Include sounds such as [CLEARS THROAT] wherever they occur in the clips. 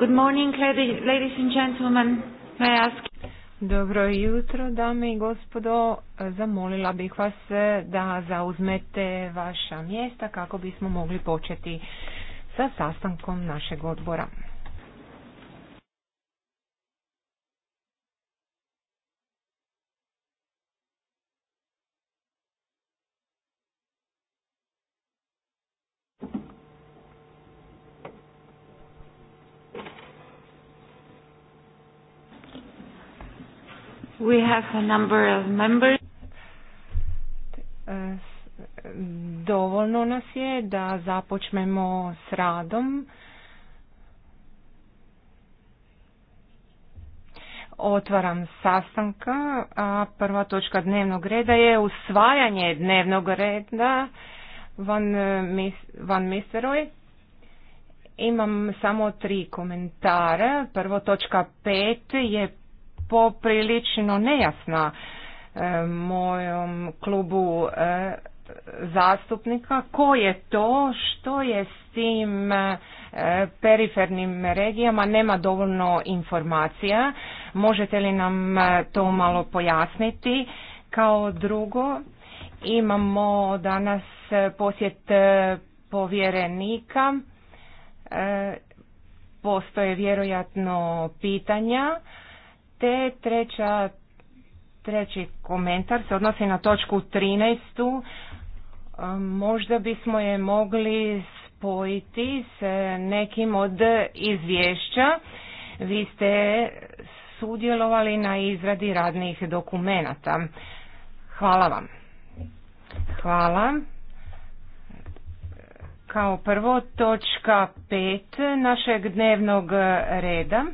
Good morning, ladies and gentlemen. May I ask... Dobro jutro, dame i gospodo. Zamolila bih vas e, da zauzmete vaša mjesta kako bismo mogli početi sa sastankom našeg odbora. have a number of members. E, dovoljno nas je da započnemo s radom. Otvaram sastanka, a prva točka dnevnog reda je usvajanje dnevnog reda van, e, van misteroj. Imam samo tri komentara. Prvo točka pet je poprilično nejasna e, mojom klubu e, zastupnika ko je to što je s tim e, perifernim regijama nema dovoljno informacija možete li nam to malo pojasniti kao drugo imamo danas posjet povjerenika postoje vjerojatno pitanja te treća, treći komentar se odnosi na točku 13. E, možda bismo je mogli spojiti s nekim od izvješća. Vi ste sudjelovali na izradi radnih dokumenata. Hvala vam. Hvala. Kao prvo točka 5 našeg dnevnog reda.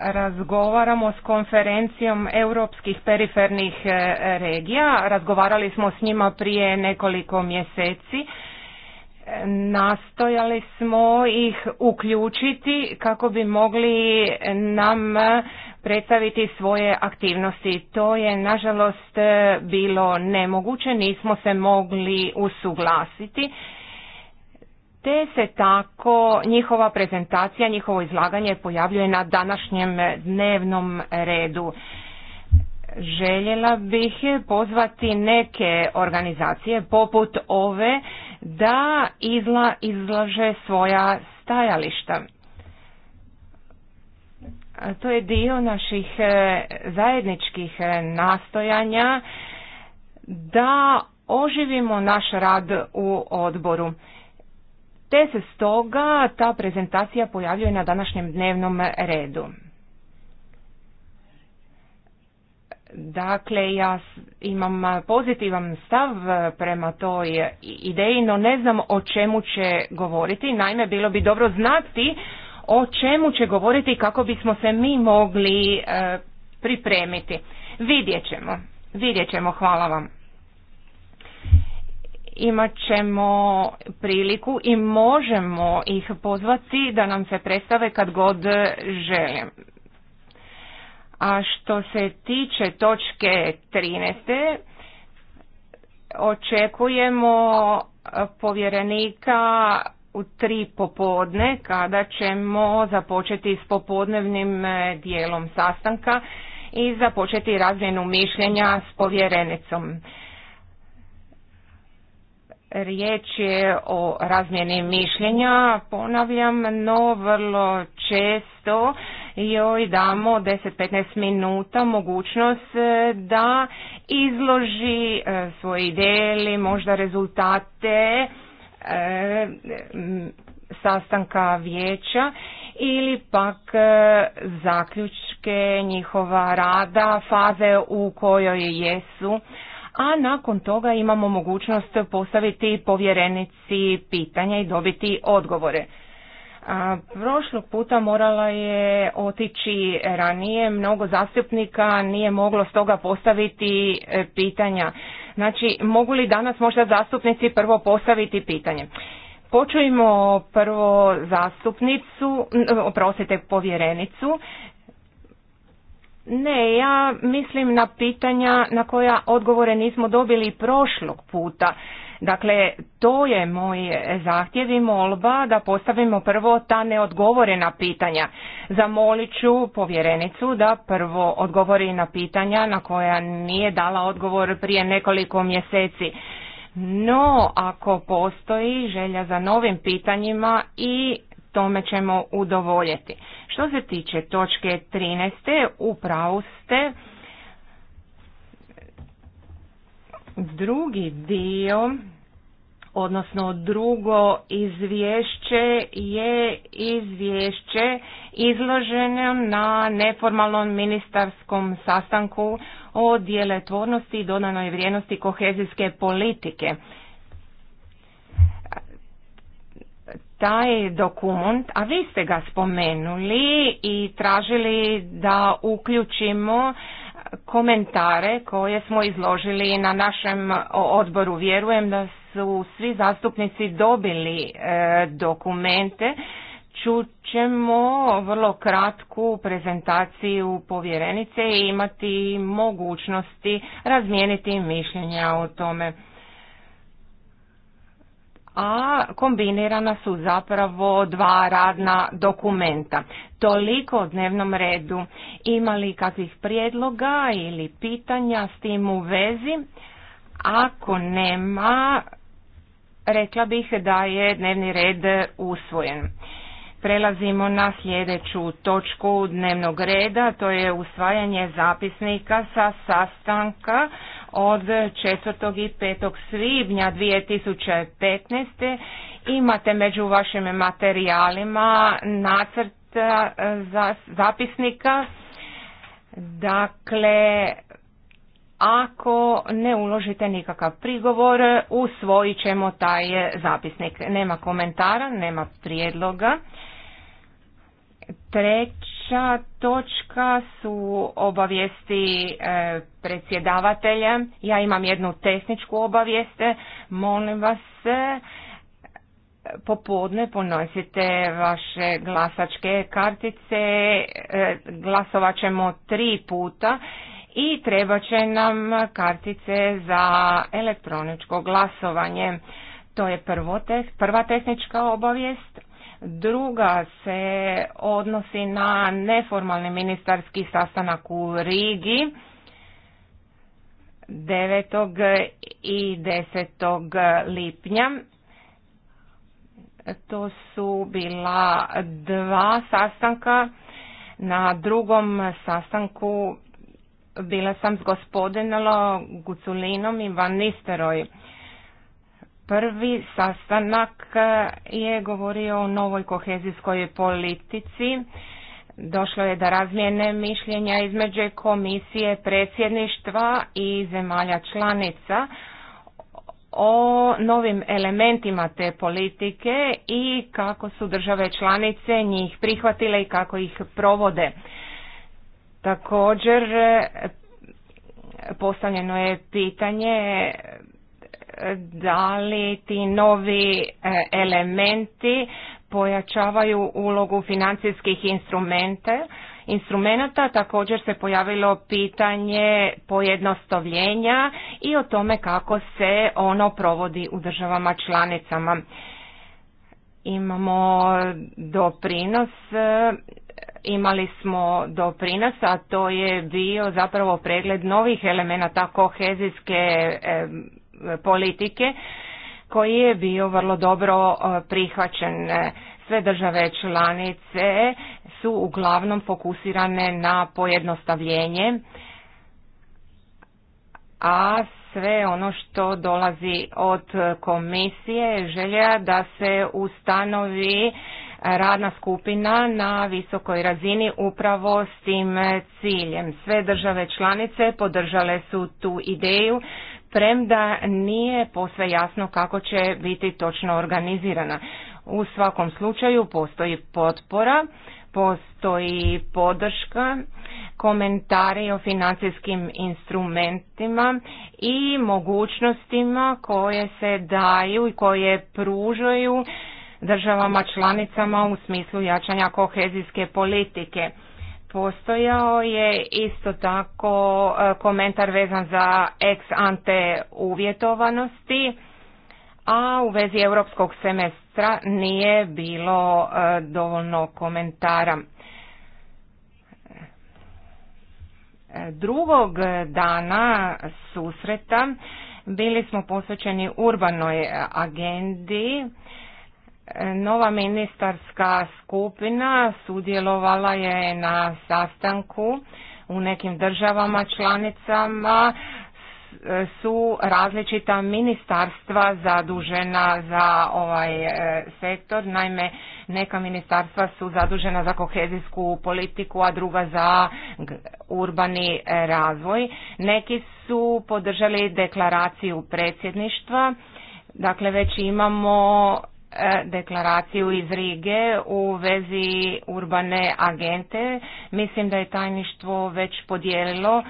razgovaramo s konferencijom europskih perifernih e, regija. Razgovarali smo s njima prije nekoliko mjeseci. Nastojali smo ih uključiti kako bi mogli nam predstaviti svoje aktivnosti. To je nažalost bilo nemoguće, nismo se mogli usuglasiti te se tako njihova prezentacija, njihovo izlaganje pojavljuje na današnjem dnevnom redu. Željela bih pozvati neke organizacije poput ove da izla, izlaže svoja stajališta. To je dio naših e, zajedničkih e, nastojanja da oživimo naš rad u odboru te se stoga ta prezentacija pojavljuje na današnjem dnevnom redu. Dakle, ja imam pozitivan stav prema toj ideji, no ne znam o čemu će govoriti. Naime, bilo bi dobro znati o čemu će govoriti kako bismo se mi mogli e, pripremiti. Vidjet ćemo. Vidjet ćemo, hvala vam imat ćemo priliku i možemo ih pozvati da nam se predstave kad god žele. A što se tiče točke 13. očekujemo povjerenika u tri popodne kada ćemo započeti s popodnevnim e, dijelom sastanka i započeti razmjenu mišljenja s povjerenicom. Riječ je o razmjeni mišljenja, ponavljam, no vrlo često joj damo 10-15 minuta mogućnost e, da izloži e, svoje ideje ili možda rezultate e, sastanka vijeća ili pak zaključke njihova rada, faze u kojoj jesu a nakon toga imamo mogućnost postaviti povjerenici pitanja i dobiti odgovore. A, prošlog puta morala je otići ranije, mnogo zastupnika nije moglo stoga postaviti e, pitanja. Znači, mogu li danas možda zastupnici prvo postaviti pitanje? Počujemo prvo zastupnicu, oprostite povjerenicu, ne, ja mislim na pitanja na koja odgovore nismo dobili prošlog puta. Dakle, to je moj zahtjev i molba da postavimo prvo ta neodgovorena pitanja. Zamolit ću povjerenicu da prvo odgovori na pitanja na koja nije dala odgovor prije nekoliko mjeseci. No, ako postoji želja za novim pitanjima i tome ćemo udovoljiti. Što se tiče točke 13. upravo ste drugi dio odnosno drugo izvješće je izvješće izloženo na neformalnom ministarskom sastanku o djelotvornosti i dodanoj vrijednosti kohezijske politike. taj dokument, a vi ste ga spomenuli i tražili da uključimo komentare koje smo izložili na našem odboru. Vjerujem da su svi zastupnici dobili e, dokumente. Čućemo vrlo kratku prezentaciju povjerenice i imati mogućnosti razmijeniti mišljenja o tome a kombinirana su zapravo dva radna dokumenta. Toliko o dnevnom redu. Imali kakvih prijedloga ili pitanja s tim u vezi? Ako nema, rekla bih da je dnevni red usvojen. Prelazimo na sljedeću točku dnevnog reda, to je usvajanje zapisnika sa sastanka od 4. i 5. svibnja 2015. Imate među vašim materijalima nacrt e, zapisnika. Dakle, ako ne uložite nikakav prigovor, usvojit ćemo taj zapisnik. Nema komentara, nema prijedloga. Treći Sljedeća točka su obavijesti e, predsjedavatelja. Ja imam jednu tehničku obavijest. Molim vas, e, popodne ponosite vaše glasačke kartice. E, glasovat ćemo tri puta i treba će nam kartice za elektroničko glasovanje. To je prvo, prva tehnička obavijest, Druga se odnosi na neformalni ministarski sastanak u Rigi 9. i 10. lipnja. To su bila dva sastanka. Na drugom sastanku bila sam s gospodinom Guculinom i Van Nisteroj. Prvi sastanak eh, je govorio o novoj kohezijskoj politici. Došlo je da razmjene mišljenja između komisije predsjedništva i zemalja članica o novim elementima te politike i kako su države članice njih prihvatile i kako ih provode. Također eh, postavljeno je pitanje da li ti novi e, elementi pojačavaju ulogu financijskih instrumente, instrumenta. Također se pojavilo pitanje pojednostavljenja i o tome kako se ono provodi u državama članicama. Imamo doprinos e, imali smo doprinos, a to je bio zapravo pregled novih elemenata kohezijske e, politike koji je bio vrlo dobro e, prihvaćen. Sve države članice su uglavnom fokusirane na pojednostavljenje, a sve ono što dolazi od komisije želja da se ustanovi radna skupina na visokoj razini upravo s tim ciljem. Sve države članice podržale su tu ideju premda nije posve jasno kako će biti točno organizirana. U svakom slučaju postoji potpora, postoji podrška, komentari o financijskim instrumentima i mogućnostima koje se daju i koje pružaju državama članicama u smislu jačanja kohezijske politike. Postojao je isto tako e, komentar vezan za ex ante uvjetovanosti, a u vezi europskog semestra nije bilo e, dovoljno komentara. E, drugog dana susreta bili smo posvećeni urbanoj agendi Nova ministarska skupina sudjelovala je na sastanku u nekim državama članicama su različita ministarstva zadužena za ovaj e, sektor. Naime, neka ministarstva su zadužena za kohezijsku politiku, a druga za urbani e, razvoj. Neki su podržali deklaraciju predsjedništva. Dakle, već imamo deklaraciju iz Rige u vezi urbane agente. Mislim da je tajništvo već podijelilo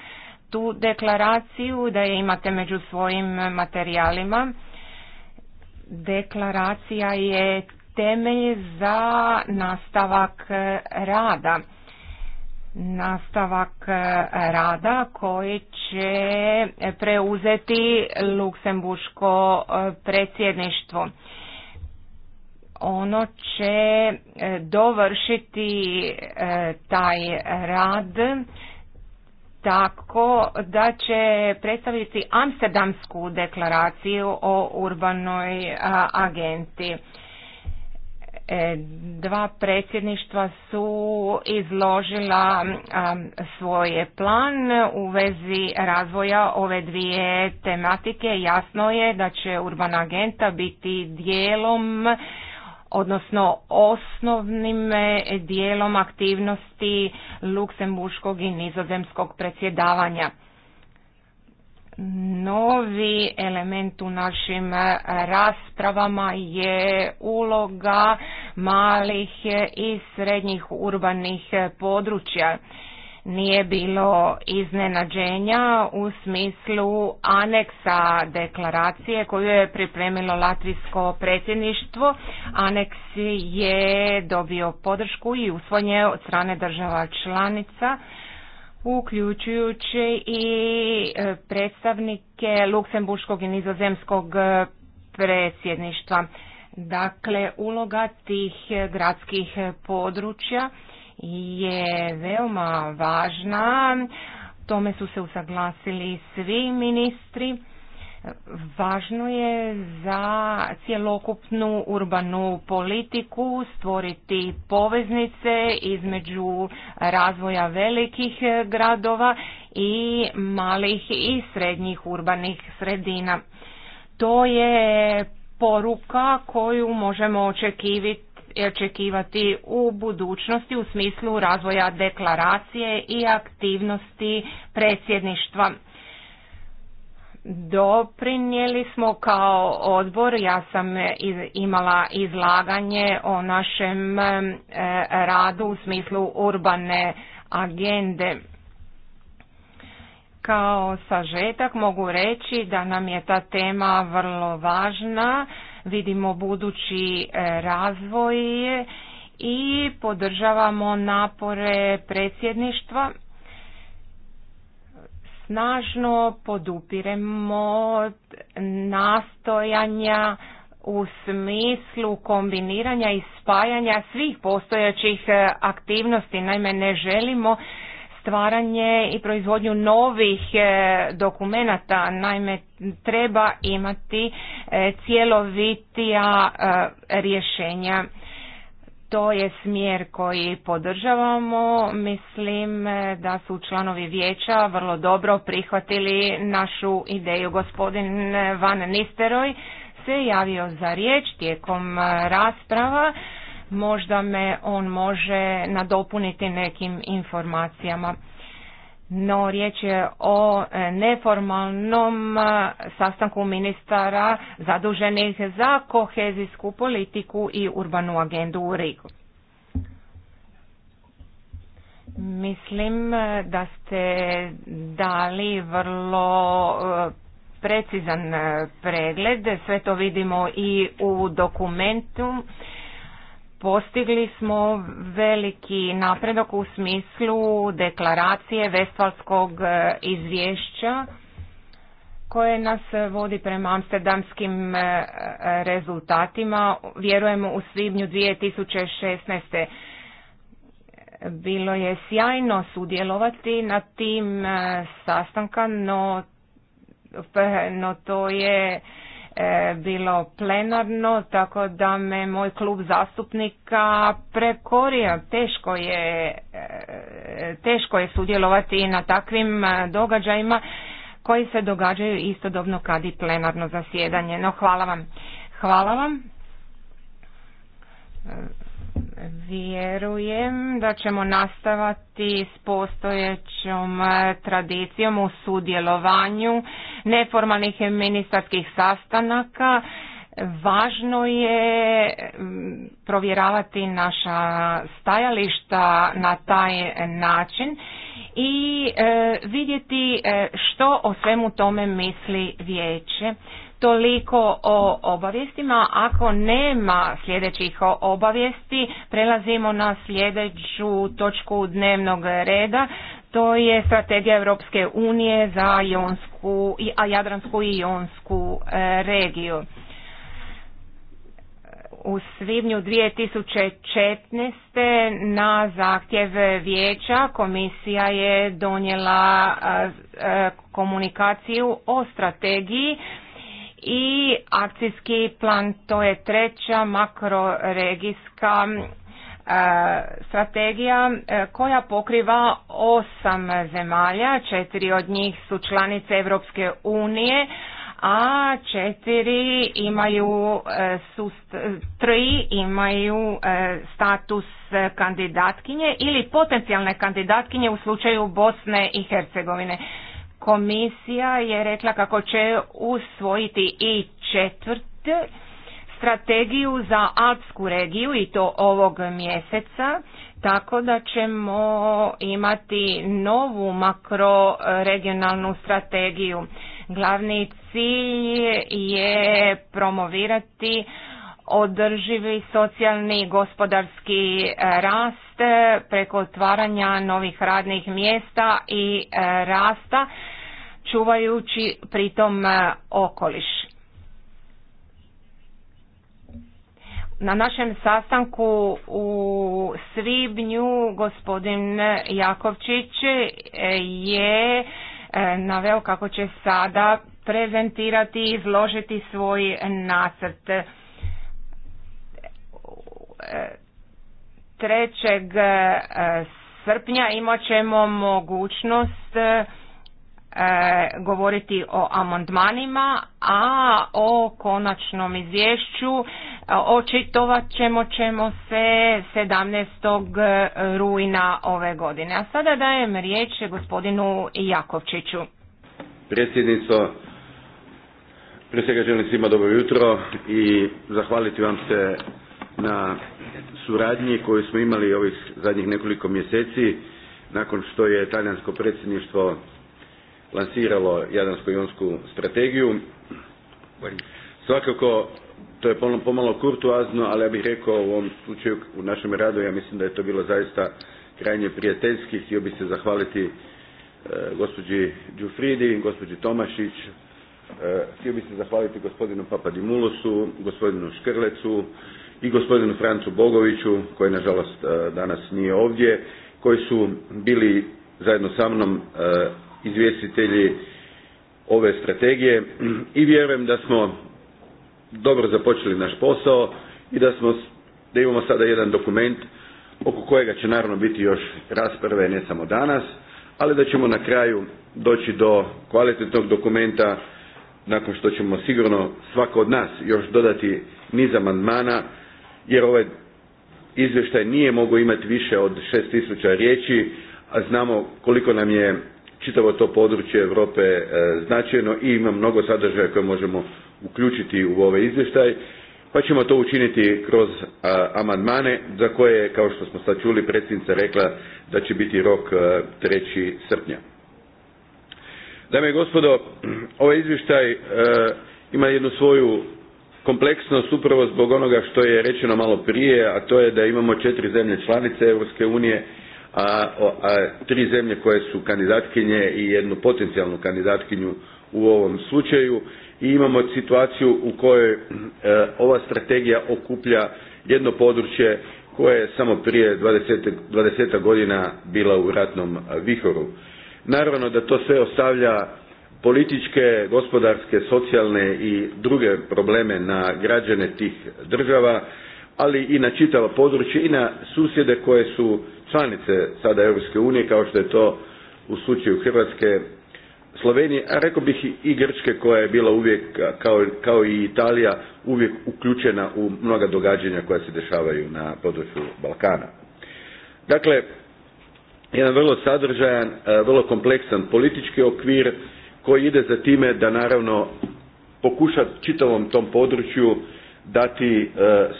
tu deklaraciju, da je imate među svojim materijalima. Deklaracija je temelj za nastavak rada. Nastavak rada koji će preuzeti Luksemburško predsjedništvo ono će e, dovršiti e, taj rad tako da će predstaviti Amsterdamsku deklaraciju o urbanoj e, agenti. Dva predsjedništva su izložila svoj plan u vezi razvoja ove dvije tematike. Jasno je da će urbana agenta biti dijelom odnosno osnovnim e, dijelom aktivnosti luksemburškog i nizozemskog predsjedavanja. Novi element u našim e, raspravama je uloga malih i srednjih urbanih e, područja nije bilo iznenađenja u smislu aneksa deklaracije koju je pripremilo latvijsko predsjedništvo. Aneks je dobio podršku i usvojen od strane država članica uključujući i e, predstavnike luksemburškog i nizozemskog e, predsjedništva. Dakle, uloga tih gradskih područja je veoma važna. Tome su se usaglasili svi ministri. Važno je za cjelokupnu urbanu politiku stvoriti poveznice između razvoja velikih gradova i malih i srednjih urbanih sredina. To je poruka koju možemo očekivati očekivati u budućnosti u smislu razvoja deklaracije i aktivnosti predsjedništva. Doprinijeli smo kao odbor, ja sam imala izlaganje o našem e, radu u smislu urbane agende. Kao sažetak mogu reći da nam je ta tema vrlo važna vidimo budući e, razvoj i podržavamo napore predsjedništva. Snažno podupiremo nastojanja u smislu kombiniranja i spajanja svih postojećih e, aktivnosti. Naime, ne želimo stvaranje i proizvodnju novih e, dokumenata. Naime, treba imati e, cjelovitija e, rješenja. To je smjer koji podržavamo. Mislim da su članovi vijeća vrlo dobro prihvatili našu ideju. Gospodin Van Nisteroj se javio za riječ tijekom rasprava možda me on može nadopuniti nekim informacijama. No, riječ je o e, neformalnom e, sastanku ministara zaduženih za kohezijsku politiku i urbanu agendu u Rigu. Mislim e, da ste dali vrlo precizan pregled, sve to vidimo i u dokumentu postigli smo veliki napredak u smislu deklaracije Vestvalskog e, izvješća koje nas vodi prema amsterdamskim e, rezultatima, vjerujemo u svibnju 2016. Bilo je sjajno sudjelovati na tim e, sastanka, no, no to je E, bilo plenarno, tako da me moj klub zastupnika prekorija. Teško je, e, teško je sudjelovati na takvim e, događajima koji se događaju istodobno kad i plenarno zasjedanje. No hvala vam. Hvala vam. Vjerujem da ćemo nastavati s postojećom e, tradicijom u sudjelovanju neformalnih ministarskih sastanaka. Važno je provjeravati naša stajališta na taj način i e, vidjeti e, što o svemu tome misli vijeće. Toliko o obavijestima. Ako nema sljedećih obavijesti, prelazimo na sljedeću točku dnevnog reda. To je strategija Europske unije za Jonsku, Jadransku i Jonsku e, regiju. U svibnju 2014. na zahtjev vijeća komisija je donijela e, e, komunikaciju o strategiji i akcijski plan, to je treća makroregijska e, strategija e, koja pokriva osam zemalja, četiri od njih su članice Europske unije, a četiri imaju e, tri imaju status kandidatkinje ili potencijalne kandidatkinje u slučaju Bosne i Hercegovine. Komisija je rekla kako će usvojiti i četvrt strategiju za Alpsku regiju i to ovog mjeseca, tako da ćemo imati novu makroregionalnu strategiju. Glavni cilj je promovirati održivi socijalni gospodarski rast preko otvaranja novih radnih mjesta i e, rasta čuvajući pritom e, okoliš. Na našem sastanku u Svibnju gospodin Jakovčić je e, naveo kako će sada prezentirati i izložiti svoj nacrt. 3. E, srpnja imat ćemo mogućnost e, govoriti o amandmanima, a o konačnom izvješću e, očitovat ćemo, ćemo se 17. rujna ove godine. A sada dajem riječ gospodinu Jakovčiću. Predsjednico, prije svega želim svima dobro jutro i zahvaliti vam se na suradnji koju smo imali ovih zadnjih nekoliko mjeseci nakon što je talijansko predsjedništvo lansiralo Jadransko-jonsku strategiju. Svakako, to je pomalo kurtuazno, ali ja bih rekao u ovom slučaju u našem radu, ja mislim da je to bilo zaista krajnje prijateljski. Htio bih se zahvaliti e, gospođi Đufridi, gospođi Tomašić, e, htio bih se zahvaliti gospodinu Papadimulosu, gospodinu Škrlecu, i gospodinu Francu Bogoviću, koji nažalost e, danas nije ovdje, koji su bili zajedno sa mnom e, izvjestitelji ove strategije i vjerujem da smo dobro započeli naš posao i da, smo, da imamo sada jedan dokument oko kojega će naravno biti još rasprave ne samo danas, ali da ćemo na kraju doći do kvalitetnog dokumenta nakon što ćemo sigurno svako od nas još dodati niz amandmana jer ovaj izvještaj nije mogao imati više od šest tisuća riječi, a znamo koliko nam je čitavo to područje Europe e, značajno i ima mnogo sadržaja koje možemo uključiti u ovaj izvještaj, pa ćemo to učiniti kroz e, amandmane za koje kao što smo sad čuli, predsjednica rekla da će biti rok 3. E, srpnja. Dame i gospodo, ovaj izvještaj ima jednu svoju kompleksnost upravo zbog onoga što je rečeno malo prije, a to je da imamo četiri zemlje članice Europske unije, a, tri zemlje koje su kandidatkinje i jednu potencijalnu kandidatkinju u ovom slučaju i imamo situaciju u kojoj e, ova strategija okuplja jedno područje koje je samo prije 20, 20 godina bila u ratnom vihoru. Naravno da to sve ostavlja političke, gospodarske, socijalne i druge probleme na građane tih država, ali i na čitava područje i na susjede koje su članice sada Europske unije kao što je to u slučaju Hrvatske, Slovenije, a rekao bih i Grčke koja je bila uvijek kao, kao i Italija uvijek uključena u mnoga događanja koja se dešavaju na području Balkana. Dakle, jedan vrlo sadržajan, e, vrlo kompleksan politički okvir koji ide za time da naravno pokuša čitavom tom području dati e,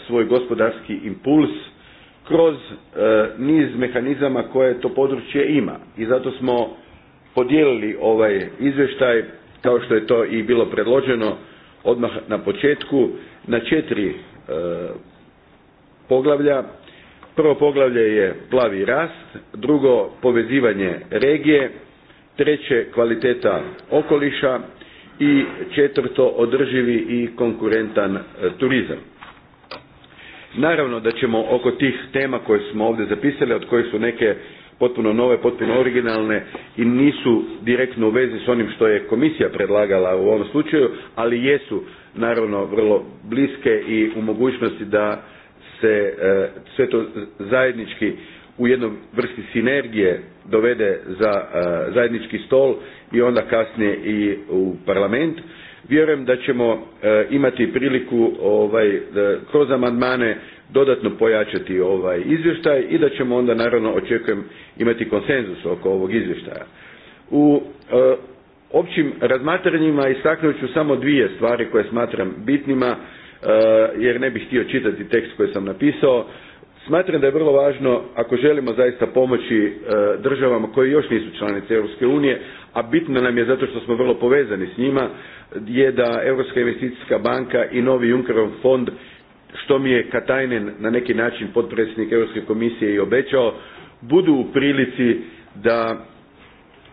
svoj gospodarski impuls kroz e, niz mehanizama koje to područje ima i zato smo podijelili ovaj izvještaj kao što je to i bilo predloženo odmah na početku na četiri e, poglavlja prvo poglavlje je plavi rast drugo povezivanje regije treće kvaliteta okoliša i četvrto održivi i konkurentan e, turizam. Naravno da ćemo oko tih tema koje smo ovdje zapisali, od kojih su neke potpuno nove, potpuno originalne i nisu direktno u vezi s onim što je komisija predlagala u ovom slučaju, ali jesu naravno vrlo bliske i u mogućnosti da se e, sve to zajednički u jednoj vrsti sinergije dovede za e, zajednički stol i onda kasnije i u parlament. Vjerujem da ćemo e, imati priliku ovaj, kroz amandmane dodatno pojačati ovaj izvještaj i da ćemo onda naravno očekujem imati konsenzus oko ovog izvještaja. U e, općim razmatranjima istaknut ću samo dvije stvari koje smatram bitnima jer ne bih htio čitati tekst koji sam napisao smatram da je vrlo važno ako želimo zaista pomoći e, državama koje još nisu članice europske unije a bitno nam je zato što smo vrlo povezani s njima je da europska investicijska banka i novi junckerov fond što mi je Katajnen na neki način potpredsjednik europske komisije i obećao budu u prilici da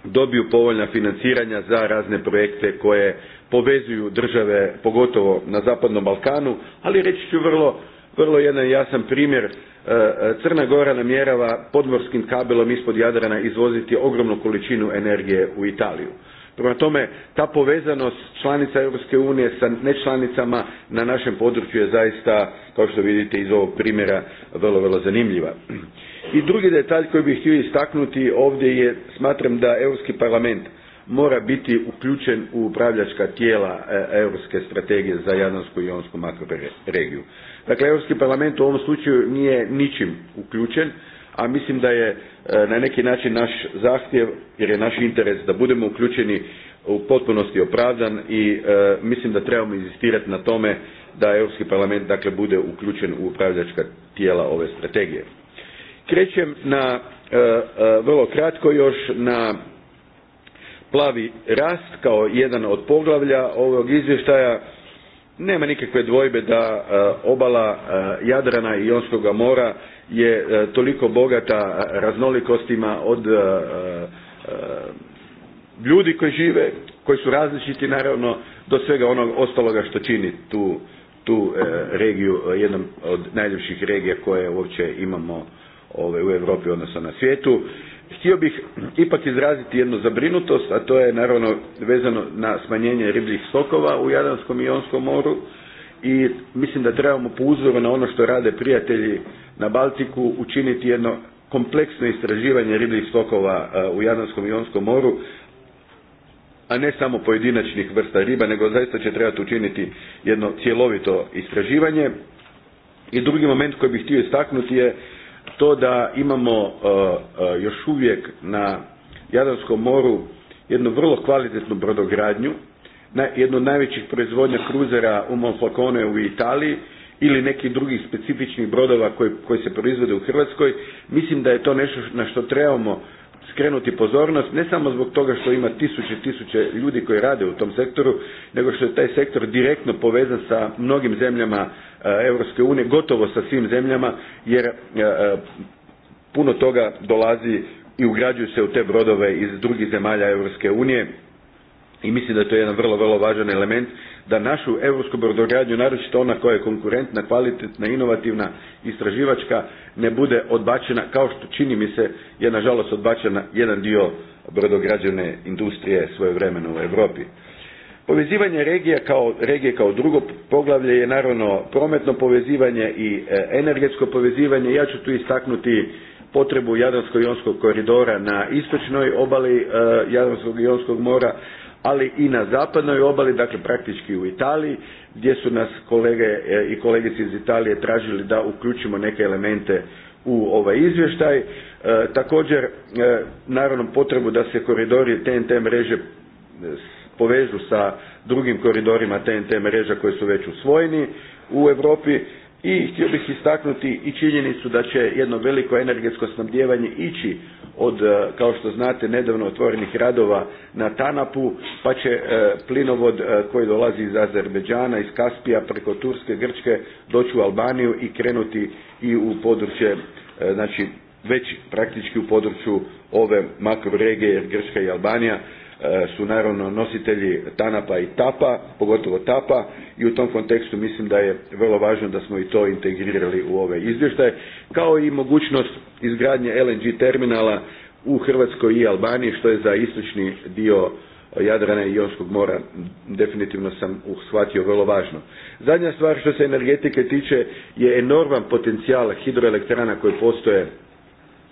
dobiju povoljna financiranja za razne projekte koje povezuju države pogotovo na zapadnom balkanu ali reći ću vrlo, vrlo jedan jasan primjer E, e, Crna Gora namjerava podmorskim kabelom ispod Jadrana izvoziti ogromnu količinu energije u Italiju. Prema tome, ta povezanost članica Europske unije sa nečlanicama na našem području je zaista, kao što vidite iz ovog primjera, vrlo, vrlo zanimljiva. I drugi detalj koji bih htio istaknuti ovdje je, smatram da Europski parlament mora biti uključen u upravljačka tijela e, europske strategije za Jadransku i Jonsku makroregiju. Dakle, Europski parlament u ovom slučaju nije ničim uključen, a mislim da je e, na neki način naš zahtjev, jer je naš interes da budemo uključeni u potpunosti opravdan i e, mislim da trebamo inzistirati na tome da Europski parlament dakle, bude uključen u upravljačka tijela ove strategije. Krećem na, e, vrlo kratko još na plavi rast kao jedan od poglavlja ovog izvještaja nema nikakve dvojbe da e, obala e, jadrana i jonskoga mora je e, toliko bogata raznolikostima od ljudi koji žive koji su različiti naravno do svega onog ostaloga što čini tu, tu regiju jednom od najljepših regija koje uopće imamo u europi odnosno na svijetu Htio bih ipak izraziti jednu zabrinutost, a to je naravno vezano na smanjenje ribljih stokova u Jadranskom i Jonskom moru i mislim da trebamo po uzoru na ono što rade prijatelji na Baltiku učiniti jedno kompleksno istraživanje ribljih stokova e, u Jadranskom i Jonskom moru, a ne samo pojedinačnih vrsta riba, nego zaista će trebati učiniti jedno cjelovito istraživanje. I drugi moment koji bih htio istaknuti je to da imamo uh, uh, još uvijek na Jadranskom moru jednu vrlo kvalitetnu brodogradnju, jednu od najvećih proizvodnja kruzera u Monflakone u Italiji ili nekih drugih specifičnih brodova koji se proizvode u Hrvatskoj, mislim da je to nešto na što trebamo skrenuti pozornost ne samo zbog toga što ima tisuće i tisuće ljudi koji rade u tom sektoru nego što je taj sektor direktno povezan sa mnogim zemljama e, europske unije gotovo sa svim zemljama jer e, e, puno toga dolazi i ugrađuju se u te brodove iz drugih zemalja europske unije i mislim da je to jedan vrlo, vrlo važan element da našu europsku brodogradnju, naročito ona koja je konkurentna, kvalitetna, inovativna, istraživačka, ne bude odbačena kao što čini mi se je nažalost odbačena jedan dio brodograđevne industrije svoje svojevremeno u Europi. Povezivanje regija kao, regije kao drugo poglavlje je naravno prometno povezivanje i e, energetsko povezivanje. Ja ću tu istaknuti potrebu Jadransko-jonskog koridora na istočnoj obali e, Jadranskog i Jonskog mora ali i na zapadnoj obali, dakle praktički u Italiji, gdje su nas kolege e, i kolegice iz Italije tražili da uključimo neke elemente u ovaj izvještaj. E, također, e, naravno potrebu da se koridori TNT mreže povežu sa drugim koridorima TNT mreža koji su već usvojeni u Europi i htio bih istaknuti i činjenicu da će jedno veliko energetsko snabdijevanje ići od e, kao što znate nedavno otvorenih radova na Tanapu pa će e, plinovod e, koji dolazi iz Azerbeđana, iz Kaspija preko Turske, Grčke doći u Albaniju i krenuti i u područje znači već praktički u području ove makroregije jer Grčka i Albanija E, su naravno nositelji TANAPA i TAPA, pogotovo TAPA i u tom kontekstu mislim da je vrlo važno da smo i to integrirali u ove izvještaje, kao i mogućnost izgradnje LNG terminala u Hrvatskoj i Albaniji, što je za istočni dio Jadrana i Jonskog mora definitivno sam shvatio vrlo važno. Zadnja stvar što se energetike tiče je enorman potencijal hidroelektrana koji postoje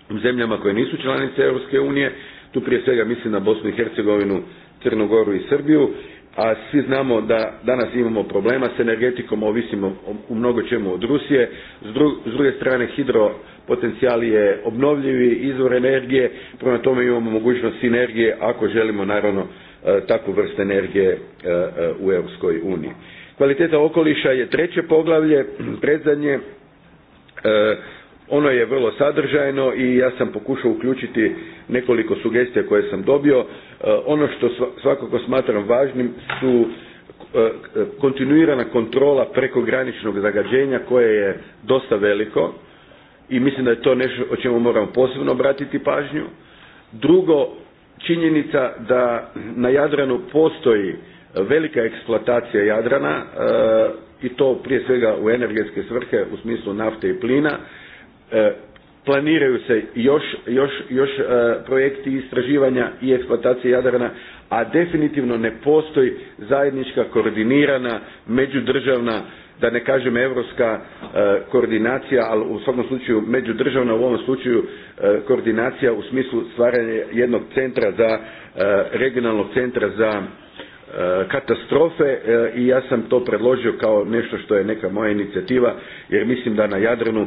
u zemljama koje nisu članice Europske unije tu prije svega mislim na Bosnu i Hercegovinu, Crnogoru i Srbiju, a svi znamo da danas imamo problema s energetikom, ovisimo u mnogo čemu od Rusije. S druge strane, hidropotencijal je obnovljivi izvor energije, prema tome imamo mogućnost sinergije ako želimo naravno e, takvu vrstu energije e, e, u Europskoj uniji. Kvaliteta okoliša je treće poglavlje, [CLEARS THROAT] predzadnje ono je vrlo sadržajno i ja sam pokušao uključiti nekoliko sugestija koje sam dobio. E, ono što svakako smatram važnim su e, kontinuirana kontrola prekograničnog zagađenja koje je dosta veliko i mislim da je to nešto o čemu moramo posebno obratiti pažnju. Drugo, činjenica da na Jadranu postoji velika eksploatacija Jadrana e, i to prije svega u energetske svrhe u smislu nafte i plina E, planiraju se još, još, još e, projekti istraživanja i eksploatacije Jadrana, a definitivno ne postoji zajednička koordinirana međudržavna da ne kažem europska e, koordinacija, ali u svakom slučaju međudržavna u ovom slučaju koordinacija u smislu stvaranja jednog centra za regionalnog centra za katastrofe i ja sam to predložio kao nešto što je neka moja inicijativa jer mislim da na Jadranu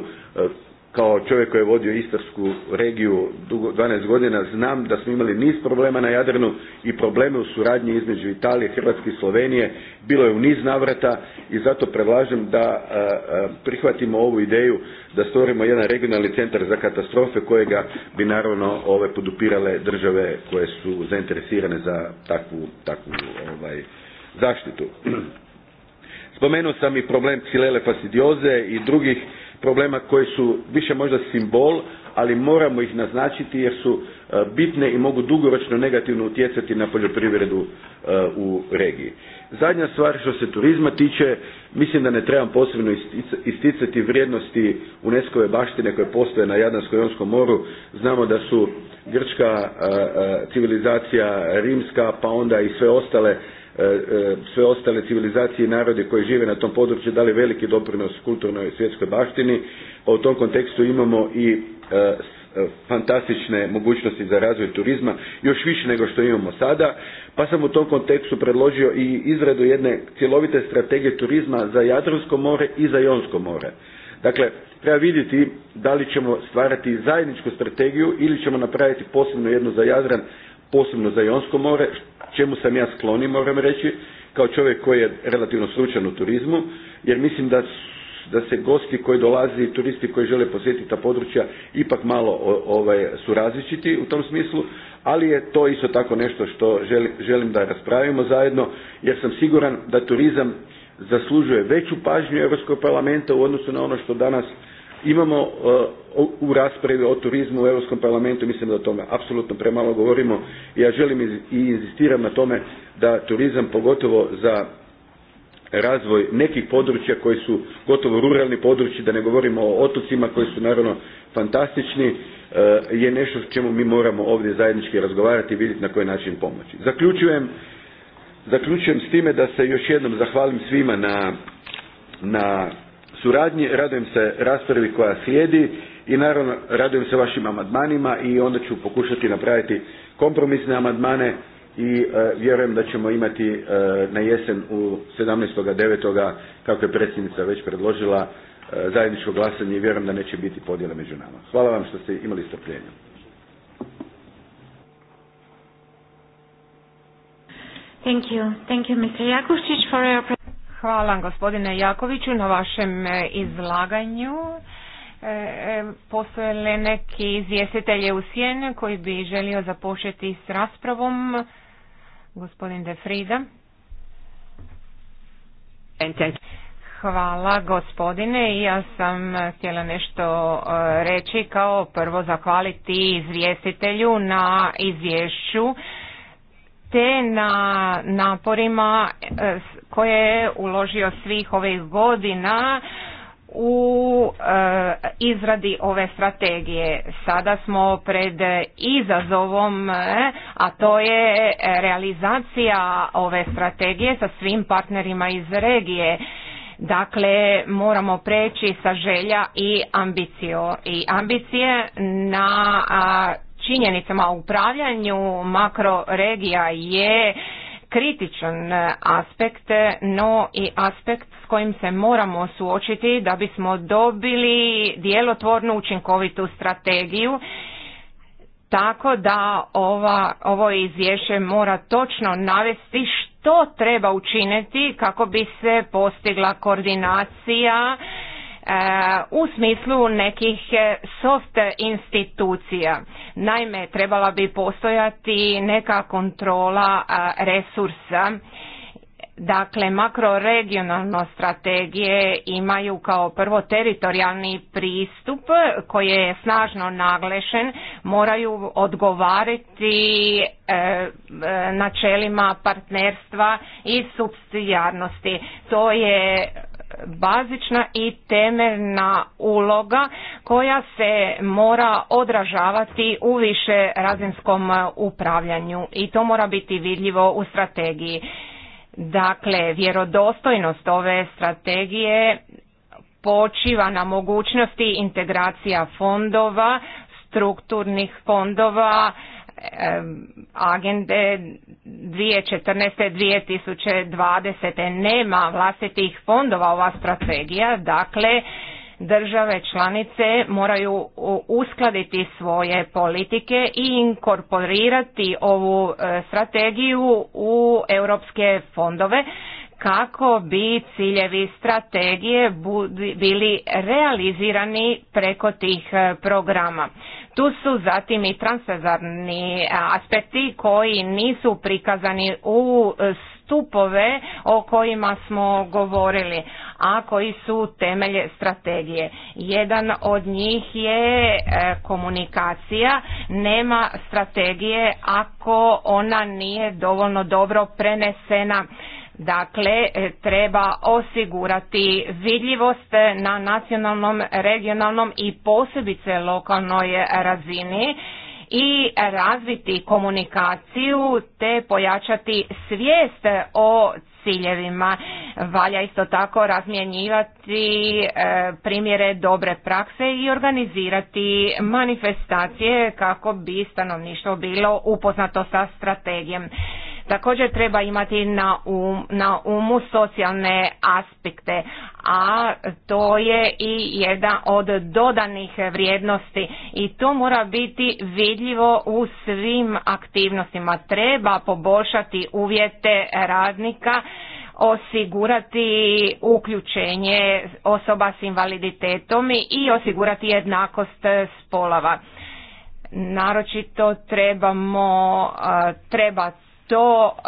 kao čovjek koji je vodio Istarsku regiju dugo, 12 godina znam da smo imali niz problema na Jadranu i probleme u suradnji između Italije, Hrvatske i Slovenije. Bilo je u niz navrata i zato predlažem da prihvatimo ovu ideju da stvorimo jedan regionalni centar za katastrofe kojega bi naravno ove podupirale države koje su zainteresirane za takvu, takvu ovaj, zaštitu. [CLEARS THROAT] Spomenuo sam i problem ksilele fastidioze i drugih problema koji su više možda simbol, ali moramo ih naznačiti jer su e, bitne i mogu dugoročno negativno utjecati na poljoprivredu e, u regiji. Zadnja stvar što se turizma tiče, mislim da ne trebam posebno isticati vrijednosti UNESCO-ve baštine koje postoje na Jadransko-jonskom moru. Znamo da su grčka e, civilizacija, rimska, pa onda i sve ostale E, e, sve ostale civilizacije i narode koji žive na tom području dali veliki doprinos kulturnoj svjetskoj baštini, a u tom kontekstu imamo i e, fantastične mogućnosti za razvoj turizma, još više nego što imamo sada, pa sam u tom kontekstu predložio i izradu jedne cjelovite strategije turizma za Jadransko more i za Jonsko more. Dakle, treba vidjeti da li ćemo stvarati zajedničku strategiju ili ćemo napraviti posebno jednu za Jadran posebno za Jonsko more, čemu sam ja skloni moram reći, kao čovjek koji je relativno stručan u turizmu, jer mislim da, da se gosti koji dolazi i turisti koji žele posjetiti ta područja ipak malo ovaj, su različiti u tom smislu, ali je to isto tako nešto što želim, želim da raspravimo zajedno, jer sam siguran da turizam zaslužuje veću pažnju Europskog parlamenta u odnosu na ono što danas imamo e, u raspravi o turizmu u Europskom parlamentu, mislim da o tome apsolutno premalo govorimo ja želim i inzistiram na tome da turizam pogotovo za razvoj nekih područja koji su gotovo ruralni područji, da ne govorimo o otocima koji su naravno fantastični, e, je nešto o čemu mi moramo ovdje zajednički razgovarati i vidjeti na koji način pomoći. Zaključujem, zaključujem s time da se još jednom zahvalim svima na, na suradnji. Radujem se raspravi koja slijedi i naravno radujem se vašim amandmanima i onda ću pokušati napraviti kompromisne amandmane i e, vjerujem da ćemo imati e, na jesen u 17.9. kako je predsjednica već predložila e, zajedničko glasanje i vjerujem da neće biti podjela među nama. Hvala vam što ste imali strpljenja. Thank you. Thank you, for your Hvala gospodine Jakoviću na vašem e, izlaganju. E, e, postoje li neki izvjestitelje u Sijen koji bi želio započeti s raspravom? Gospodin De Frida. Hvala gospodine. Ja sam htjela nešto reći kao prvo zahvaliti izvjestitelju na izvješću te na naporima koje je uložio svih ovih godina u e, izradi ove strategije. Sada smo pred izazovom, e, a to je realizacija ove strategije sa svim partnerima iz regije. Dakle, moramo preći sa želja i ambicio i ambicije na a, činjenicama upravljanju makroregija je kritičan eh, aspekt, no i aspekt s kojim se moramo suočiti da bismo dobili djelotvornu učinkovitu strategiju tako da ova, ovo izvješće mora točno navesti što treba učiniti kako bi se postigla koordinacija eh, u smislu nekih eh, soft institucija. Naime, trebala bi postojati neka kontrola resursa. Dakle, makroregionalno strategije imaju kao prvo teritorijalni pristup koji je snažno naglešen, moraju odgovarati e, e, načelima partnerstva i subsidijarnosti. To je bazična i temeljna uloga koja se mora odražavati u više razinskom e, upravljanju i to mora biti vidljivo u strategiji. Dakle, vjerodostojnost ove strategije počiva na mogućnosti integracija fondova, strukturnih fondova, agende 2014-2020. Nema vlastitih fondova ova strategija, dakle države članice moraju uskladiti svoje politike i inkorporirati ovu e, strategiju u europske fondove kako bi ciljevi strategije bili realizirani preko tih e, programa. Tu su zatim i transezarni e, aspekti koji nisu prikazani u stupove o kojima smo govorili, a koji su temelje strategije. Jedan od njih je e, komunikacija. Nema strategije ako ona nije dovoljno dobro prenesena. Dakle, e, treba osigurati vidljivost na nacionalnom, regionalnom i posebice lokalnoj razini i razviti komunikaciju te pojačati svijest o ciljevima. Valja isto tako razmjenjivati e, primjere dobre prakse i organizirati manifestacije kako bi stanovništvo bilo upoznato sa strategijom. Također treba imati na, umu socijalne aspekte, a to je i jedna od dodanih vrijednosti i to mora biti vidljivo u svim aktivnostima. Treba poboljšati uvjete radnika osigurati uključenje osoba s invaliditetom i osigurati jednakost spolova. Naročito trebamo, treba to e,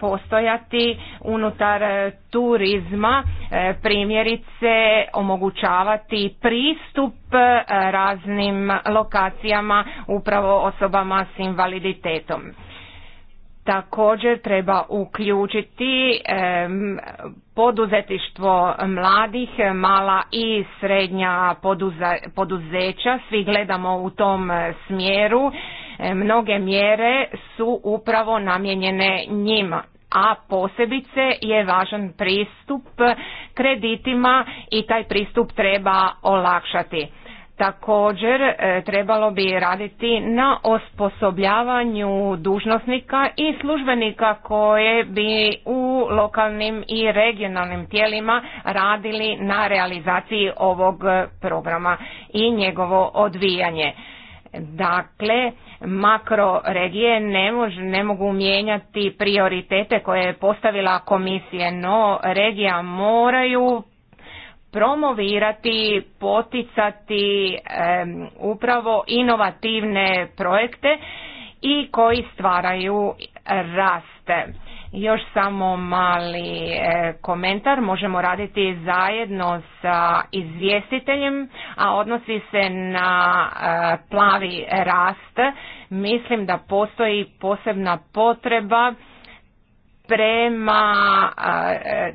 postojati unutar turizma, e, primjerice omogućavati pristup e, raznim lokacijama upravo osobama s invaliditetom. Također treba uključiti poduzetištvo mladih, mala i srednja poduzeća. Svi gledamo u tom smjeru. E, mnoge mjere su upravo namijenjene njima a posebice je važan pristup kreditima i taj pristup treba olakšati. Također e, trebalo bi raditi na osposobljavanju dužnosnika i službenika koje bi u lokalnim i regionalnim tijelima radili na realizaciji ovog programa i njegovo odvijanje. Dakle, makroregije ne, ne mogu mijenjati prioritete koje je postavila komisije, no regija moraju promovirati, poticati upravo inovativne projekte i koji stvaraju raste. Još samo mali e, komentar, možemo raditi zajedno sa izvjestiteljem, a odnosi se na e, plavi rast. Mislim da postoji posebna potreba prema e,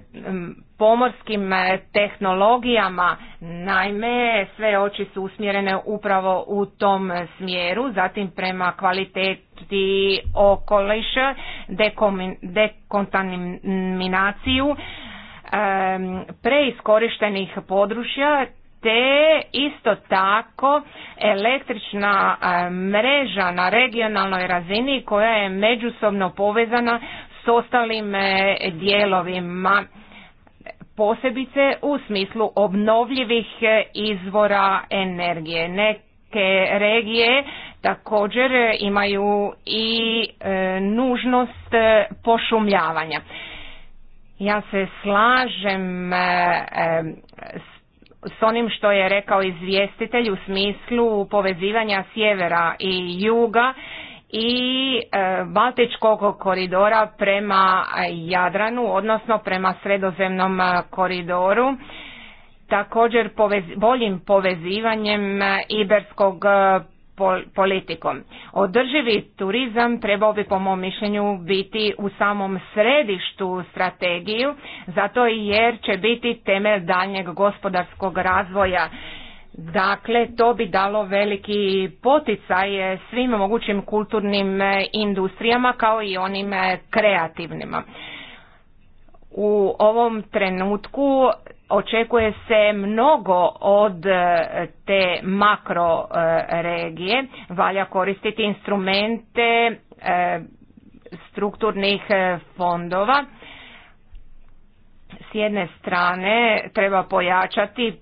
pomorskim e, tehnologijama. Naime, sve oči su usmjerene upravo u tom smjeru, zatim prema kvaliteti okoliša, dekontaminaciju preiskorištenih područja te isto tako električna e, mreža na regionalnoj razini koja je međusobno povezana s ostalim e, dijelovima posebice u smislu obnovljivih e, izvora energije. Neke regije također imaju i e, nužnost e, pošumljavanja. Ja se slažem s onim što je rekao izvjestitelj u smislu povezivanja sjevera i juga i e, Baltičkog koridora prema Jadranu, odnosno prema Sredozemnom e, koridoru, također boljim povezivanjem e, Iberskog politikom. Održivi turizam trebao bi po mom mišljenju biti u samom središtu strategiju, zato jer će biti temelj daljnjeg gospodarskog razvoja Dakle, to bi dalo veliki poticaj svim mogućim kulturnim e, industrijama kao i onim e, kreativnima. U ovom trenutku očekuje se mnogo od e, te makro regije. Valja koristiti instrumente strukturnih fondova s jedne strane treba pojačati e,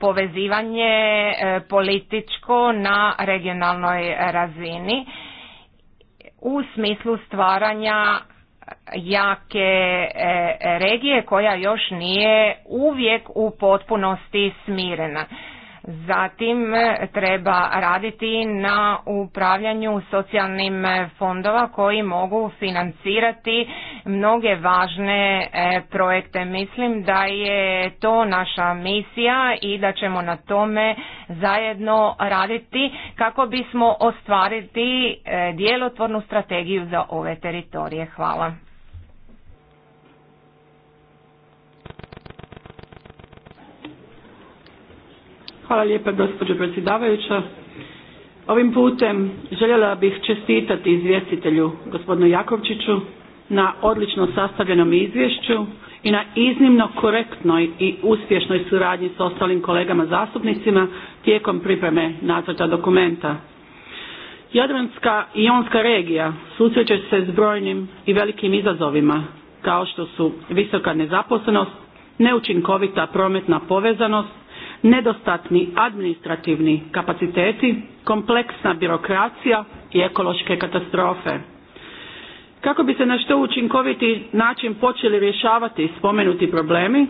povezivanje e, političko na regionalnoj razini u smislu stvaranja jake e, regije koja još nije uvijek u potpunosti smirena. Zatim e, treba raditi na upravljanju socijalnim e, fondova koji mogu financirati mnoge važne e, projekte. Mislim da je to naša misija i da ćemo na tome zajedno raditi kako bismo ostvariti djelotvornu strategiju za ove teritorije. Hvala. Hvala lijepa gospođo predsjedavajuća. Ovim putem željela bih čestitati izvjestitelju gospodinu Jakovčiću na odlično sastavljenom izvješću i na iznimno korektnoj i uspješnoj suradnji s ostalim kolegama zastupnicima tijekom pripreme nacrta dokumenta. Jadranska i Jonska regija susreće se s brojnim i velikim izazovima kao što su visoka nezaposlenost, neučinkovita prometna povezanost, nedostatni administrativni kapaciteti, kompleksna birokracija i ekološke katastrofe. Kako bi se na što učinkoviti način počeli rješavati spomenuti problemi,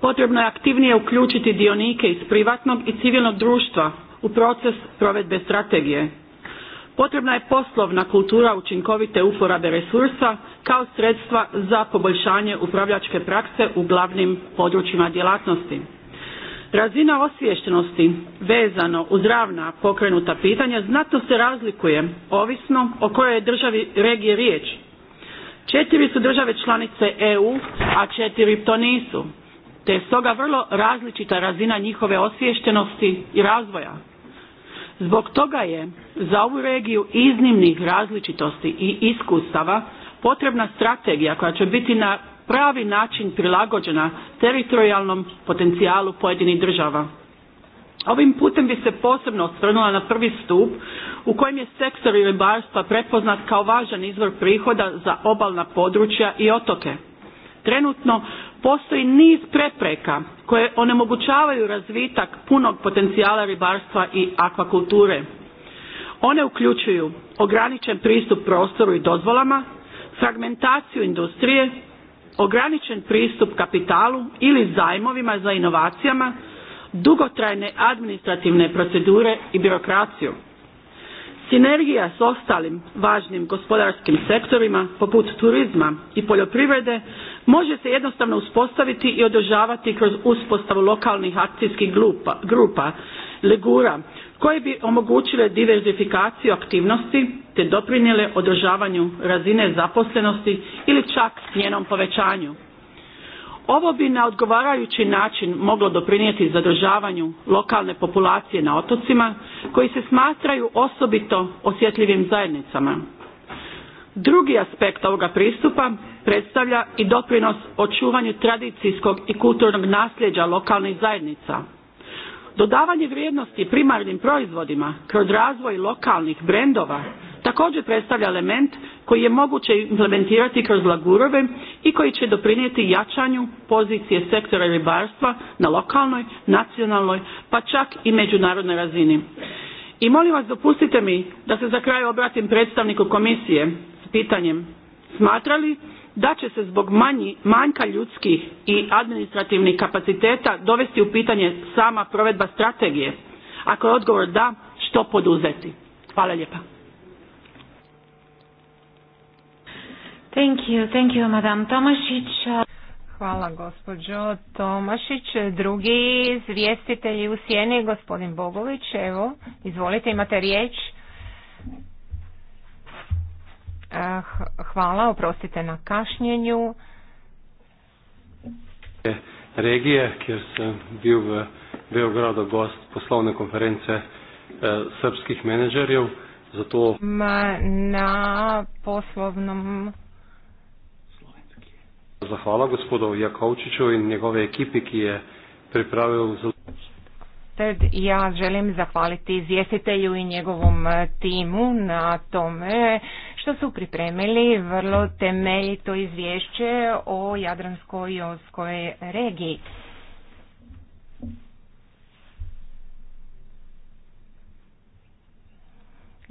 potrebno je aktivnije uključiti dionike iz privatnog i civilnog društva u proces provedbe strategije. Potrebna je poslovna kultura učinkovite uporabe resursa kao sredstva za poboljšanje upravljačke prakse u glavnim područjima djelatnosti. Razina osviještenosti vezano uz ravna pokrenuta pitanja znatno se razlikuje ovisno o kojoj je državi regije riječ. Četiri su države članice EU, a četiri to nisu, te je stoga vrlo različita razina njihove osviještenosti i razvoja. Zbog toga je za ovu regiju iznimnih različitosti i iskustava potrebna strategija koja će biti na pravi način prilagođena teritorijalnom potencijalu pojedinih država. Ovim putem bi se posebno osvrnula na prvi stup u kojem je sektor ribarstva prepoznat kao važan izvor prihoda za obalna područja i otoke. Trenutno postoji niz prepreka koje onemogućavaju razvitak punog potencijala ribarstva i akvakulture. One uključuju ograničen pristup prostoru i dozvolama, fragmentaciju industrije, ograničen pristup kapitalu ili zajmovima za inovacijama, dugotrajne administrativne procedure i birokraciju. Sinergija s ostalim važnim gospodarskim sektorima poput turizma i poljoprivrede može se jednostavno uspostaviti i održavati kroz uspostavu lokalnih akcijskih grupa, grupa legura koje bi omogućile diverzifikaciju aktivnosti te doprinijele održavanju razine zaposlenosti ili čak njenom povećanju. Ovo bi na odgovarajući način moglo doprinijeti zadržavanju lokalne populacije na otocima koji se smatraju osobito osjetljivim zajednicama. Drugi aspekt ovoga pristupa predstavlja i doprinos očuvanju tradicijskog i kulturnog nasljeđa lokalnih zajednica Dodavanje vrijednosti primarnim proizvodima kroz razvoj lokalnih brendova također predstavlja element koji je moguće implementirati kroz lagurove i koji će doprinijeti jačanju pozicije sektora ribarstva na lokalnoj, nacionalnoj pa čak i međunarodnoj razini. I molim vas dopustite mi da se za kraj obratim predstavniku komisije s pitanjem smatra li da će se zbog manjka ljudskih i administrativnih kapaciteta dovesti u pitanje sama provedba strategije? Ako je odgovor da, što poduzeti? Hvala lijepa. Thank you, thank Hvala gospođo Tomašić. Drugi izvjestitelji u sjeni, gospodin Bogović, evo, izvolite, imate riječ. Ah, hvala, oprostite na kašnjenju. E, regije, kjer sem bil v Beogradu gost poslovne konference e, srpskih menedžerjev, zato... Mm, na poslovnom... Zahvala gospodu Jakovčiću in njegove ekipi, ki je pripravil Ja želim zahvaliti izvjestitelju i njegovom e, timu na tome što su pripremili vrlo temeljito izvješće o Jadranskoj i Oskoj regiji.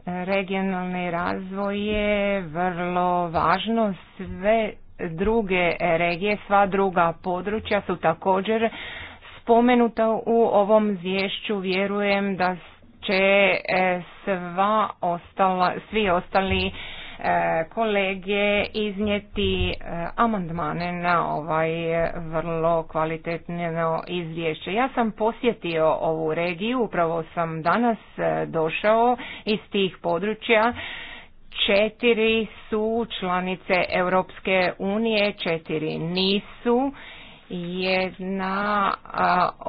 Regionalni razvoj je vrlo važno, sve druge regije, sva druga područja su također spomenuta u ovom izvješću. Vjerujem da će e, sva ostala, svi ostali kolege iznijeti e, amandmane na ovaj vrlo kvalitetno izvješće. Ja sam posjetio ovu regiju, upravo sam danas e, došao iz tih područja četiri su članice Europske unije, četiri nisu. Jedna,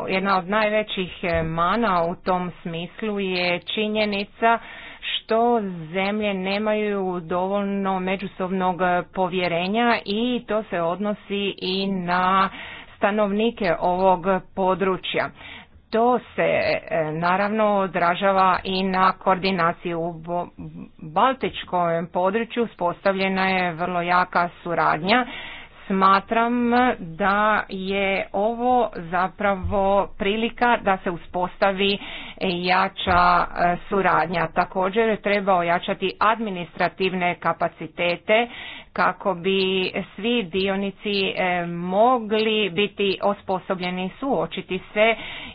jedna od najvećih e, mana u tom smislu je činjenica što zemlje nemaju dovoljno međusobnog povjerenja i to se odnosi i na stanovnike ovog područja. To se e, naravno odražava i na koordinaciju u Baltičkom području, spostavljena je vrlo jaka suradnja smatram da je ovo zapravo prilika da se uspostavi jača e, suradnja. Također treba ojačati administrativne kapacitete kako bi svi dionici e, mogli biti osposobljeni suočiti se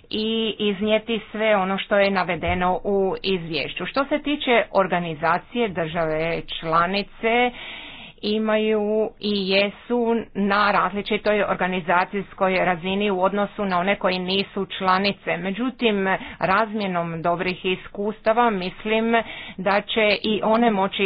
i iznijeti sve ono što je navedeno u izvješću. Što se tiče organizacije države članice, imaju i jesu na različitoj organizacijskoj razini u odnosu na one koji nisu članice. Međutim, razmjenom dobrih iskustava mislim da će i one moći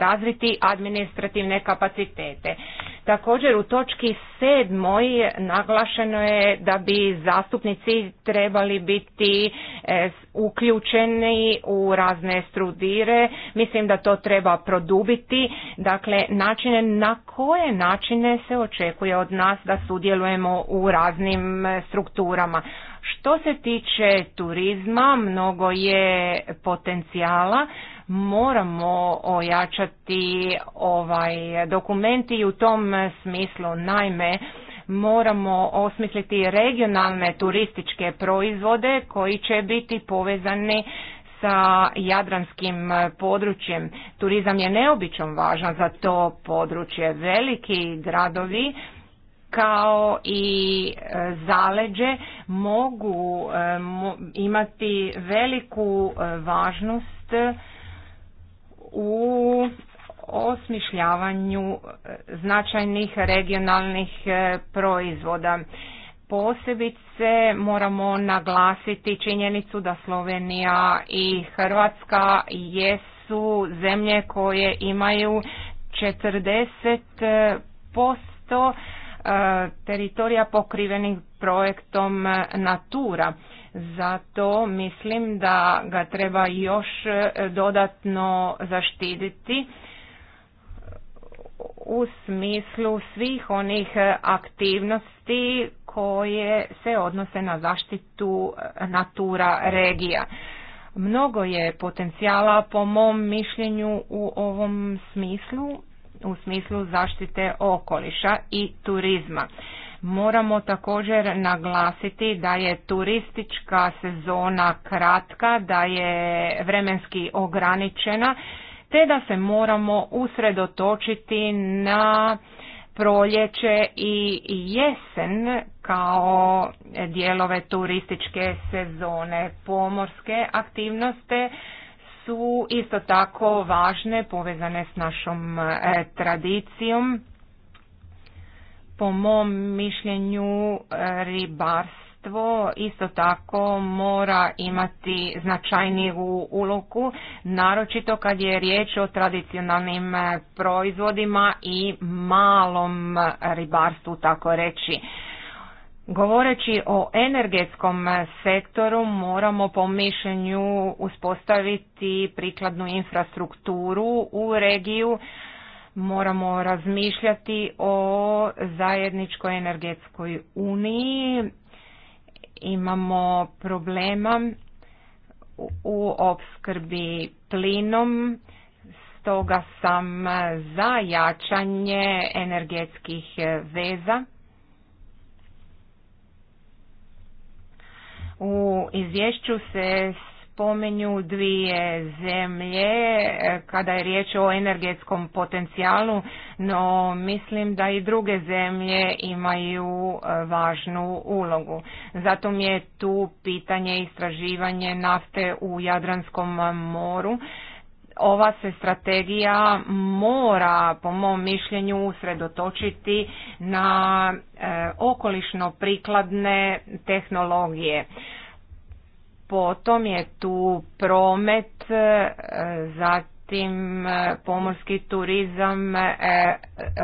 razviti administrativne kapacitete. Također u točki sedmoj naglašeno je da bi zastupnici trebali biti e, uključeni u razne strudire. Mislim da to treba produbiti. Dakle, načine na koje načine se očekuje od nas da sudjelujemo u raznim e, strukturama. Što se tiče turizma, mnogo je potencijala moramo ojačati ovaj dokument i u tom smislu naime moramo osmisliti regionalne turističke proizvode koji će biti povezani sa jadranskim područjem. Turizam je neobično važan za to područje. Veliki gradovi kao i e, zaleđe mogu e, imati veliku e, važnost u osmišljavanju e, značajnih regionalnih e, proizvoda. Posebice moramo naglasiti činjenicu da Slovenija i Hrvatska jesu zemlje koje imaju 40% e, teritorija pokrivenih projektom Natura. Zato mislim da ga treba još e, dodatno zaštititi e, u smislu svih onih e, aktivnosti koje se odnose na zaštitu natura regija. Mnogo je potencijala po mom mišljenju u ovom smislu, u smislu zaštite okoliša i turizma. Moramo također naglasiti da je turistička sezona kratka, da je vremenski ograničena, te da se moramo usredotočiti na proljeće i jesen kao dijelove turističke sezone. Pomorske aktivnosti su isto tako važne, povezane s našom eh, tradicijom po mom mišljenju ribarstvo isto tako mora imati značajniju ulogu, naročito kad je riječ o tradicionalnim e, proizvodima i malom e, ribarstvu, tako reći. Govoreći o energetskom e, sektoru moramo po mišljenju uspostaviti prikladnu infrastrukturu u regiju moramo razmišljati o zajedničkoj energetskoj uniji. Imamo problema u opskrbi plinom, stoga sam za jačanje energetskih veza. U izvješću se spomenju dvije zemlje e, kada je riječ o energetskom potencijalu, no mislim da i druge zemlje imaju e, važnu ulogu. Zato mi je tu pitanje istraživanje nafte u Jadranskom moru. Ova se strategija mora, po mom mišljenju, usredotočiti na e, okolišno prikladne tehnologije. Potom je tu promet, e, zatim e, pomorski turizam, e,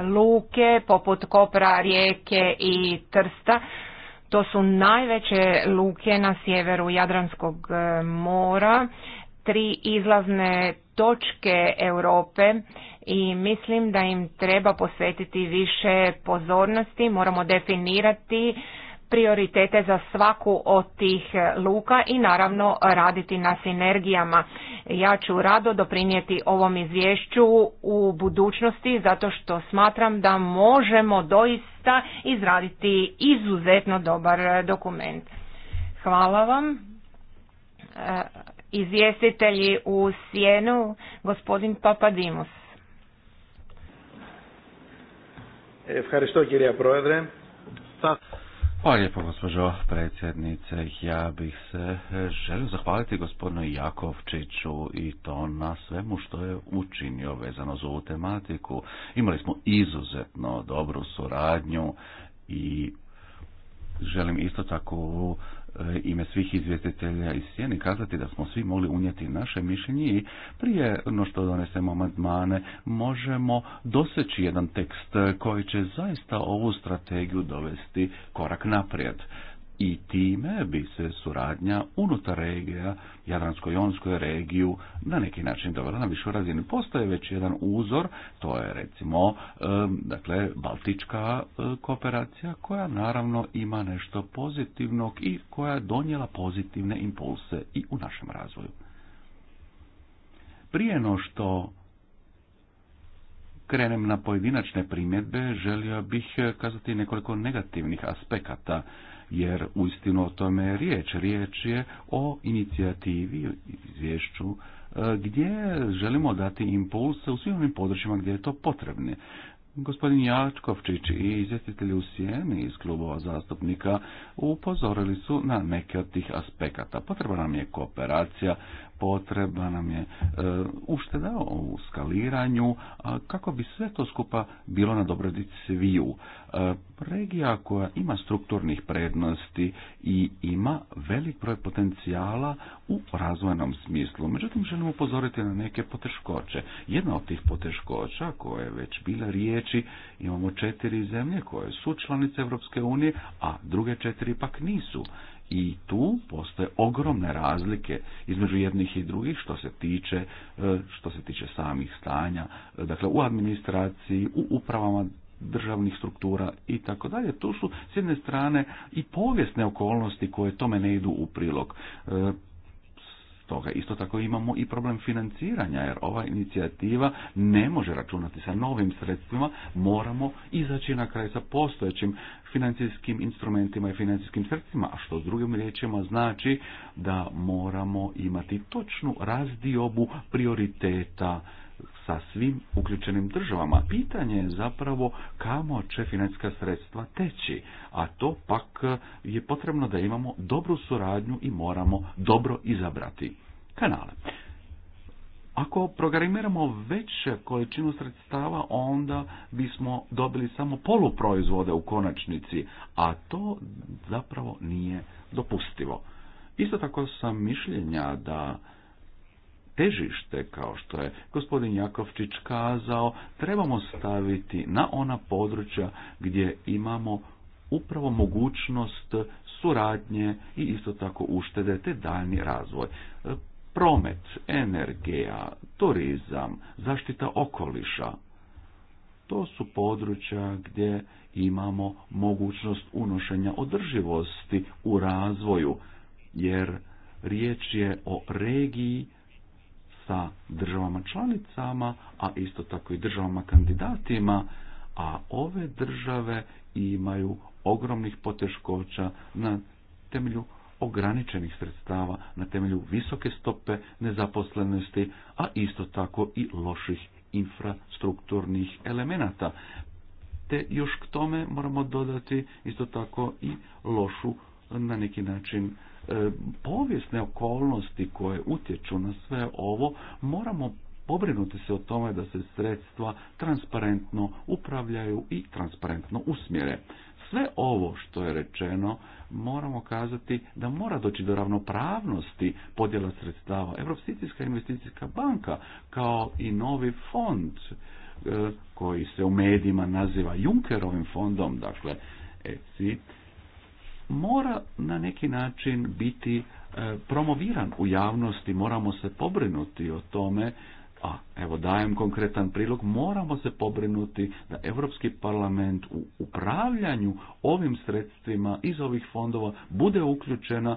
luke poput Kopra, Rijeke i Trsta. To su najveće luke na sjeveru Jadranskog mora, tri izlazne točke Europe i mislim da im treba posvetiti više pozornosti, moramo definirati prioritete za svaku od tih luka i naravno raditi na sinergijama. Ja ću rado doprinijeti ovom izvješću u budućnosti zato što smatram da možemo doista izraditi izuzetno dobar dokument. Hvala vam. E, izvjestitelji u sjenu, gospodin Papadimus. Hvala vam. Hvala lijepo, gospođo predsjednice. Ja bih se e, želio zahvaliti gospodinu Jakovčiću i to na svemu što je učinio vezano za ovu tematiku. Imali smo izuzetno dobru suradnju i želim isto tako E, ime svih izvjestitelja iz sjeni kazati da smo svi mogli unijeti naše mišljenje i prije no što donesemo amandmane možemo doseći jedan tekst koji će zaista ovu strategiju dovesti korak naprijed i time bi se suradnja unutar regija, Jadransko-Jonskoj regiju, na neki način dovela na višu razinu. Postoje već jedan uzor, to je recimo dakle, Baltička e, kooperacija koja naravno ima nešto pozitivnog i koja je donijela pozitivne impulse i u našem razvoju. Prije no što krenem na pojedinačne primjedbe, želio bih kazati nekoliko negativnih aspekata jer uistinu o tome je riječ. Riječ je o inicijativi, izvješću e, gdje želimo dati impulse u svim onim područjima gdje je to potrebno. Gospodin Jačkovčić i izvjestitelji u Sijeni iz klubova zastupnika upozorili su na neke od tih aspekata. Potreba nam je kooperacija potreba nam je e, ušteda u skaliranju kako bi sve to skupa bilo na dobrobit sviju. E, regija koja ima strukturnih prednosti i ima velik broj potencijala u razvojnom smislu. Međutim, želimo upozoriti na neke poteškoće. Jedna od tih poteškoća koje je već bila riječi, imamo četiri zemlje koje su članice Europske unije, a druge četiri pak nisu i tu postoje ogromne razlike između jednih i drugih što se tiče e, što se tiče samih stanja e, dakle u administraciji u upravama državnih struktura i tako dalje. Tu su s jedne strane i povijesne okolnosti koje tome ne idu u prilog. E, toga. Isto tako imamo i problem financiranja, jer ova inicijativa ne može računati sa novim sredstvima, moramo izaći na kraj sa postojećim financijskim instrumentima i financijskim sredstvima, a što s drugim riječima znači da moramo imati točnu razdiobu prioriteta sa svim uključenim državama. Pitanje je zapravo kamo će financijska sredstva teći, a to pak e, je potrebno da imamo dobru suradnju i moramo dobro izabrati kanale. Ako programiramo veću količinu sredstava, onda bismo dobili samo poluproizvode u konačnici, a to zapravo nije dopustivo. Isto tako sam mišljenja da težište, kao što je gospodin Jakovčić kazao, trebamo staviti na ona područja gdje imamo upravo mogućnost suradnje i isto tako uštede te daljni razvoj. E, promet, energija, turizam, zaštita okoliša, to su područja gdje imamo mogućnost unošenja održivosti u razvoju, jer riječ je o regiji sa državama članicama, a isto tako i državama kandidatima, a ove države imaju ogromnih poteškoća na temelju ograničenih sredstava, na temelju visoke stope nezaposlenosti, a isto tako i loših infrastrukturnih elemenata. Te još k tome moramo dodati isto tako i lošu na neki način E, povijesne okolnosti koje utječu na sve ovo moramo pobrinuti se o tome da se sredstva transparentno upravljaju i transparentno usmjere. Sve ovo što je rečeno moramo kazati da mora doći do ravnopravnosti podjela sredstava. Europska investicijska banka kao i novi fond e, koji se u medijima naziva Junkerovim fondom, dakle ECI, mora na neki način biti e, promoviran u javnosti, moramo se pobrinuti o tome, a evo dajem konkretan prilog, moramo se pobrinuti da Europski parlament u upravljanju ovim sredstvima iz ovih fondova bude uključena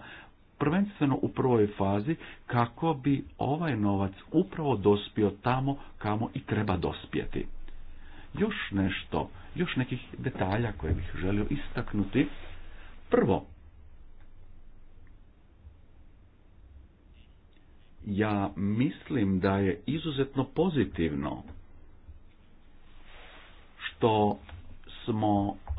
prvenstveno u prvoj fazi kako bi ovaj novac upravo dospio tamo kamo i treba dospjeti. Još nešto, još nekih detalja koje bih želio istaknuti Prvo, ja mislim da je izuzetno pozitivno što smo e,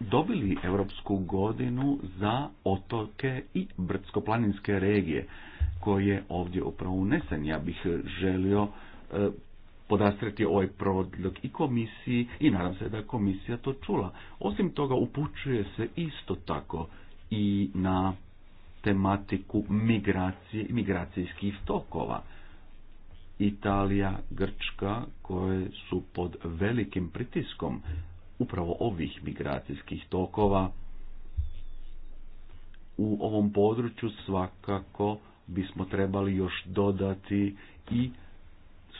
dobili Europsku godinu za otoke i brdsko-planinske regije koje je ovdje upravo unesen. Ja bih želio e, podastreti ovaj prodlog i komisiji i nadam se da je komisija to čula. Osim toga upućuje se isto tako i na tematiku migracije, migracijskih tokova. Italija, Grčka koje su pod velikim pritiskom upravo ovih migracijskih tokova u ovom području svakako bismo trebali još dodati i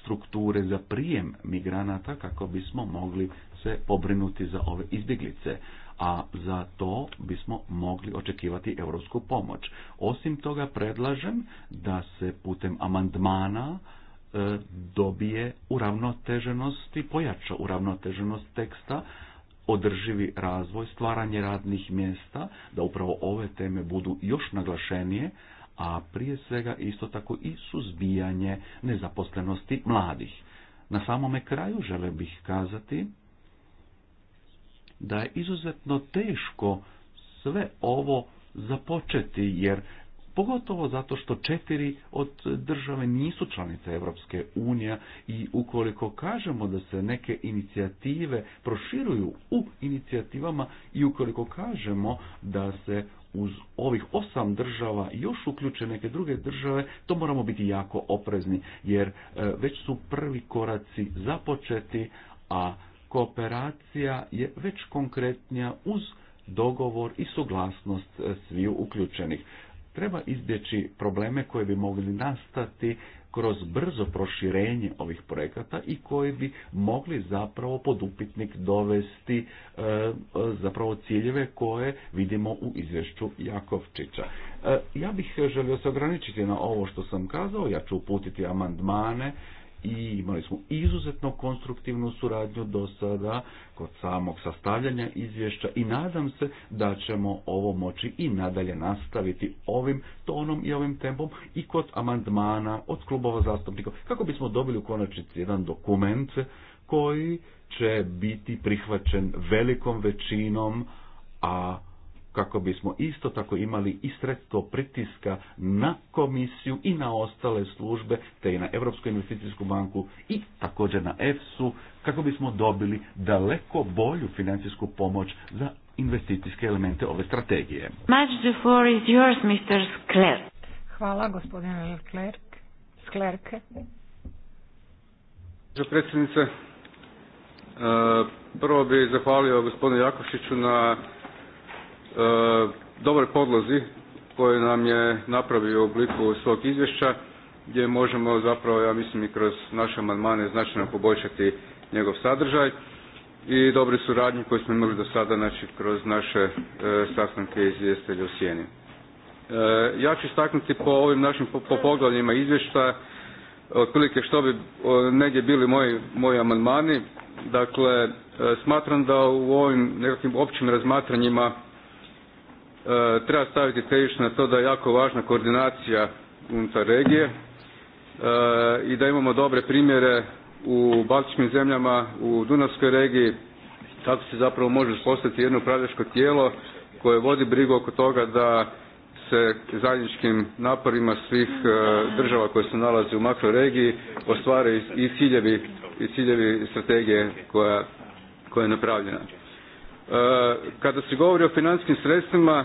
strukture za prijem migranata kako bismo mogli se pobrinuti za ove izbjeglice a za to bismo mogli očekivati europsku pomoć. Osim toga predlažem da se putem amandmana e, dobije uravnoteženost i pojača uravnoteženost teksta, održivi razvoj, stvaranje radnih mjesta, da upravo ove teme budu još naglašenije, a prije svega isto tako i suzbijanje nezaposlenosti mladih. Na samome kraju žele bih kazati da je izuzetno teško sve ovo započeti, jer pogotovo zato što četiri od države nisu članice Europske unije i ukoliko kažemo da se neke inicijative proširuju u inicijativama i ukoliko kažemo da se uz ovih osam država još uključe neke druge države, to moramo biti jako oprezni, jer e, već su prvi koraci započeti, a kooperacija je već konkretnija uz dogovor i suglasnost e, sviju uključenih. Treba izbjeći probleme koje bi mogli nastati kroz brzo proširenje ovih projekata i koji bi mogli zapravo pod upitnik dovesti e, zapravo ciljeve koje vidimo u izvješću Jakovčića. E, ja bih želio se ograničiti na ovo što sam kazao, ja ću uputiti amandmane i imali smo izuzetno konstruktivnu suradnju do sada kod samog sastavljanja izvješća i nadam se da ćemo ovo moći i nadalje nastaviti ovim tonom i ovim tempom i kod amandmana od klubova zastupnika kako bismo dobili u konačnici jedan dokument koji će biti prihvaćen velikom većinom, a kako bismo isto tako imali i sredstvo pritiska na komisiju i na ostale službe, te i na Europsku investicijsku banku i također na EFSU, kako bismo dobili daleko bolju financijsku pomoć za investicijske elemente ove strategije. Hvala gospodine Sklerke. Predsjednice, eh, prvo bih zahvalio gospodinu Jakošiću na E, dobroj podlozi koju nam je napravio u obliku svog izvješća gdje možemo zapravo ja mislim i kroz naše amandmane značajno poboljšati njegov sadržaj i dobre suradnje koje smo imali do sada znači, kroz naše e, sastanke izvjestitelja u Sijeni. E, ja ću istaknuti po ovim našim po, poglavljima otprilike što bi negdje bili moji, moji amandmani. Dakle, smatram da u ovim nekakvim općim razmatranjima E, treba staviti težište na to da je jako važna koordinacija unutar regije e, i da imamo dobre primjere u baltičkim zemljama, u Dunavskoj regiji, kako se zapravo može uspostaviti jedno upravljačko tijelo koje vodi brigu oko toga da se zajedničkim naporima svih e, država koje se nalaze u makroregiji ostvare i ciljevi, i strategije koja je napravljena. E, kada se govori o financijskim sredstvima, e,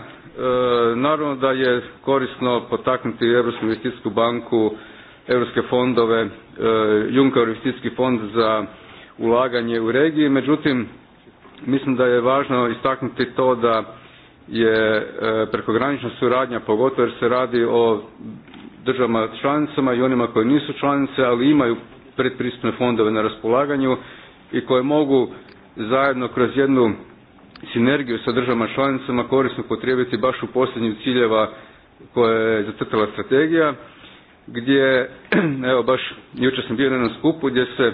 naravno da je korisno potaknuti Europsku investicijsku banku, europske fondove, e, Juncker investicijski fond za ulaganje u regiji, međutim mislim da je važno istaknuti to da je prekogranična suradnja, pogotovo jer se radi o državama članicama i onima koji nisu članice, ali imaju predpristupne fondove na raspolaganju i koje mogu zajedno kroz jednu sinergiju sa državama članicama korisno potrebiti baš u posljednjim ciljeva koje je zacrtala strategija gdje, [CLEARS THROAT] evo baš jučer sam bio na jednom skupu gdje se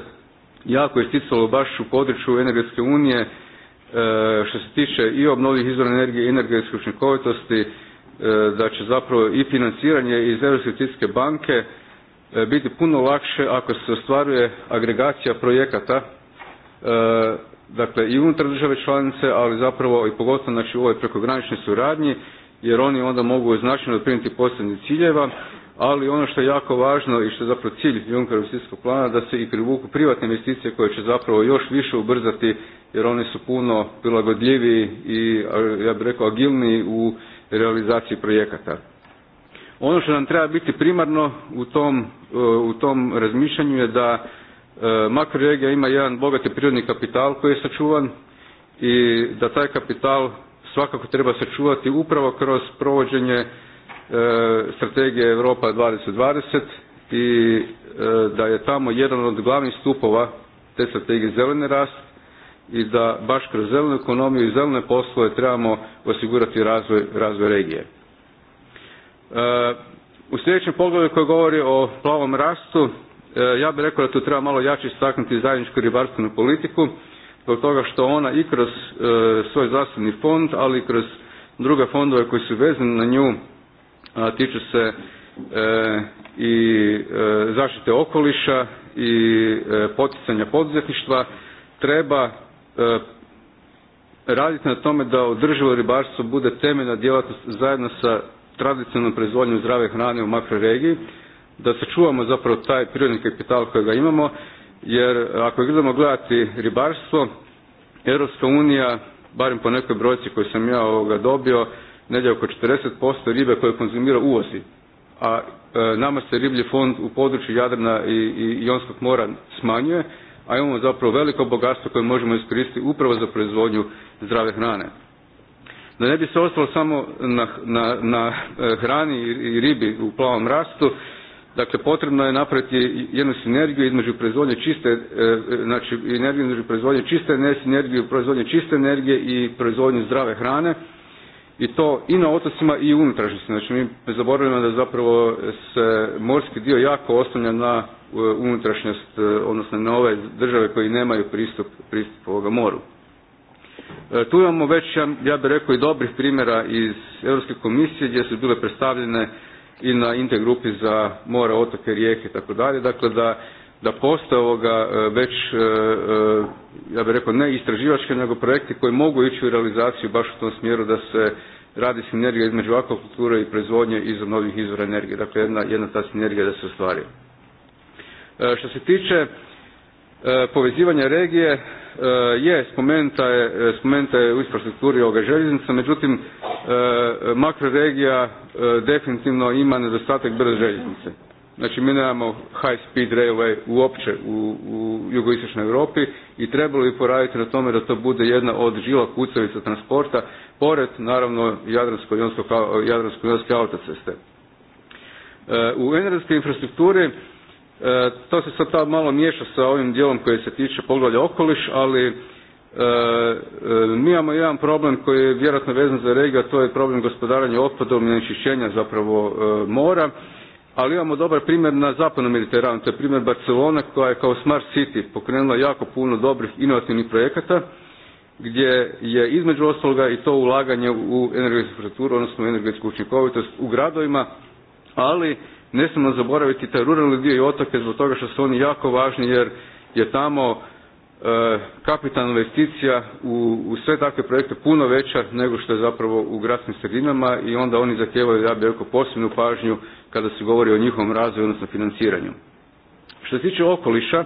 jako isticalo baš u području energetske unije e, što se tiče i obnovljivih izvora energije i energetske učinkovitosti e, da će zapravo i financiranje iz Europske banke e, biti puno lakše ako se ostvaruje agregacija projekata dakle i unutar države članice, ali zapravo i pogotovo znači u ovoj prekograničnoj suradnji jer oni onda mogu značajno doprinijeti postavljanje ciljeva, ali ono što je jako važno i što je zapravo cilj Juncker investicijskog plana da se i privuku privatne investicije koje će zapravo još više ubrzati jer oni su puno prilagodljiviji i ja bih rekao agilniji u realizaciji projekata. Ono što nam treba biti primarno u tom, e, u tom razmišljanju je da E, makroregija ima jedan bogati prirodni kapital koji je sačuvan i da taj kapital svakako treba sačuvati upravo kroz provođenje e, strategije Europa 2020 i e, da je tamo jedan od glavnih stupova te strategije zeleni rast i da baš kroz zelenu ekonomiju i zelene poslove trebamo osigurati razvoj, razvoj regije. U sljedećem pogledu koji govori o plavom rastu E, ja bih rekao da tu treba malo jače istaknuti zajedničku ribarstvenu politiku zbog toga što ona i kroz e, svoj zasebni fond, ali i kroz druge fondove koji su vezani na nju, a tiču se e, i zaštite okoliša i poticanja poduzetništva, treba raditi na tome da održivo ribarstvo bude temeljna djelatnost zajedno sa tradicionalnom proizvodnjom zdrave hrane u makroregiji da sačuvamo zapravo taj prirodni kapital kojega imamo, jer ako idemo gledati ribarstvo, Europska unija, barem po nekoj brojci koju sam ja ovoga dobio, negdje oko 40% ribe koje konzumira uvozi, a e, nama se riblji fond u području Jadrana i, Jonskog mora smanjuje, a imamo zapravo veliko bogatstvo koje možemo iskoristiti upravo za proizvodnju zdrave hrane. Da ne bi se ostalo samo na e, hrani i ribi u plavom rastu, Dakle, potrebno je napraviti jednu sinergiju između proizvodnje čiste, e, e, znači energiju između proizvodnje čiste energije, proizvodnje čiste energije i proizvodnje zdrave hrane i to i na otocima i unutrašnjosti. Znači mi zaboravljamo da zapravo se morski dio jako oslanja na e, unutrašnjost, odnosno na ove države koji nemaju pristup, pristup ovoga moru. Tu imamo već, ja bih rekao, i dobrih primjera iz Europske komisije gdje su bile predstavljene i na intergrupi za mora, otoke, rijeke i tako dalje. Dakle, da, da postoje e, već, e, e, ja bih rekao, ne istraživačke, nego projekti koji mogu ići u realizaciju baš u tom smjeru da se radi sinergija između akvakulture i proizvodnje iz novih izvora energije. Dakle, jedna, jedna ta sinergija da se ostvari. Što se tiče E, povezivanje regije e, je spomenuta je, e, je u infrastrukturi ovoga željeznica, međutim makroregija definitivno ima nedostatak brze željeznice. Znači mi nemamo high speed railway uopće u, u jugoistočnoj Europi i trebalo bi poraditi na tome da to bude jedna od žila kucavica transporta, pored naravno Jadransko-Jonske autoceste. U energetskoj infrastrukturi E, to se sad malo miješa sa ovim dijelom koji se tiče poglavlja okoliš, ali e, e, mi imamo jedan problem koji je vjerojatno vezan za regiju, a to je problem gospodaranja otpadom i onečišćenja zapravo e, mora. Ali imamo dobar primjer na zapadnom Mediteranu, to je primjer Barcelona koja je kao Smart City pokrenula jako puno dobrih inovativnih projekata gdje je između ostaloga i to ulaganje u energetsku infrastrukturu, odnosno energetsku učinkovitost u gradovima, ali ne smijemo zaboraviti taj ruralni dio i otoke zbog toga što su oni jako važni jer je tamo e, kapitalna investicija u, sve takve projekte puno veća nego što je zapravo u gradskim sredinama i onda oni zahtijevaju ja bi rekao posebnu pažnju kada se govori o njihovom razvoju odnosno financiranju. Što se tiče okoliša, e,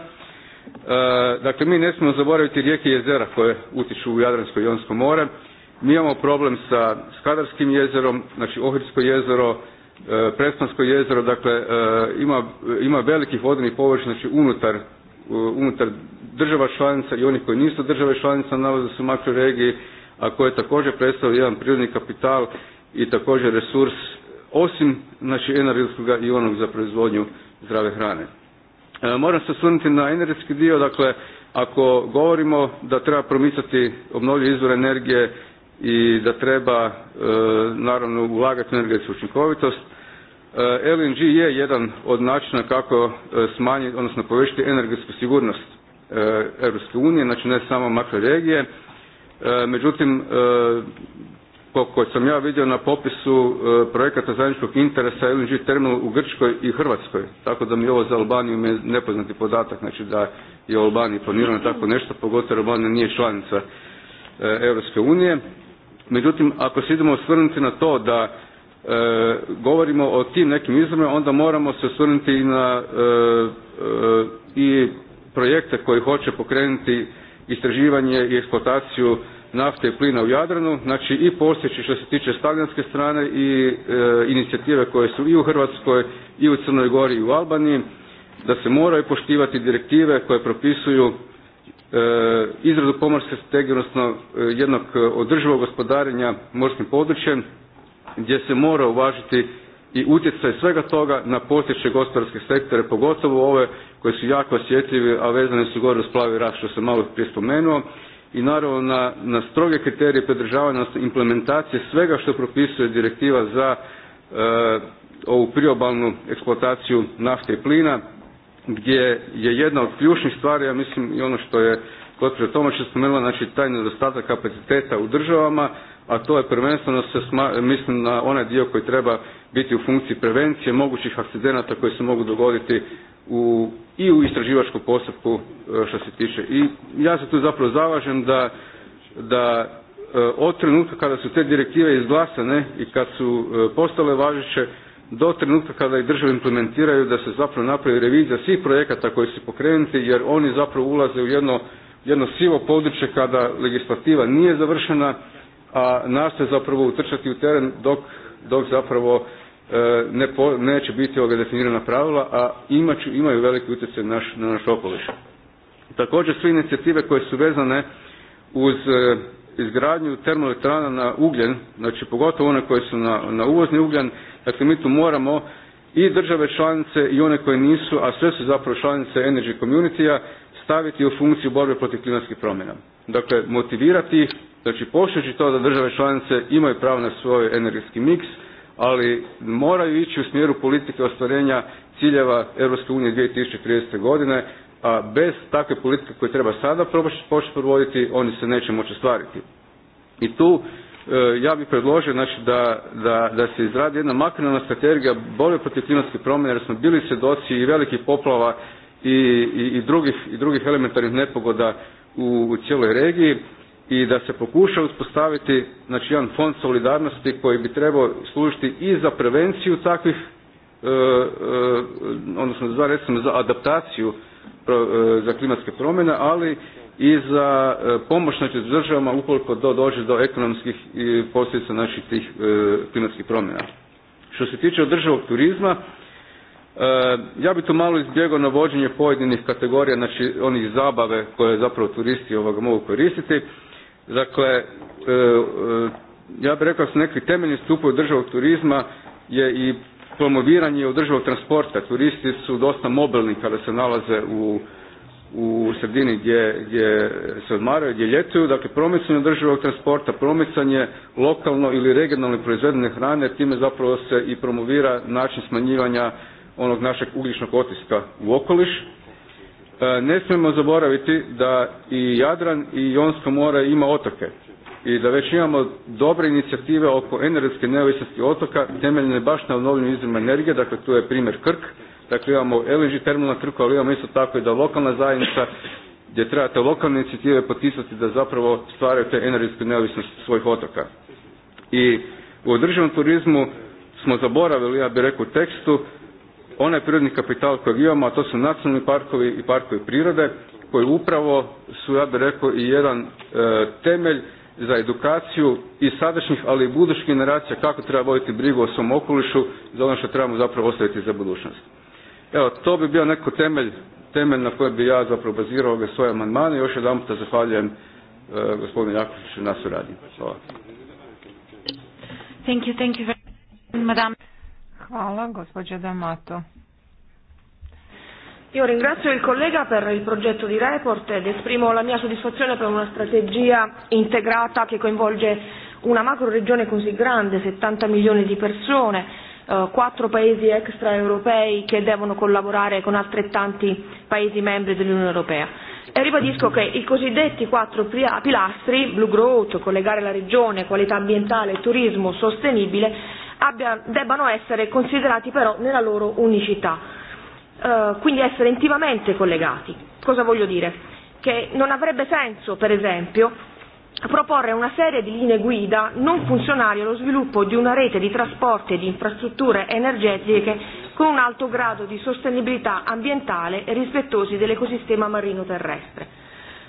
dakle mi ne smijemo zaboraviti rijeke i jezera koje utiču u Jadransko i Jonsko more. Mi imamo problem sa Skadarskim jezerom, znači Ohridsko jezero, E, Prestonsko jezero dakle e, ima, ima velikih vodenih površina znači unutar, unutar država članica i onih koji nisu države članica nalaze se u makroregiji, a koje također predstavlja jedan prirodni kapital i također resurs osim znači energetskoga i onog za proizvodnju zdrave hrane. E, moram se osvrnuti na energetski dio, dakle ako govorimo da treba promicati obnovljive izvore energije i da treba naravno ulagati u energetsku učinkovitost E, LNG je jedan od načina kako e, smanjiti, odnosno povećati energetsku sigurnost e, Europske unije, znači ne samo makroregije. Međutim, koliko sam ja vidio na popisu projekata zajedničkog interesa LNG terminal u Grčkoj i Hrvatskoj, tako da mi ovo za Albaniju nepoznati podatak, znači da je u Albaniji planirano tako nešto, pogotovo Albanija nije članica Europske unije. Međutim, ako se idemo osvrnuti na to da E, govorimo o tim nekim izvorima onda moramo se osvrnuti i na e, e, i projekte koji hoće pokrenuti istraživanje i eksploataciju nafte i plina u Jadranu, znači i posjeći što se tiče stavljanske strane i inicijative koje su i u Hrvatskoj i u Crnoj Gori i u Albaniji, da se moraju poštivati direktive koje propisuju e, izradu pomorske strategije, odnosno jednog održivog gospodarenja morskim područjem, gdje se mora uvažiti i utjecaj svega toga na postojeće gospodarske sektore, pogotovo ove koji su jako osjetljivi, a vezane su gore uz plavi rast što sam malo prije spomenuo i naravno na, na stroge kriterije pridržavanja implementacije svega što propisuje direktiva za e, ovu priobalnu eksploataciju nafte i plina gdje je jedna od ključnih stvari, ja mislim i ono što je gospođa Tomašić spomenula, znači taj nedostatak kapaciteta u državama a to je prvenstveno se mislim na onaj dio koji treba biti u funkciji prevencije mogućih akcidenata koji se mogu dogoditi u, i u istraživačkom postupku e, što se tiče. I ja se tu zapravo zalažem da, da e, od trenutka kada su te direktive izglasane i kad su e, postale važeće do trenutka kada ih države implementiraju da se zapravo napravi revizija svih projekata koji su pokrenuti jer oni zapravo ulaze u jedno, jedno sivo područje kada legislativa nije završena a nastoje zapravo utrčati u teren dok, dok zapravo e, ne neće biti ovoga definirana pravila, a imaju veliki utjecaj na naš okoliš. Također sve inicijative koje su vezane uz e, izgradnju termoelektrana na ugljen, znači pogotovo one koje su na, na uvozni ugljen, dakle mi tu moramo i države članice i one koje nisu, a sve su zapravo članice energy community staviti u funkciju borbe protiv klimatskih promjena. Dakle, motivirati ih Znači, poštujući to da države članice imaju pravo na svoj energetski miks, ali moraju ići u smjeru politike ostvarenja ciljeva Europske unije 2030. godine, a bez takve politike koje treba sada početi provoditi, oni se neće moći ostvariti. I tu e, ja bih predložio znači, da, da, da, se izradi jedna makronalna strategija borbe protiv klimatske promjena jer smo bili svjedoci i velikih poplava i, i, i, drugih, i drugih elementarnih nepogoda u, u cijeloj regiji i da se pokuša uspostaviti znači jedan fond solidarnosti koji bi trebao služiti i za prevenciju takvih e, e, odnosno za recimo za adaptaciju e, za klimatske promjene, ali i za pomoć znači, državama ukoliko do, dođe do ekonomskih i posljedica naših tih klimatskih promjena. Što se tiče održivog turizma, ja bi tu malo izbjegao vođenje pojedinih kategorija, znači onih zabave koje zapravo turisti ovoga mogu koristiti. Dakle, e, e, ja bih rekao su neki temeljni stupovi državog turizma je i promoviranje održivog transporta. Turisti su dosta mobilni kada se nalaze u, u sredini gdje, gdje se odmaraju, gdje ljetuju. Dakle, promicanje državnog transporta, promicanje lokalno ili regionalno proizvedene hrane, time zapravo se i promovira način smanjivanja onog našeg ugljičnog otiska u okoliš E, ne smijemo zaboraviti da i Jadran i Jonsko more ima otoke i da već imamo dobre inicijative oko energetske neovisnosti otoka temeljene baš na obnovljivim izvorima energije, dakle tu je primjer Krk, dakle imamo LNG terminal na ali imamo isto tako i da lokalna zajednica gdje trebate lokalne inicijative potisati da zapravo stvaraju te energetsku neovisnost svojih otoka. I u održivom turizmu smo zaboravili, ja bih rekao, u tekstu onaj prirodni kapital kojeg imamo, a to su nacionalni parkovi i parkovi prirode, koji upravo su, ja bih rekao, i jedan e, temelj za edukaciju i sadašnjih, ali i budućih generacija kako treba voditi brigu o svom okolišu za ono što trebamo zapravo ostaviti za budućnost. Evo, to bi bio neko temelj, temelj na kojem bi ja zapravo bazirao ove svoje amandmane. Još jedan puta zahvaljujem e, gospodinu Jakoviću na suradnji. Thank you, thank you Hvala, gospođa D'Amato. Io ringrazio il collega per il progetto di report ed esprimo la mia soddisfazione per una strategia integrata che coinvolge una macro regione così grande, 70 milioni di persone, eh, quattro paesi extraeuropei che devono collaborare con altrettanti paesi membri dell'Unione Europea. E ribadisco che i cosiddetti quattro pilastri, Blue Growth, collegare la regione, qualità ambientale, e turismo sostenibile, abbiano, debbano essere considerati però nella loro unicità, eh, quindi essere intimamente collegati. Cosa voglio dire? Che non avrebbe senso, per esempio, proporre una serie di linee guida non funzionali allo sviluppo di una rete di trasporti e di infrastrutture energetiche con un alto grado di sostenibilità ambientale e rispettosi dell'ecosistema marino terrestre.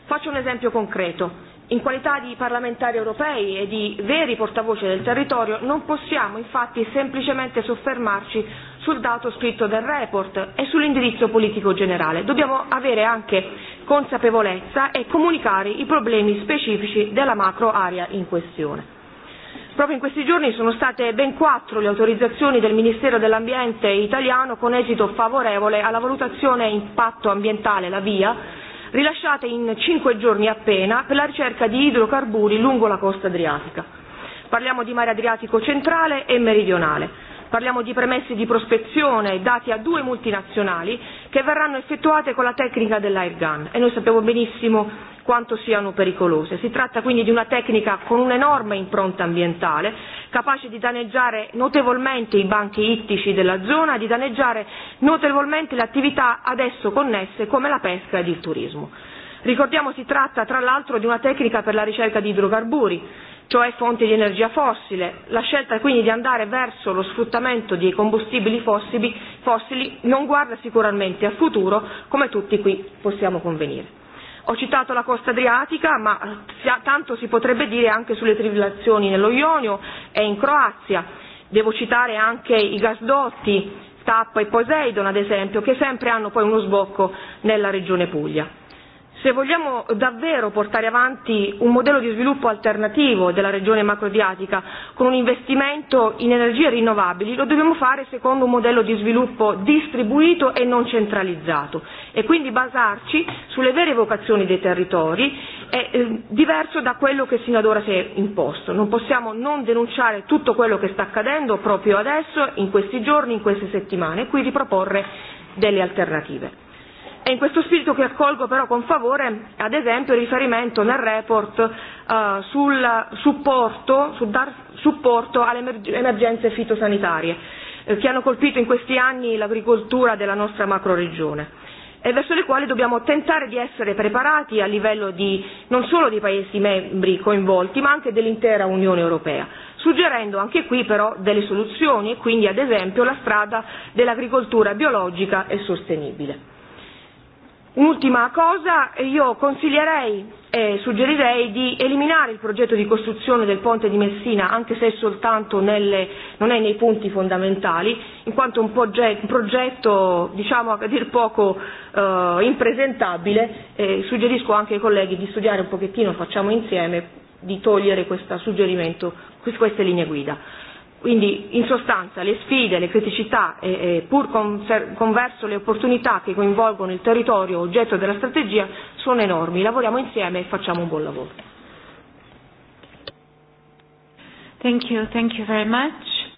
Faccio un esempio concreto. In qualità di parlamentari europei e di veri portavoce del territorio non possiamo infatti semplicemente soffermarci sul dato scritto del report e sull'indirizzo politico generale. Dobbiamo avere anche consapevolezza e comunicare i problemi specifici della macro area in questione. Proprio in questi giorni sono state ben quattro le autorizzazioni del Ministero dell'Ambiente italiano con esito favorevole alla valutazione e impatto ambientale, la VIA, rilasciate in cinque giorni appena per la ricerca di idrocarburi lungo la costa adriatica. Parliamo di mare Adriatico centrale e meridionale. Parliamo di premesse di prospezione dati a due multinazionali che verranno effettuate con la tecnica dell'airgun e noi sappiamo benissimo quanto siano pericolose. Si tratta quindi di una tecnica con un'enorme impronta ambientale, capace di danneggiare notevolmente i banchi ittici della zona di danneggiare notevolmente le attività adesso connesse come la pesca e il turismo. Ricordiamo si tratta tra l'altro di una tecnica per la ricerca di idrocarburi, cioè fonti di energia fossile. La scelta quindi di andare verso lo sfruttamento dei combustibili fossili non guarda sicuramente al futuro, come tutti qui possiamo convenire. Ho citato la costa adriatica, ma tanto si potrebbe dire anche sulle trivilazioni nello Ionio e in Croazia. Devo citare anche i gasdotti Tappa e Poseidon, ad esempio, che sempre hanno poi uno sbocco nella regione Puglia. Se vogliamo davvero portare avanti un modello di sviluppo alternativo della regione macroasiatica con un investimento in energie rinnovabili, lo dobbiamo fare secondo un modello di sviluppo distribuito e non centralizzato e quindi basarci sulle vere vocazioni dei territori è eh, diverso da quello che sino ad ora si è imposto. Non possiamo non denunciare tutto quello che sta accadendo proprio adesso, in questi giorni, in queste settimane e qui riproporre delle alternative. È e in questo spirito che accolgo però con favore, ad esempio, il riferimento nel report eh, sul supporto, sul dar supporto alle emergenze fitosanitarie eh, che hanno colpito in questi anni l'agricoltura della nostra macroregione e verso le quali dobbiamo tentare di essere preparati a livello di, non solo dei Paesi membri coinvolti, ma anche dell'intera Unione Europea, suggerendo anche qui però delle soluzioni e quindi ad esempio la strada dell'agricoltura biologica e sostenibile. Un'ultima cosa, io consiglierei e suggerirei di eliminare il progetto di costruzione del ponte di Messina, anche se soltanto nelle, non è nei punti fondamentali, in quanto un, progetto, un progetto diciamo a dir poco eh, impresentabile, eh, suggerisco anche ai colleghi di studiare un pochettino, facciamo insieme, di togliere questo suggerimento, queste linee guida. Quindi in sostanza le sfide, le criticità e, e pur pur converso le opportunità che coinvolgono il territorio oggetto della strategia sono enormi. Lavoriamo insieme e facciamo un buon lavoro. Thank you, thank you very much.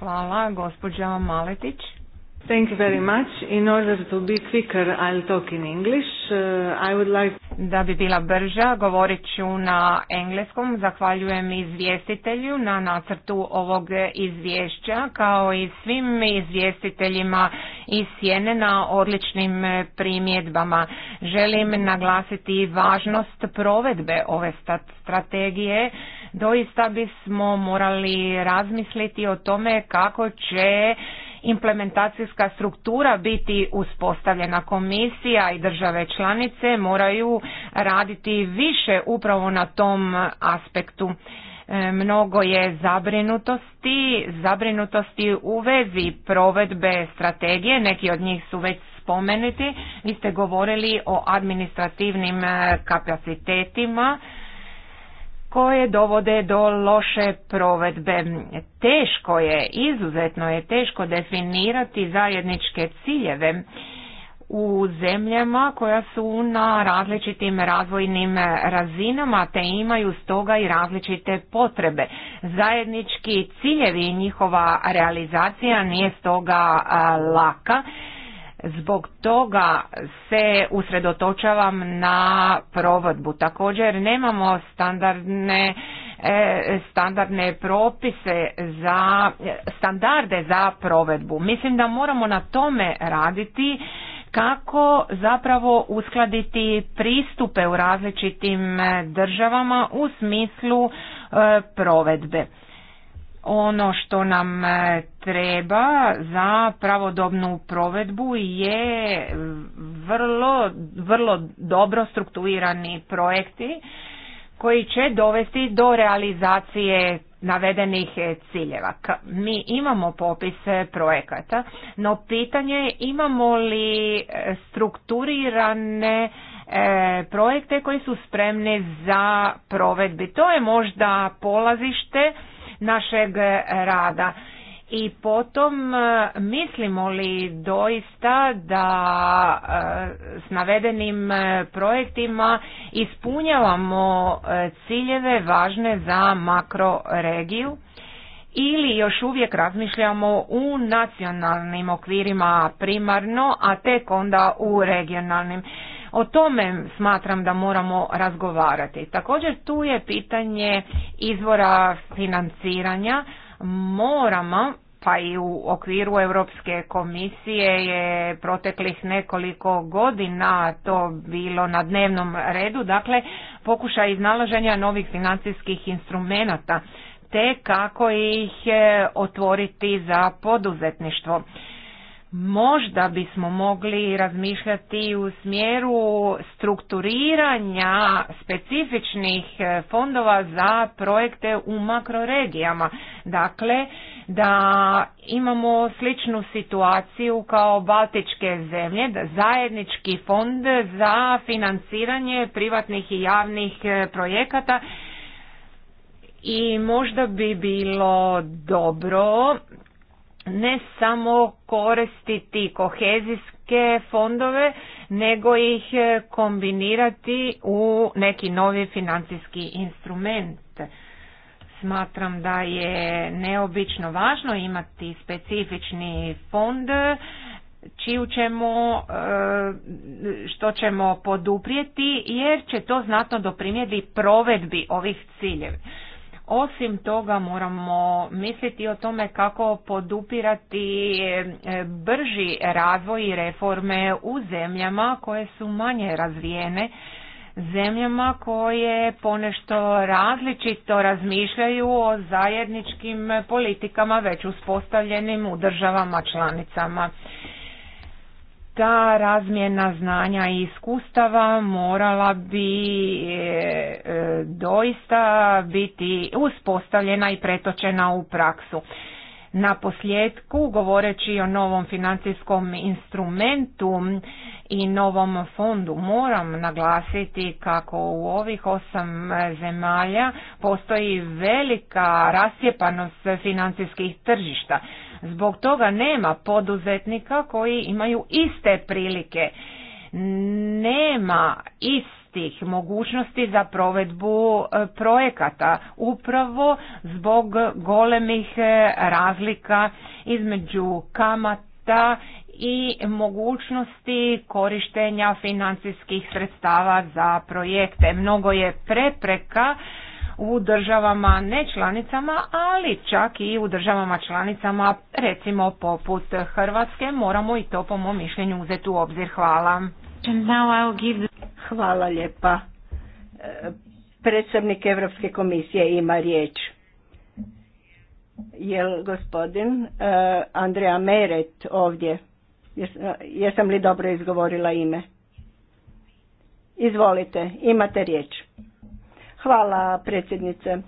Hvala, gospođa Maletić. Thank you very much. In order to be quicker, talk in English. Uh, I would like... Da bi bila brža, govorit ću na engleskom. Zahvaljujem izvjestitelju na nacrtu ovog izvješća, kao i svim izvjestiteljima iz Sjene na odličnim primjedbama. Želim naglasiti važnost provedbe ove strategije. Doista bismo morali razmisliti o tome kako će implementacijska struktura biti uspostavljena. Komisija i države članice moraju raditi više upravo na tom aspektu. E, mnogo je zabrinutosti, zabrinutosti u vezi provedbe strategije, neki od njih su već spomenuti. Vi ste govorili o administrativnim e, kapacitetima, koje dovode do loše provedbe. Teško je, izuzetno je teško definirati zajedničke ciljeve u zemljama koja su na različitim razvojnim razinama te imaju stoga i različite potrebe. Zajednički ciljevi i njihova realizacija nije stoga laka Zbog toga se usredotočavam na provedbu, Također nemamo standardne e, standardne propise za standarde za provedbu. Mislim da moramo na tome raditi kako zapravo uskladiti pristupe u različitim e, državama u smislu e, provedbe ono što nam e, treba za pravodobnu provedbu je vrlo, vrlo dobro strukturirani projekti koji će dovesti do realizacije navedenih e, ciljeva. Mi imamo popis e, projekata, no pitanje je imamo li strukturirane projekte koji su spremni za provedbi. To je možda polazište našeg rada. I potom e, mislimo li doista da e, s navedenim e, projektima ispunjavamo ciljeve važne za makroregiju ili još uvijek razmišljamo u nacionalnim okvirima primarno, a tek onda u regionalnim. O tome smatram da moramo razgovarati. Također tu je pitanje izvora financiranja. Moramo pa i u okviru Europske komisije je proteklih nekoliko godina to bilo na dnevnom redu, dakle pokušaj iznalaženja novih financijskih instrumenata te kako ih e, otvoriti za poduzetništvo možda bismo mogli razmišljati u smjeru strukturiranja specifičnih e, fondova za projekte u makroregijama. Dakle, da imamo sličnu situaciju kao baltičke zemlje, da zajednički fond za financiranje privatnih i javnih e, projekata i možda bi bilo dobro ne samo koristiti kohezijske fondove, nego ih e, kombinirati u neki novi financijski instrument. Smatram da je neobično važno imati specifični fond čiju ćemo, e, što ćemo poduprijeti jer će to znatno doprinijeti provedbi ovih ciljeva. Osim toga moramo misliti o tome kako podupirati e, brži razvoj i reforme u zemljama koje su manje razvijene, zemljama koje ponešto različito razmišljaju o zajedničkim politikama već uspostavljenim u državama članicama ta razmjena znanja i iskustava morala bi e, e, doista biti uspostavljena i pretočena u praksu. Na posljedku, govoreći o novom financijskom instrumentu i novom fondu, moram naglasiti kako u ovih osam zemalja postoji velika rasjepanost financijskih tržišta. Zbog toga nema poduzetnika koji imaju iste prilike. Nema istih mogućnosti za provedbu e, projekata upravo zbog golemih e, razlika između kamata i mogućnosti korištenja financijskih sredstava za projekte. Mnogo je prepreka u državama članicama, ali čak i u državama članicama, recimo poput Hrvatske, moramo i to po mom mišljenju uzeti u obzir. Hvala. Hvala lijepa. E, predsjednik Europske komisije ima riječ. Jel gospodin e, Andreja Meret ovdje? E, jesam li dobro izgovorila ime? Izvolite, imate riječ. Hvala predsjednice.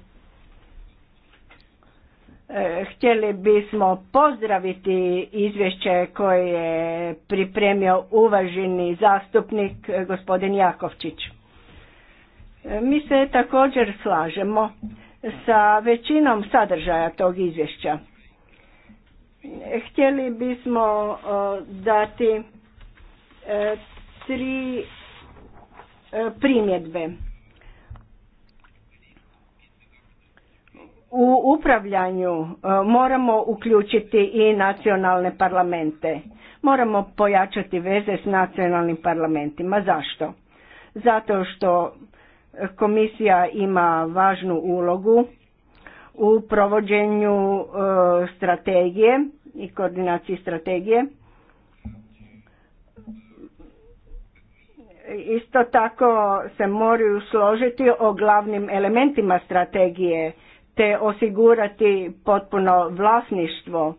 E, htjeli bismo pozdraviti izvješće koje je pripremio uvaženi zastupnik e, gospodin Jakovčić. E, mi se također slažemo sa većinom sadržaja tog izvješća. Htjeli bismo dati tri primjedbe u upravljanju e, moramo uključiti i nacionalne parlamente. Moramo pojačati veze s nacionalnim parlamentima. Zašto? Zato što komisija ima važnu ulogu u provođenju e, strategije i koordinaciji strategije. Isto tako se moraju složiti o glavnim elementima strategije te osigurati potpuno vlasništvo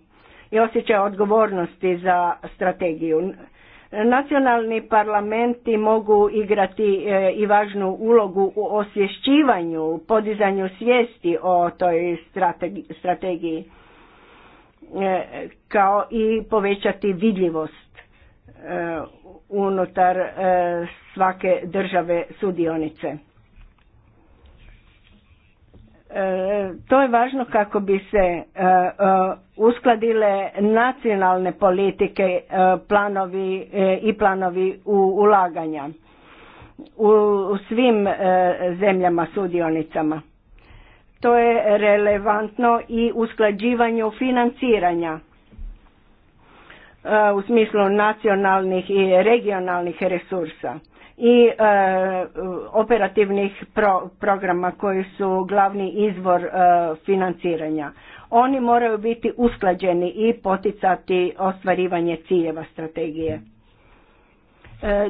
i osjećaj odgovornosti za strategiju. Nacionalni parlamenti mogu igrati e, i važnu ulogu u osvješćivanju, podizanju svijesti o toj strategiji e, kao i povećati vidljivost e, unutar svake države sudionice. E, to je važno kako bi se e, e, uskladile nacionalne politike planovi i planovi ulaganja u svim zemljama sudionicama. To je relevantno i usklađivanju financiranja E, u smislu nacionalnih i regionalnih resursa i e, operativnih programa koji su glavni izvor e, financiranja. Oni moraju biti usklađeni i poticati ostvarivanje ciljeva strategije.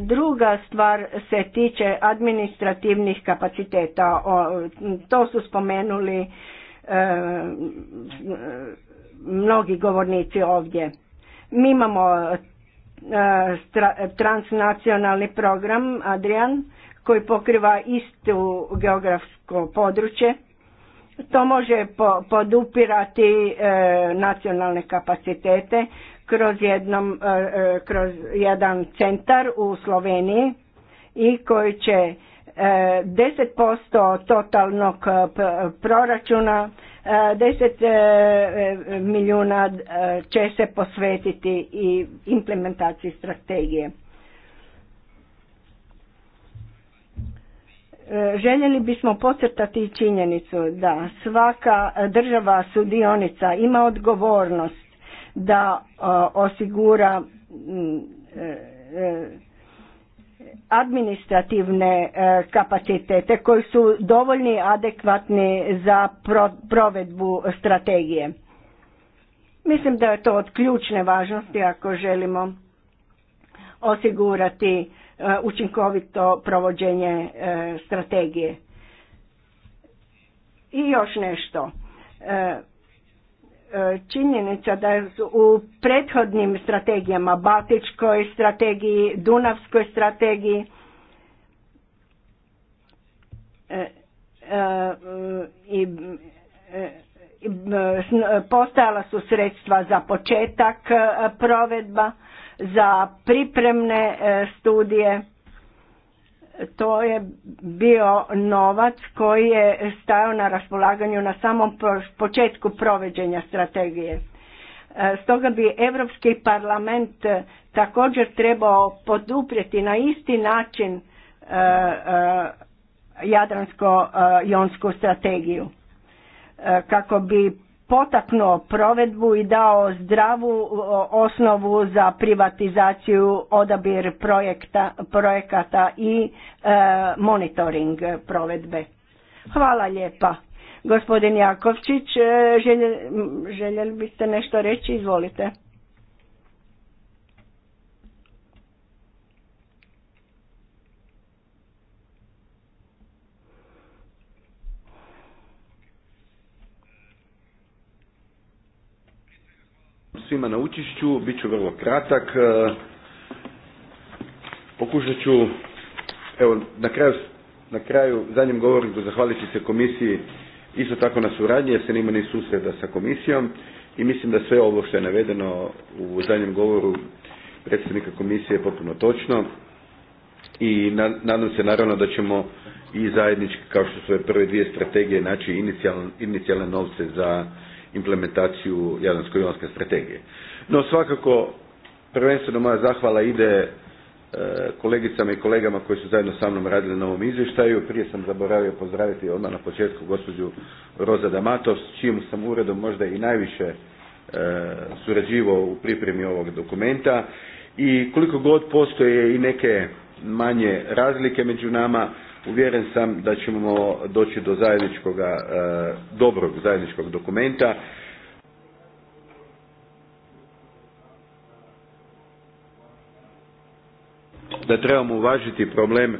druga stvar se tiče administrativnih kapaciteta. to su spomenuli mnogi govornici ovdje mi imamo e, transnacionalni program Adrian koji pokriva istu geografsko područje. To može podupirati e, nacionalne kapacitete kroz, jednom, e, kroz jedan centar u Sloveniji i koji će 10% totalnog proračuna Deset e, e, milijuna e, će se posvetiti i implementaciji strategije. Željeli bismo pocrtati i činjenicu da svaka država sudionica ima odgovornost da osigura administrativne e, kapacitete koji su dovoljni adekvatni za provedbu strategije. Mislim da je to od ključne važnosti ako želimo osigurati e, učinkovito provođenje e, strategije. I još nešto. E, činjenica da u prethodnim strategijama, Baltičkoj strategiji, Dunavskoj strategiji, e, e, i postojala su sredstva za početak provedba, za pripremne studije to je bio novac koji je stajao na raspolaganju na samom početku provođenja strategije. E, stoga bi Europski parlament e, također trebao poduprijeti na isti način e, Jadransko-jonsku strategiju kako bi potaknuo provedbu i dao zdravu osnovu za privatizaciju, odabir projekta, projekata i e, monitoring provedbe. Hvala lijepa. Gospodin Jakovčić, e, željeli biste nešto reći? Izvolite. svima na učišću, bit ću vrlo kratak. E, pokušat ću, evo, na kraju, na kraju zadnjem govorniku zahvaliti se komisiji isto tako na suradnji jer se nima ni susreda sa komisijom i mislim da sve ovo što je navedeno u zadnjem govoru predsjednika komisije je potpuno točno i nadam se naravno da ćemo i zajednički kao što su ove prve dvije strategije naći inicijalne novce za implementaciju Jadransko-jonske strategije. No svakako prvenstveno moja zahvala ide e, kolegicama i kolegama koji su zajedno sa mnom radili na ovom izvještaju. Prije sam zaboravio pozdraviti odmah na početku gospođu Roza Damatov s čijim sam uredom možda i najviše e, surađivao u pripremi ovog dokumenta i koliko god postoje i neke manje razlike među nama uvjeren sam da ćemo doći do zajedničkog e, dobrog zajedničkog dokumenta da trebamo uvažiti problem e,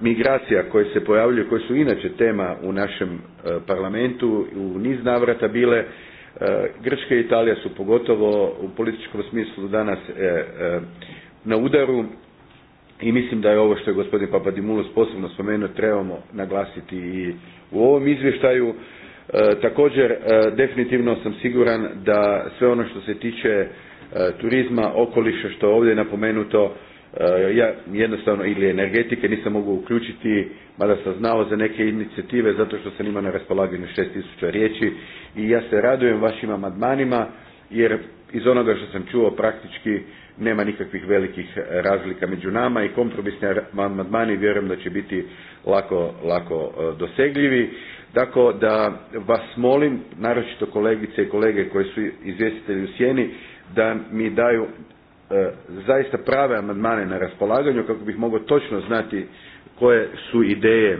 migracija koje se pojavljuju koje su inače tema u našem e, parlamentu u niz navrata bile grčka i italija su pogotovo u političkom smislu danas na udaru i mislim da je ovo što je gospodin Papadimulos posebno spomenuo trebamo naglasiti i u ovom izvještaju. E, također e, definitivno sam siguran da sve ono što se tiče e, turizma, okoliša što je ovdje napomenuto ja jednostavno ili energetike nisam mogu uključiti mada sam znao za neke inicijative zato što sam imao na raspolaganju šest tisuća riječi i ja se radujem vašim amandmanima jer iz onoga što sam čuo praktički nema nikakvih velikih e, razlika među nama i kompromisni amandmani vjerujem da će biti lako, lako e, dosegljivi. Tako da vas molim, naročito kolegice i kolege koji su izvjestitelji u sjeni, da mi daju e, zaista prave amandmane na raspolaganju kako bih mogao točno znati koje su ideje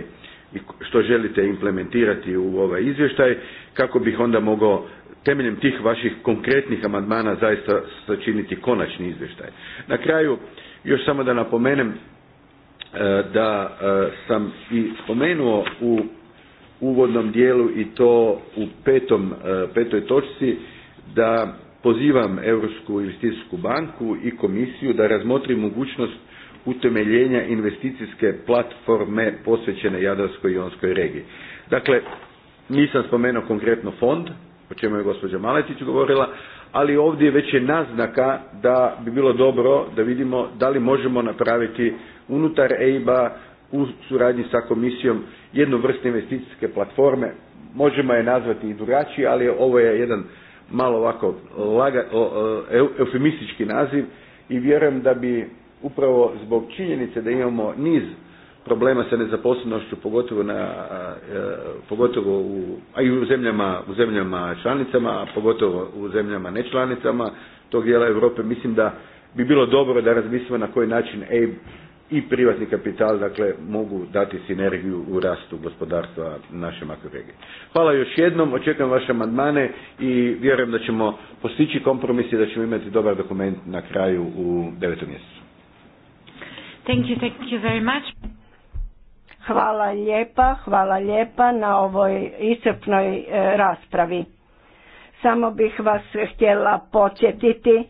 i što želite implementirati u ovaj izvještaj kako bih onda mogao temeljem tih vaših konkretnih amandmana zaista sačiniti konačni izvještaj. Na kraju još samo da napomenem e, da e, sam i spomenuo u uvodnom dijelu i to u petom, e, petoj točci da pozivam Europsku investicijsku banku i komisiju da razmotri mogućnost utemeljenja investicijske platforme posvećene Jadarskoj i Jonskoj regiji. Dakle, nisam spomenuo konkretno fond, o čemu je gospođa Maletić govorila, ali ovdje već je naznaka da bi bilo dobro da vidimo da li možemo napraviti unutar EIBA, u suradnji sa komisijom jednu vrstu investicijske platforme. Možemo je nazvati i drugačije, ali ovo je jedan malo ovako laga, eufemistički naziv i vjerujem da bi upravo zbog činjenice da imamo niz problema sa nezaposlenošću pogotovo na e, pogotovo u, a i u zemljama u zemljama članicama, a pogotovo u zemljama nečlanicama tog dijela Europe mislim da bi bilo dobro da razmislimo na koji način EIB i privatni kapital dakle mogu dati sinergiju u rastu gospodarstva naše makroregije. Hvala još jednom, očekujem vaše amandmane i vjerujem da ćemo postići kompromis i da ćemo imati dobar dokument na kraju u devetom mjesecu. Thank you, thank you very much. Hvala lijepa, hvala lijepa na ovoj iscrpnoj e, raspravi. Samo bih vas htjela podsjetiti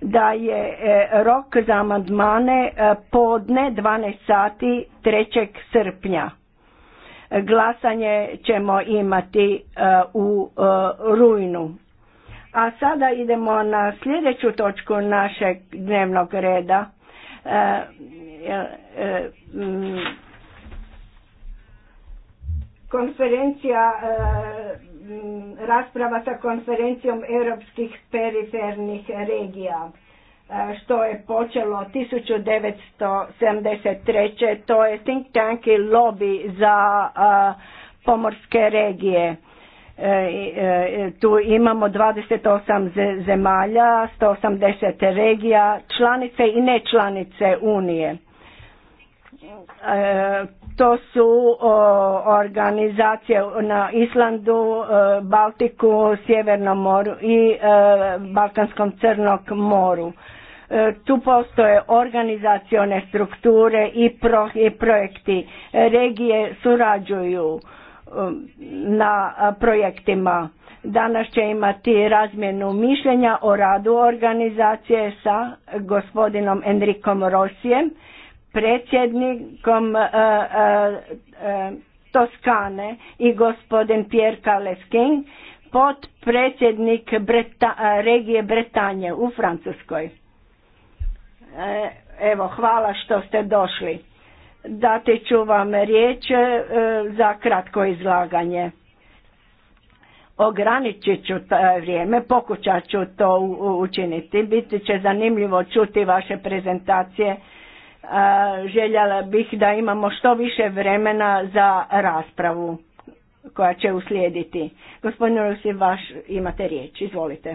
da je e, rok za amandmane e, podne 12 sati 3. srpnja. Glasanje ćemo imati u rujnu. A sada idemo na sljedeću točku našeg dnevnog reda. Konferencija, e, rasprava sa konferencijom europskih perifernih regija e, što je počelo 1973. To je think tank i lobby za e, pomorske regije. Tu imamo 28 zemalja, 180 regija, članice i nečlanice Unije to su organizacije na Islandu, e, Baltiku, Sjevernom moru i e, Balkanskom crnog moru. E, tu postoje organizacione strukture i projekti. Regije surađuju na projektima. Danas će imati razmjenu mišljenja o radu organizacije sa gospodinom Enrikom Rosijem predsjednikom e, e, e, Toskane i gospodin Pierre Carles King, potpredsjednik regije Bretanje u Francuskoj. Evo, hvala što ste došli. Dati ću vam riječ za kratko izlaganje. Ograničit ću vrijeme, pokušat ću to učiniti. Biti će zanimljivo čuti vaše prezentacije Eh, željela bih da imamo što više vremena za raspravu koja će uslijediti. Gospodin Rusi, vaš imate riječ, izvolite.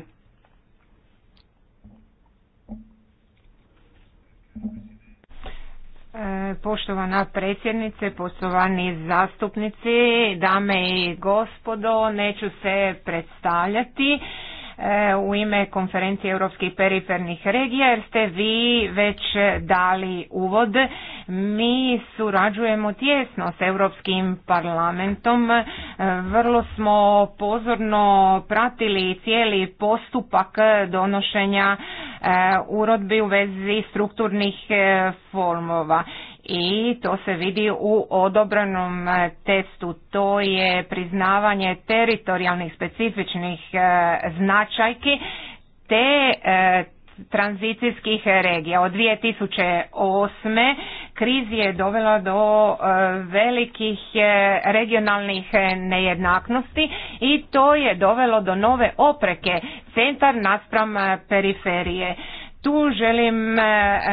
Eh, poštovana predsjednice, poštovani zastupnici, dame i gospodo, neću se predstavljati u ime konferencije europskih perifernih regija jer ste vi već dali uvod. Mi surađujemo tjesno s Europskim parlamentom. Vrlo smo pozorno pratili cijeli postupak donošenja e, urodbi u vezi strukturnih e, formova i to se vidi u odobranom e, testu. To je priznavanje teritorijalnih specifičnih e, značajki te e, tranzicijskih regija. Od 2008. kriz je dovela do velikih regionalnih nejednaknosti i to je dovelo do nove opreke centar naspram periferije. Tu želim e,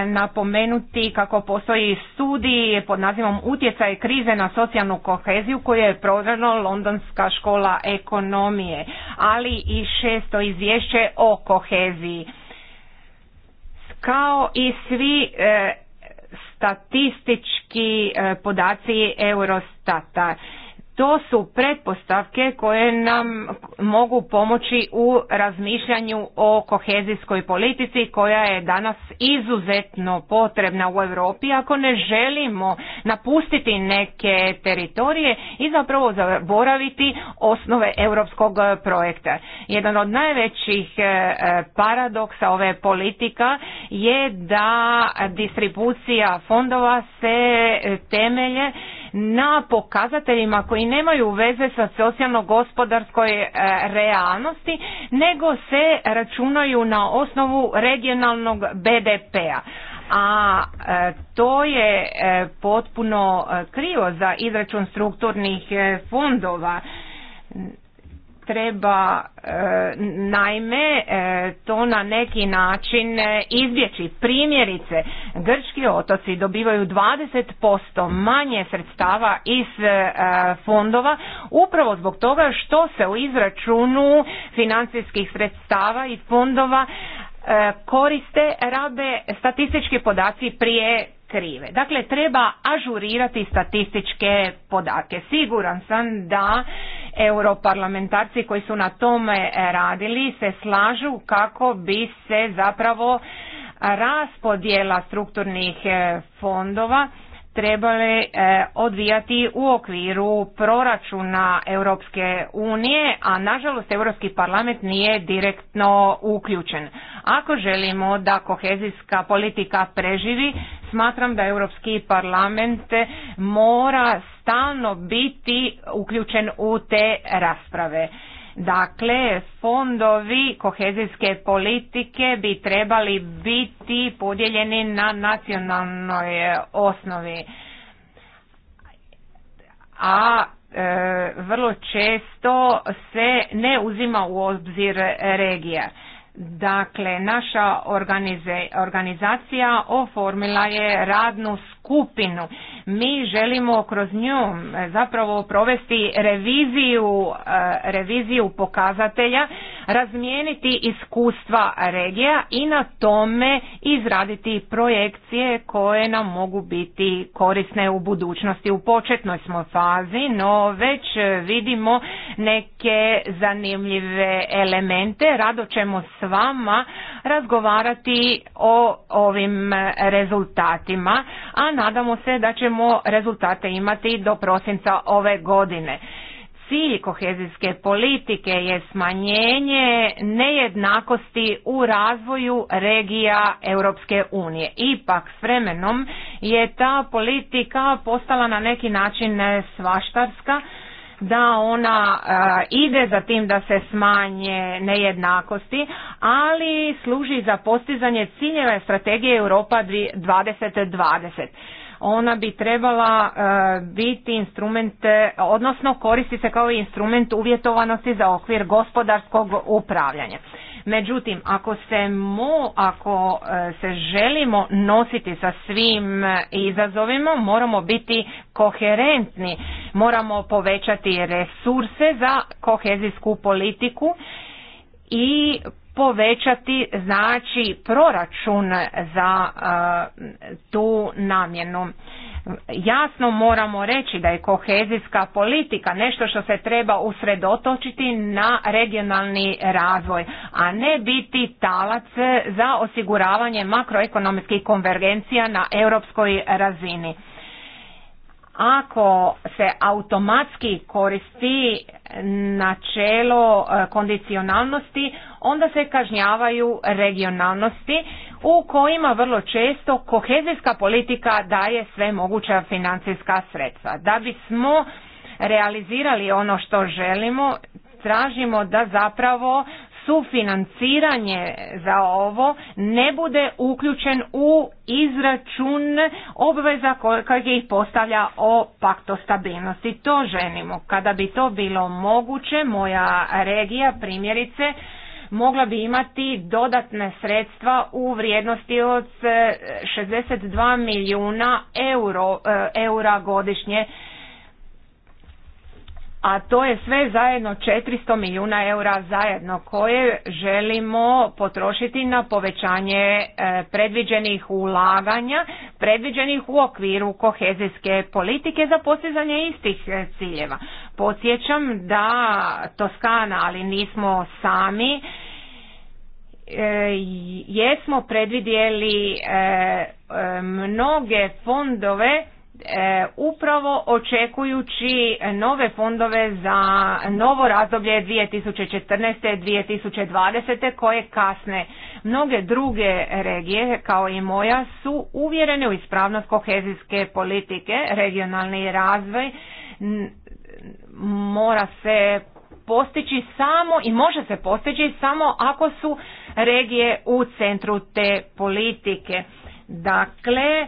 napomenuti kako postoji studij pod nazivom Utjecaj krize na socijalnu koheziju koju je prodano Londonska škola ekonomije, ali i šesto izvješće o koheziji. Kao i svi e, statistički e, podaci Eurostata to su pretpostavke koje nam mogu pomoći u razmišljanju o kohezijskoj politici koja je danas izuzetno potrebna u Europi ako ne želimo napustiti neke teritorije i zapravo zaboraviti osnove europskog projekta. Jedan od najvećih e, paradoksa ove politika je da distribucija fondova se e, temelje na pokazateljima koji nemaju veze sa socijalno-gospodarskoj e, realnosti, nego se računaju na osnovu regionalnog BDP-a a e, to je e, potpuno krivo za izračun strukturnih fondova treba e, naime e, to na neki način e, izbjeći. Primjerice, grčki otoci dobivaju 20% manje sredstava iz fondova upravo zbog toga što se u izračunu financijskih sredstava i fondova koriste rabe statistički podaci prije krive. Dakle, treba ažurirati statističke podatke. Siguran sam da europarlamentarci koji su na tome radili se slažu kako bi se zapravo raspodjela strukturnih e, fondova trebali e, odvijati u okviru proračuna Europske unije, a nažalost Europski parlament nije direktno uključen. Ako želimo da kohezijska politika preživi, smatram da Europski parlament mora stalno biti uključen u te rasprave. Dakle, fondovi kohezijske politike bi trebali biti podijeljeni na nacionalnoj e, osnovi. A e, vrlo često se ne uzima u obzir regija. Dakle, naša organizacija oformila je radnu skupinu skupinu. Mi želimo kroz nju e, zapravo provesti reviziju, e, reviziju pokazatelja, razmijeniti iskustva regija i na tome izraditi projekcije koje nam mogu biti korisne u budućnosti. U početnoj smo fazi, no već vidimo neke zanimljive elemente. Rado ćemo s vama razgovarati o ovim rezultatima, a nadamo se da ćemo rezultate imati do prosinca ove godine. Cilj kohezijske politike je smanjenje nejednakosti u razvoju regija Europske unije. Ipak s vremenom je ta politika postala na neki način svaštarska da ona e, ide za tim da se smanje nejednakosti, ali služi za postizanje ciljeva strategije Europa 2020. Ona bi trebala e, biti instrument, odnosno koristi se kao instrument uvjetovanosti za okvir gospodarskog upravljanja. Međutim, ako se, mo, ako e, se želimo nositi sa svim e, izazovima, moramo biti koherentni, moramo povećati resurse za kohezijsku politiku i povećati znači proračun za e, tu namjenu jasno moramo reći da je kohezijska politika nešto što se treba usredotočiti na regionalni razvoj, a ne biti talac za osiguravanje makroekonomskih konvergencija na europskoj razini ako se automatski koristi načelo e, kondicionalnosti, onda se kažnjavaju regionalnosti u kojima vrlo često kohezijska politika daje sve moguća financijska sredstva. Da bismo realizirali ono što želimo, tražimo da zapravo sufinanciranje za ovo ne bude uključen u izračun obveza kojeg ih postavlja o pakto stabilnosti. To želimo. Kada bi to bilo moguće, moja regija primjerice mogla bi imati dodatne sredstva u vrijednosti od 62 e, milijuna euro, e, eura godišnje a to je sve zajedno 400 milijuna eura zajedno koje želimo potrošiti na povećanje e, predviđenih ulaganja, predviđenih u okviru kohezijske politike za postizanje istih e, ciljeva. Podsjećam da Toskana, ali nismo sami, e, jesmo predvidjeli mnoge fondove E, upravo očekujući nove fondove za novo razdoblje 2014-2020 koje kasne. Mnoge druge regije kao i moja su uvjerene u ispravnost kohezijske politike, regionalni razvoj mora se postići samo i može se postići samo ako su regije u centru te politike. Dakle,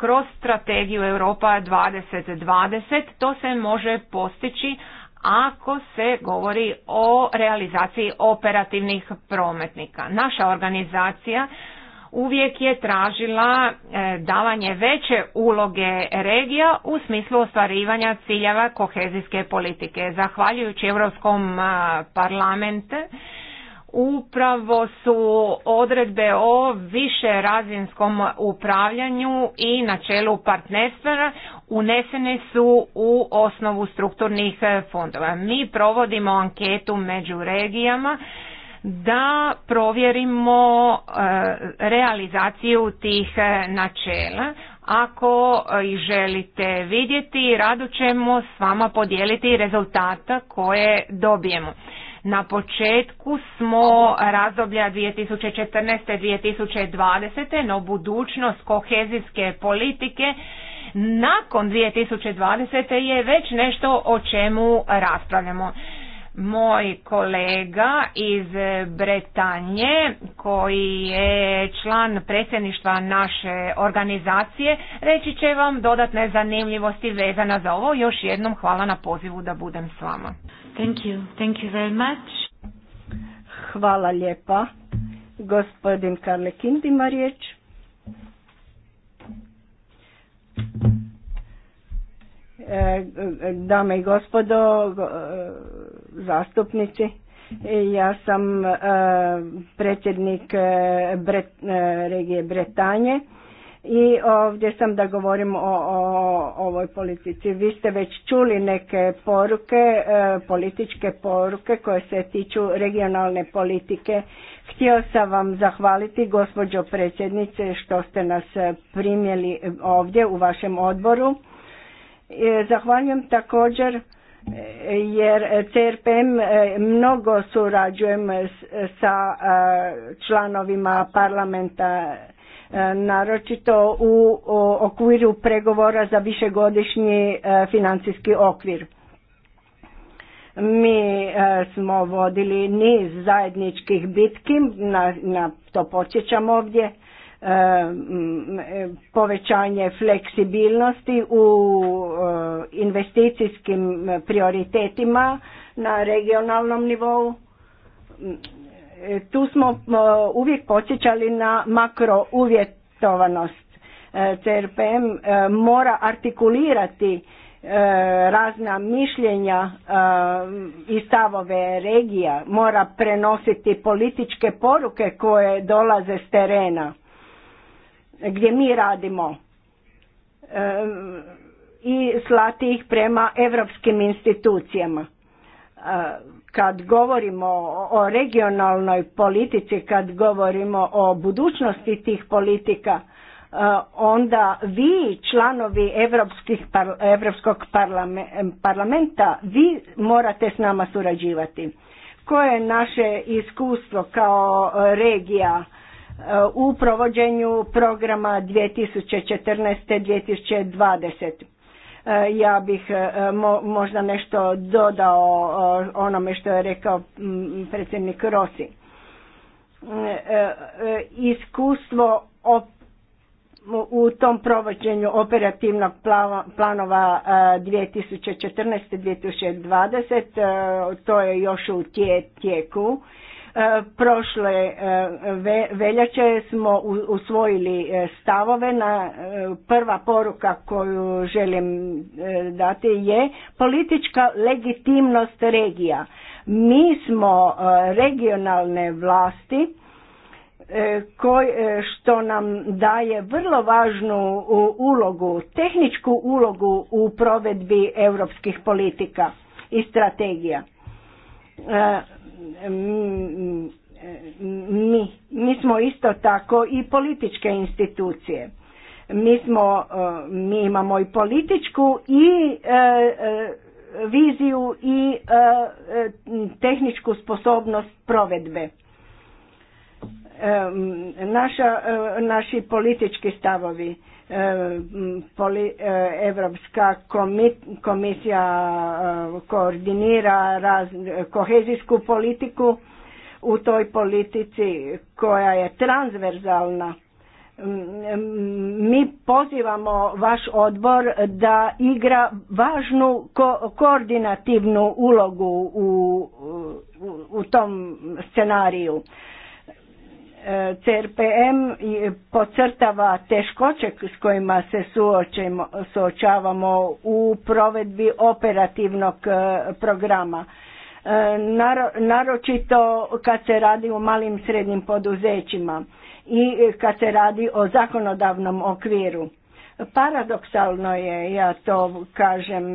kroz strategiju Europa 2020 to se može postići ako se govori o realizaciji operativnih prometnika. Naša organizacija uvijek je tražila e, davanje veće uloge regija u smislu ostvarivanja ciljeva kohezijske politike. Zahvaljujući Europskom parlamentu upravo su odredbe o više razinskom upravljanju i načelu partnerstva unesene su u osnovu strukturnih fondova. Mi provodimo anketu među regijama da provjerimo e, realizaciju tih e, načela. Ako ih želite vidjeti, rado ćemo s vama podijeliti rezultata koje dobijemo. Na početku smo razdoblja 2014-2020, no budućnost kohezijske politike nakon 2020. je već nešto o čemu raspravljamo moj kolega iz Bretanje koji je član predsjedništva naše organizacije reći će vam dodatne zanimljivosti vezana za ovo. Još jednom hvala na pozivu da budem s vama. Thank you. Thank you very much. Hvala lijepa. Gospodin Karle Kindima riječ. E, dame i gospodo, zastupnici. E, ja sam e, predsjednik e, regije Bretanje i ovdje sam da govorim o, ovoj politici. Vi ste već čuli neke poruke, političke poruke koje se tiču regionalne politike. Htio sam vam zahvaliti gospođo predsjednice što ste nas primjeli ovdje u vašem odboru. Zahvaljujem također jer CRPM e, mnogo surađujem sa e, članovima parlamenta e, naročito u okviru pregovora za višegodišnji financijski okvir. Mi smo vodili niz zajedničkih bitki, na, na to počećam ovdje, povećanje fleksibilnosti u eh, investicijskim prioritetima na regionalnom nivou. Tu smo eh, uvijek podsjećali na makrouvjetovanost. Eh, CRPM mora artikulirati razna mišljenja i stavove regija, mora prenositi političke poruke koje dolaze s terena gdje mi radimo e, i slati ih prema europskim institucijama. E, kad govorimo o regionalnoj politici, kad govorimo o budućnosti tih politika, e, onda vi članovi Europskog parlamenta, vi morate s nama surađivati. Koje je naše iskustvo kao regija u provođenju programa 2014-2020. E, ja bih e, možda nešto dodao onome što je rekao predsjednik Rosi. E, iskustvo u tom provođenju operativnog planova 2014-2020, to je još u tijeku E, prošle e, veljače smo usvojili e, stavove na prva poruka koju želim dati je politička legitimnost regija. Mi smo regionalne vlasti Koj, što nam daje vrlo važnu ulogu, tehničku ulogu u provedbi europskih politika i strategija mi, mi smo isto tako i političke institucije. Mi, smo, e, mi imamo i političku i e, e, viziju i tehničku sposobnost provedbe. Naša, naši politički stavovi E, Evropska komisija e, koordinira raz, kohezijsku politiku u toj politici koja je transverzalna. Mi pozivamo vaš odbor da igra važnu koordinativnu ulogu u, u tom scenariju. E, CRPM pocrtava teškoće s kojima se suočavamo u provedbi operativnog e, programa. E, naročito kad se radi o malim i srednjim poduzećima i kad se radi o zakonodavnom okviru. Paradoksalno je, ja to kažem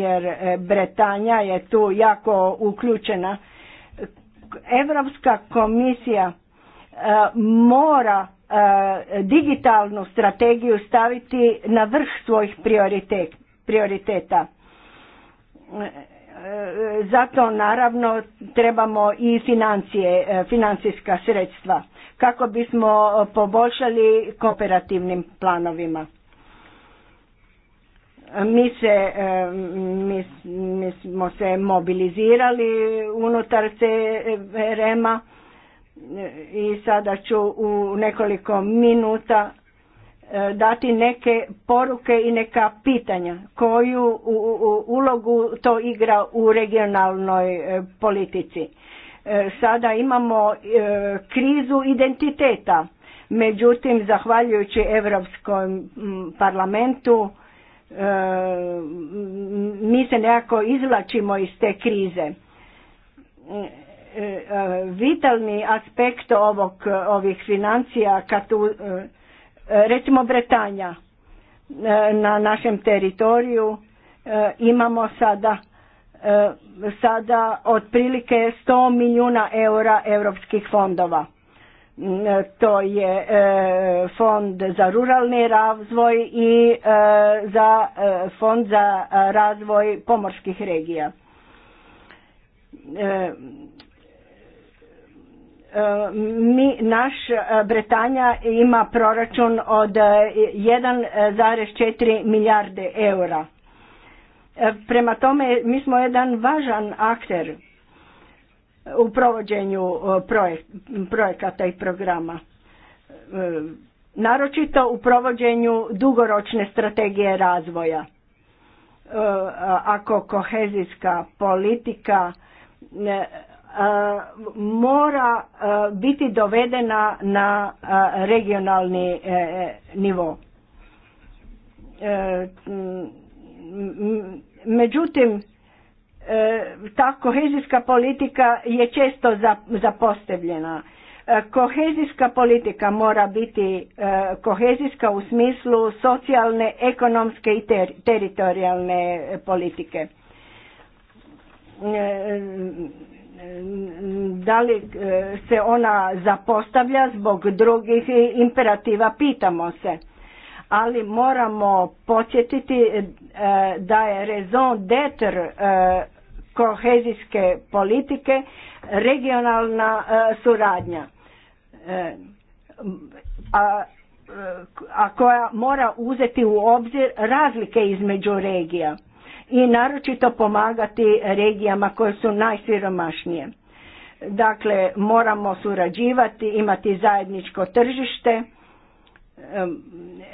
jer Bretanja je tu jako uključena. Europska komisija E, mora e, digitalnu strategiju staviti na vrh svojih prioriteta. E, zato naravno trebamo i financije, financijska sredstva kako bismo poboljšali kooperativnim planovima. Mi, se, mi, mi smo se mobilizirali unutar CRM-a i sada ću u nekoliko minuta e, dati neke poruke i neka pitanja koju ulogu to igra u regionalnoj e, politici. E, sada imamo krizu identiteta, međutim zahvaljujući Europskom parlamentu mi se nekako izvlačimo iz te krize E, e, vitalni aspekt ovog, e, ovih financija kad tu, recimo Bretanja na našem teritoriju imamo sada sada otprilike 100 milijuna eura europskih fondova. Mm, to je fond za ruralni razvoj i za fond za razvoj pomorskih regija mi, naš e, Bretanja ima proračun od 1,4 e, e, milijarde eura. Prema tome mi smo jedan važan akter u provođenju projekata i programa. Naročito u provođenju dugoročne strategije razvoja. Ako kohezijska politika mora e, biti dovedena na e, regionalni e, nivo. Međutim, ta kohezijska politika je često zapostavljena. Kohezijska politika mora biti kohezijska u smislu socijalne, ekonomske i teritorijalne politike da li e, se ona zapostavlja zbog drugih imperativa, pitamo se. Ali moramo podsjetiti e, da je raison deter kohezijske politike regionalna e, suradnja. A, a koja mora uzeti u obzir razlike između regija i naročito pomagati regijama koje su najsiromašnije. Dakle, moramo surađivati, imati zajedničko tržište,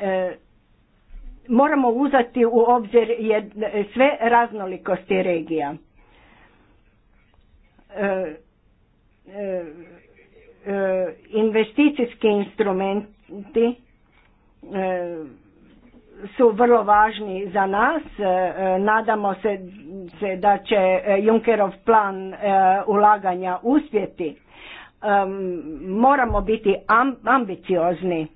e, moramo uzeti u obzir sve raznolikosti regija. E, e, investicijski instrumenti su vrlo važni za nas. E, nadamo se, da će e, Junkerov plan e, ulaganja uspjeti. Moramo biti ambiciozni.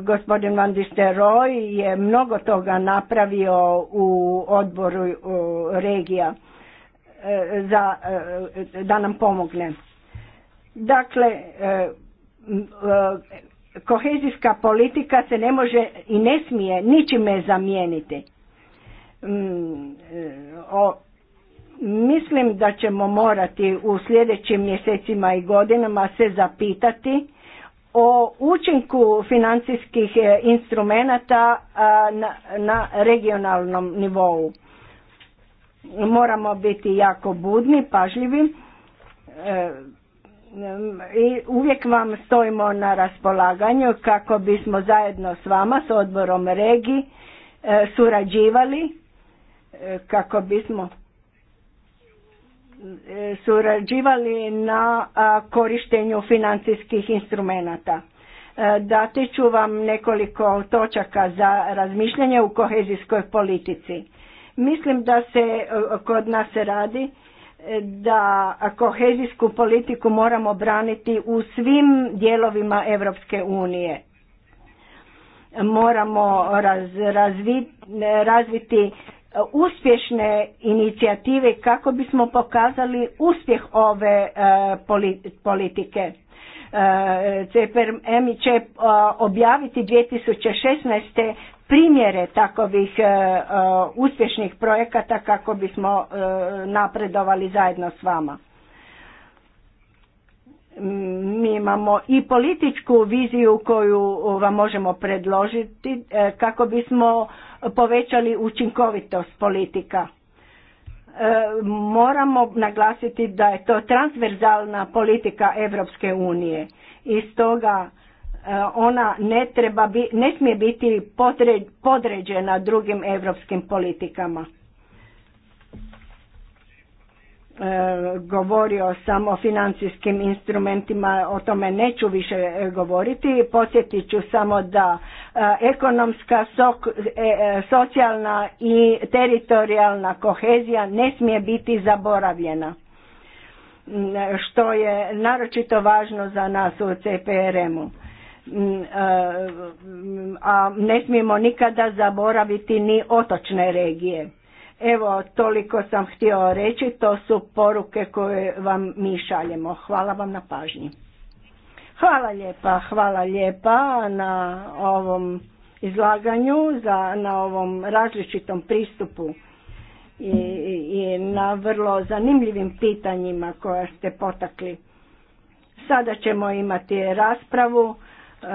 Gospodin Van Roy je mnogo toga napravio u odboru regija za, da nam pomogne. Dakle, kohezijska politika se ne može i ne smije ničime zamijeniti. Mm, eh, o, mislim da ćemo morati u sljedećim mjesecima i godinama se zapitati o učinku financijskih eh, instrumenata na, na regionalnom nivou. Moramo biti jako budni, pažljivi eh, i uvijek vam stojimo na raspolaganju kako bismo zajedno s vama, s odborom regi, e, surađivali e, kako bismo e, surađivali na korištenju financijskih instrumenata. Dati ću vam nekoliko točaka za razmišljanje u kohezijskoj politici. Mislim da se kod nas radi da kohezijsku politiku moramo braniti u svim dijelovima Europske unije. Moramo razviti uspješne inicijative kako bismo pokazali uspjeh ove e, politike. E, Mi će e, objaviti 2016 primjere takovih e, e, uspješnih projekata kako bismo e, napredovali zajedno s vama. Mi imamo i političku viziju koju vam možemo predložiti kako bismo povećali učinkovitost politika. Moramo naglasiti da je to transverzalna politika Europske unije i stoga E, ona ne, treba ne smije biti podređena drugim europskim politikama. E, govorio sam o financijskim instrumentima, o tome neću više e, govoriti. Podsjetit ću samo da e, ekonomska, socijalna i teritorijalna kohezija ne smije biti zaboravljena što je naročito važno za nas u CPRM-u. Mm, e, a ne smijemo nikada zaboraviti ni otočne regije. Evo, toliko sam htio reći, to su poruke koje vam mi šaljemo. Hvala vam na pažnji. Hvala lijepa, hvala lijepa na ovom izlaganju, za, na ovom različitom pristupu i, i na vrlo zanimljivim pitanjima koja ste potakli. Sada ćemo imati raspravu. E,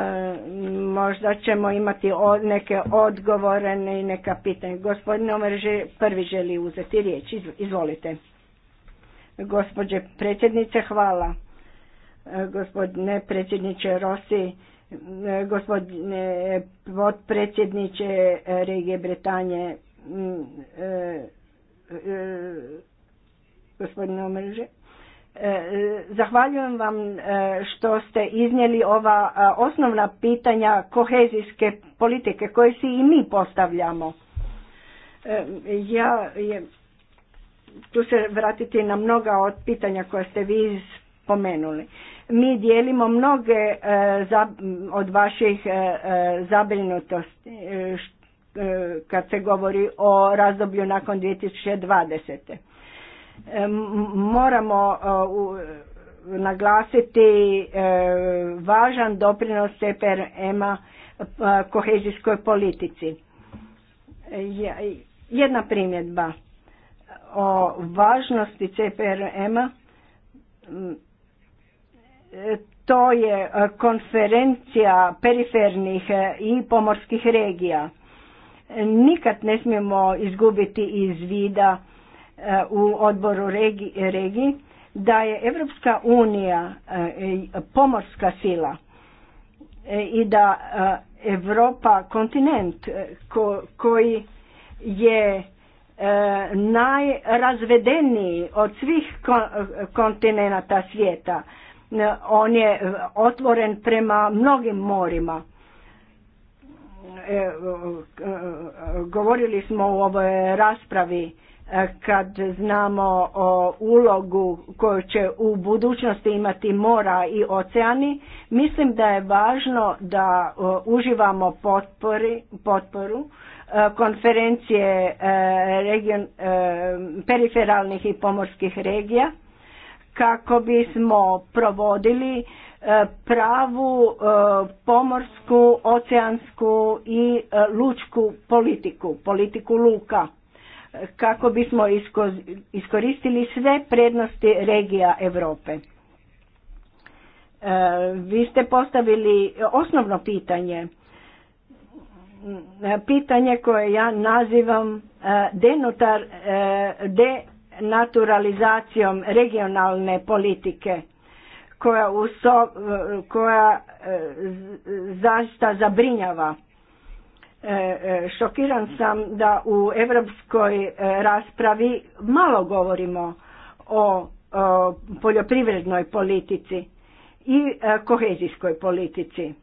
možda ćemo imati neke odgovore i neka pitanja. Gospodin Omer prvi želi uzeti riječ. Izvolite. Gospođe predsjednice, hvala. E, gospodine predsjedniče Rosi, e, gospodine predsjednice regije Bretanje, gospodine Omerže. E, zahvaljujem vam e, što ste iznijeli ova e, osnovna pitanja kohezijske politike koje si i mi postavljamo. Ja je, tu se vratiti na mnoga od pitanja koja ste vi spomenuli. Mi dijelimo mnoge od vaših zabrinutosti kad se govori o razdoblju nakon 2020. E, moramo e, naglasiti e, važan doprinos CPRM-a kohezijskoj politici. Jedna primjedba o važnosti CPRM-a to je konferencija perifernih i pomorskih regija. Nikad ne smijemo izgubiti iz vida u odboru regi, regiji da je Evropska unija e, pomorska sila e, i da Europa kontinent e, koji je najrazvedeniji od svih kontinenata svijeta. On je otvoren prema mnogim morima. Govorili smo u ovoj raspravi kad znamo o ulogu koju će u budućnosti imati mora i oceani, mislim da je važno da uživamo potpori, potporu e, konferencije e, region, e, periferalnih i pomorskih regija kako bismo provodili pravu pomorsku, oceansku i lučku politiku, politiku luka kako bismo iskoristili sve prednosti regija Europe. E, vi ste postavili osnovno pitanje, pitanje koje ja nazivam e, denutar, e, denaturalizacijom regionalne politike koja, koja zaista zabrinjava E, e, šokiran sam da u europskoj e, raspravi malo govorimo o poljoprivrednoj politici i kohezijskoj politici.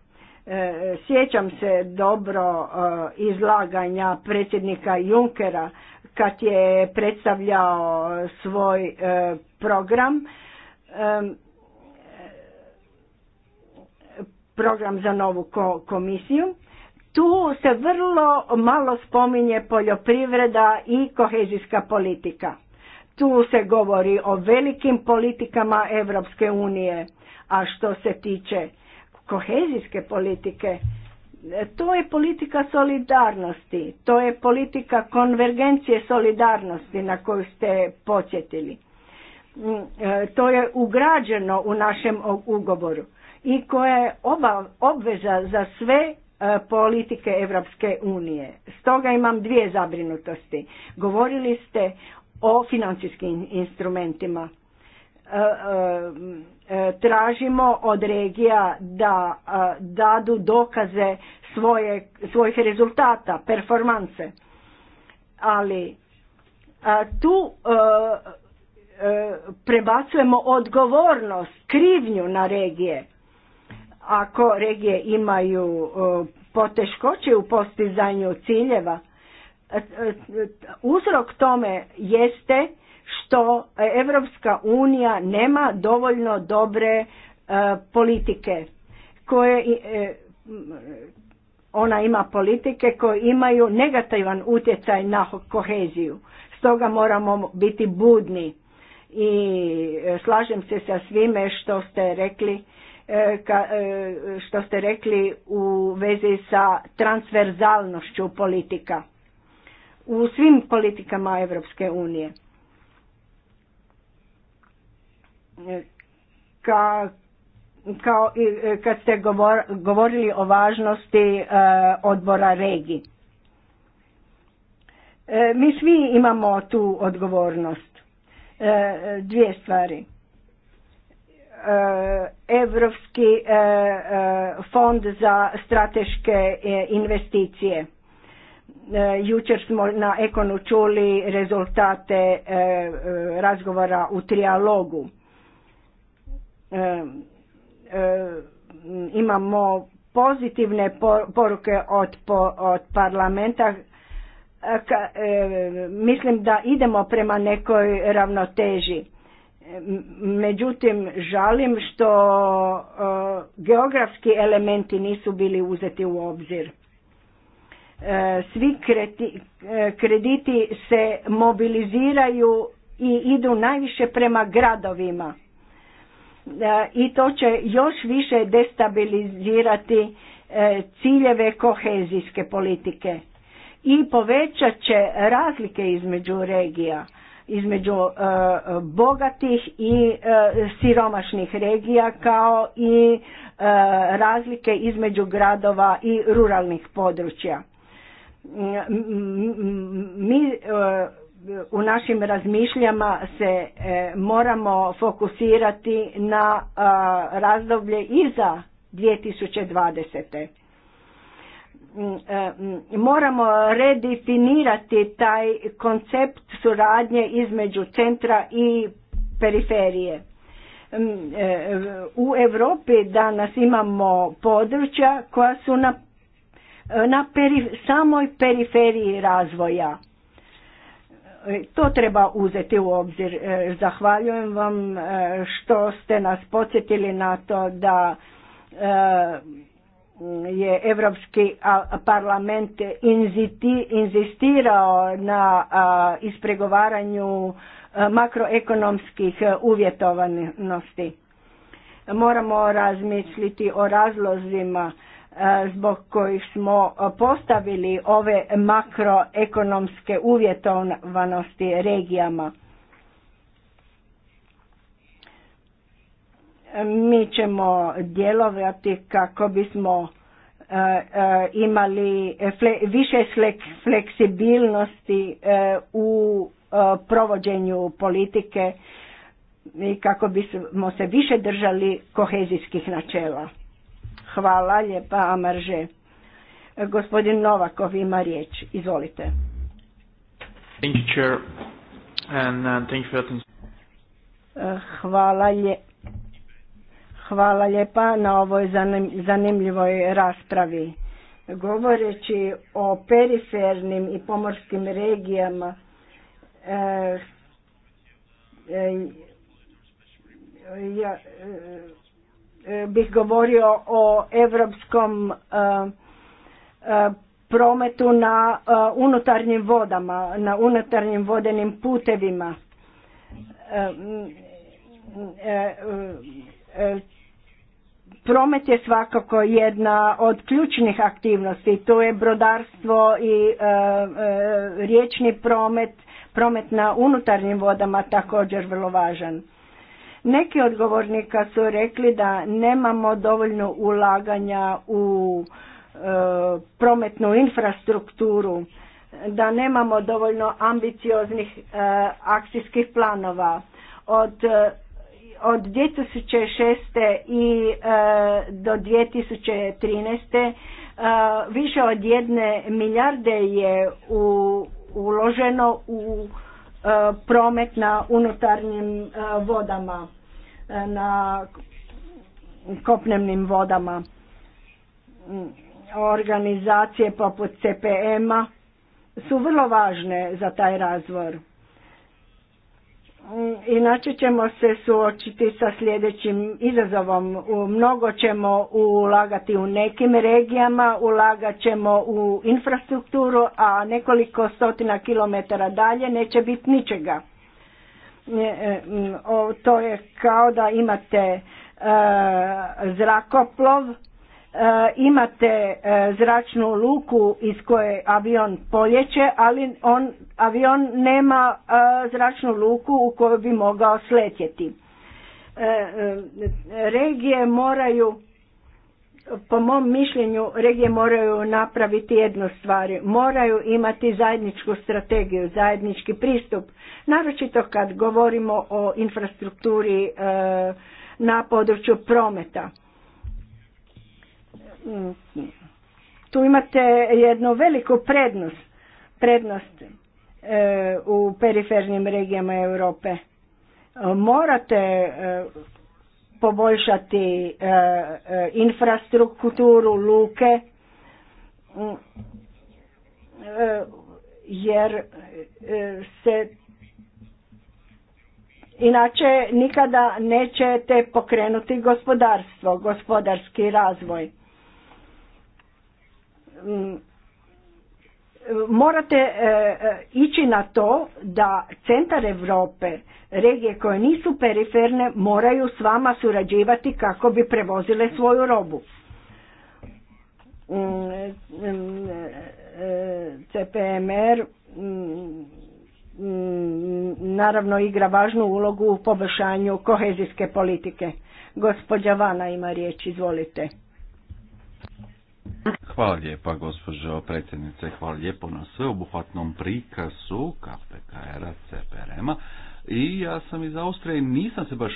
Sjećam se dobro izlaganja predsjednika Junkera kad je predstavljao svoj program program za novu komisiju tu se vrlo malo spominje poljoprivreda i kohezijska politika. Tu se govori o velikim politikama Europske unije, a što se tiče kohezijske politike, to je politika solidarnosti, to je politika konvergencije solidarnosti na koju ste podsjetili. Mm, e, to je ugrađeno u našem ugovoru i koja je obveza za sve E, politike Europske unije. Stoga imam dvije zabrinutosti. Govorili ste o financijskim instrumentima. E, e, tražimo od regija da dadu dokaze svoje, svojih rezultata, performanse. Ali tu prebacujemo odgovornost, krivnju na regije ako regije imaju poteškoće u postizanju ciljeva, e, e, uzrok tome jeste što Evropska unija nema dovoljno dobre e, politike koje ona ima politike koje imaju negativan utjecaj na koheziju. Stoga moramo biti budni i slažem se sa svime što ste rekli E, e, što ste rekli u vezi sa transverzalnošću politika u svim politikama Evropske unije. E, ka, kao i kad ste govorili o važnosti odbora regi. Mi svi imamo tu odgovornost. Dvije stvari Europski e, e, fond za strateške e, investicije. Jučer smo na Ekonu čuli rezultate razgovora u trialogu. Imamo pozitivne poruke od, od parlamenta. Mislim da idemo prema nekoj ravnoteži Međutim, žalim što e, geografski elementi nisu bili uzeti u obzir. E, svi e, krediti se mobiliziraju i idu najviše prema gradovima i to će još više destabilizirati ciljeve kohezijske politike i povećat će razlike između regija između e, bogatih i e, siromašnih regija kao i e, razlike između gradova i ruralnih područja. Mi u našim razmišljama se moramo fokusirati na razdoblje iza 2020. E, moramo redefinirati taj koncept suradnje između centra i periferije. E, u Europi danas imamo područja koja su na, na samoj periferiji razvoja. E, to treba uzeti u obzir. Zahvaljujem vam što ste nas podsjetili na to da je Europski parlament inzistirao na ispregovaranju makroekonomskih uvjetovanosti. Moramo razmisliti o razlozima zbog kojih smo postavili ove makroekonomske uvjetovanosti regijama. Mi ćemo djelovati kako bismo e, e, imali više fleksibilnosti e, u provođenju politike i kako bismo se više držali kohezijskih načela. Hvala lijepa Amarže. Gospodin Novakov ima riječ. Izvolite. Uh, Hvala lijepa. Hvala lijepa na ovoj zanimljivoj raspravi. Govoreći o perifernim i pomorskim regijama, e, e, ja e, bih govorio o europskom prometu na unutarnjim vodama, na unutarnjim vodenim putevima Promet je svakako jedna od ključnih aktivnosti, tu je brodarstvo i e, e, riječni promet, promet na unutarnjim vodama također vrlo važan. Neki odgovornika su rekli da nemamo dovoljno ulaganja u e, prometnu infrastrukturu, da nemamo dovoljno ambicioznih akcijskih planova. Od od 2006. i e, do 2013. E, više od jedne milijarde je uloženo u e, promet na unutarnjim vodama, na kopnemnim vodama mm, organizacije poput CPM-a su vrlo važne za taj razvoj. Mm, inače ćemo se suočiti sa sljedećim izazovom. Mnogo ćemo ulagati u nekim regijama, ulagat ćemo u infrastrukturu, a nekoliko stotina kilometara dalje neće biti ničega. E, e, mm, to je kao da imate e, zrakoplov E, imate e, zračnu luku iz koje avion polječe, ali on, avion nema e, zračnu luku u kojoj bi mogao sletjeti. Regije moraju, po mom mišljenju, regije moraju napraviti jednu stvar. Moraju imati zajedničku strategiju, zajednički pristup. Naročito kad govorimo o infrastrukturi na području prometa tu imate jednu veliku prednost, prednost e, u perifernim regijama Europe. Morate e, poboljšati e, infrastrukturu luke jer se inače nikada nećete pokrenuti gospodarstvo, gospodarski razvoj Mm, morate e, e, ići na to da centar Europe, regije koje nisu periferne, moraju s vama surađivati kako bi prevozile svoju robu. Mm, mm, e, CPMR naravno igra važnu ulogu u poboljšanju kohezijske politike. Gospođa Vana ima riječ, izvolite. Hvala lijepa gospođo predsjednice, hvala lijepo na sveobuhvatnom prikazu KPKR-a, CPRM-a i ja sam iz Austrije i nisam se baš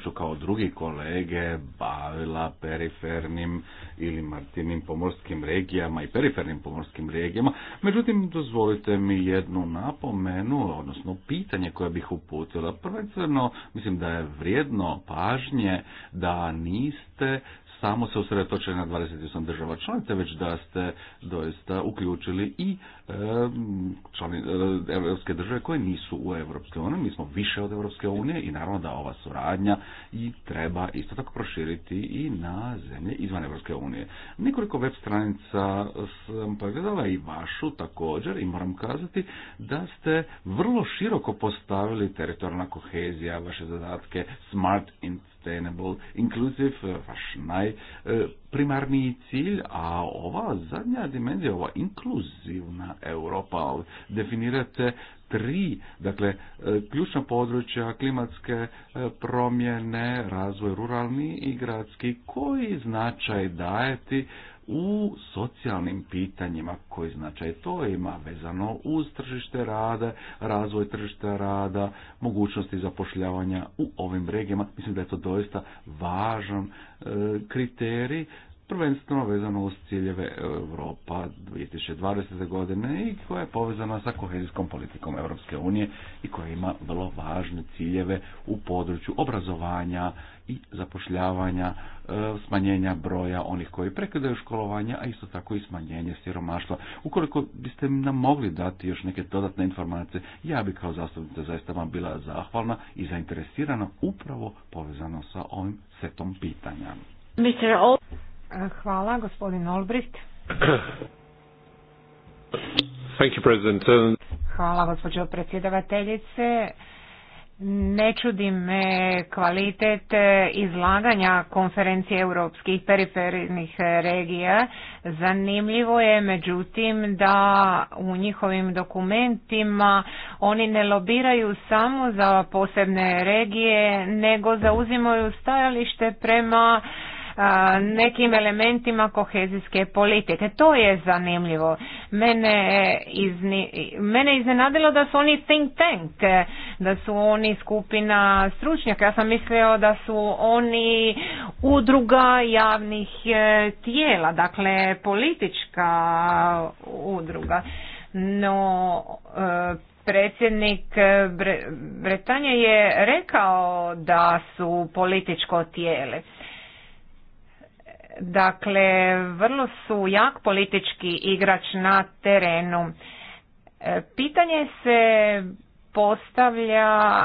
što kao drugi kolege bavila perifernim ili martinim pomorskim regijama i perifernim pomorskim regijama. Međutim, dozvolite mi jednu napomenu, odnosno pitanje koje bih uputila. Prvenstveno, mislim da je vrijedno pažnje da niste samo se usredotočili na 28 država članica, već da ste doista uključili i e, člani, evropske države koje nisu u Evropske unije. Mi smo više od Evropske unije i naravno da ova suradnja i treba isto tako proširiti i na zemlje izvan Evropske unije. Nekoliko web stranica sam pogledala i vašu također i moram kazati da ste vrlo široko postavili teritorijalna kohezija, vaše zadatke, smart Sustainable Inclusive, eh, vaš najprimarniji eh, cilj, a ova zadnja dimenzija, ova inkluzivna Europa, definirate tri, dakle, eh, ključna područja, klimatske promjene, razvoj ruralni i gradski, koji značaj dajeti u socijalnim pitanjima koji značaj to ima vezano uz tržište rada, razvoj tržišta rada, mogućnosti zapošljavanja u ovim regijama. Mislim da je to doista važan e, kriterij prvenstveno vezano uz ciljeve Europa 2020. godine i koja je povezana sa kohezijskom politikom Europske unije i koja ima vrlo važne ciljeve u području obrazovanja i zapošljavanja, e, smanjenja broja onih koji prekidaju školovanja, a isto tako i smanjenje siromaštva. Ukoliko biste nam mogli dati još neke dodatne informacije, ja bi kao zastupnica zaista vam bila zahvalna i zainteresirana upravo povezano sa ovim setom pitanja. Mr. E, hvala, gospodin Olbrist. Thank you, President. Hvala, gospođo predsjedavateljice. Ne čudi me kvalitet e, izlaganja konferencije europskih perifernih regija. Zanimljivo je međutim da u njihovim dokumentima oni ne lobiraju samo za posebne regije, nego zauzimaju stajalište prema nekim elementima kohezijske politike. To je zanimljivo. Mene, e, izni, mene iznenadilo da su oni think tank, e, da su oni skupina stručnjaka. Ja sam mislio da su oni udruga javnih e, tijela, dakle politička udruga. No, predsjednik Bretanje je rekao da su političko tijele. Dakle, vrlo su jak politički igrač na terenu. E, pitanje se postavlja e,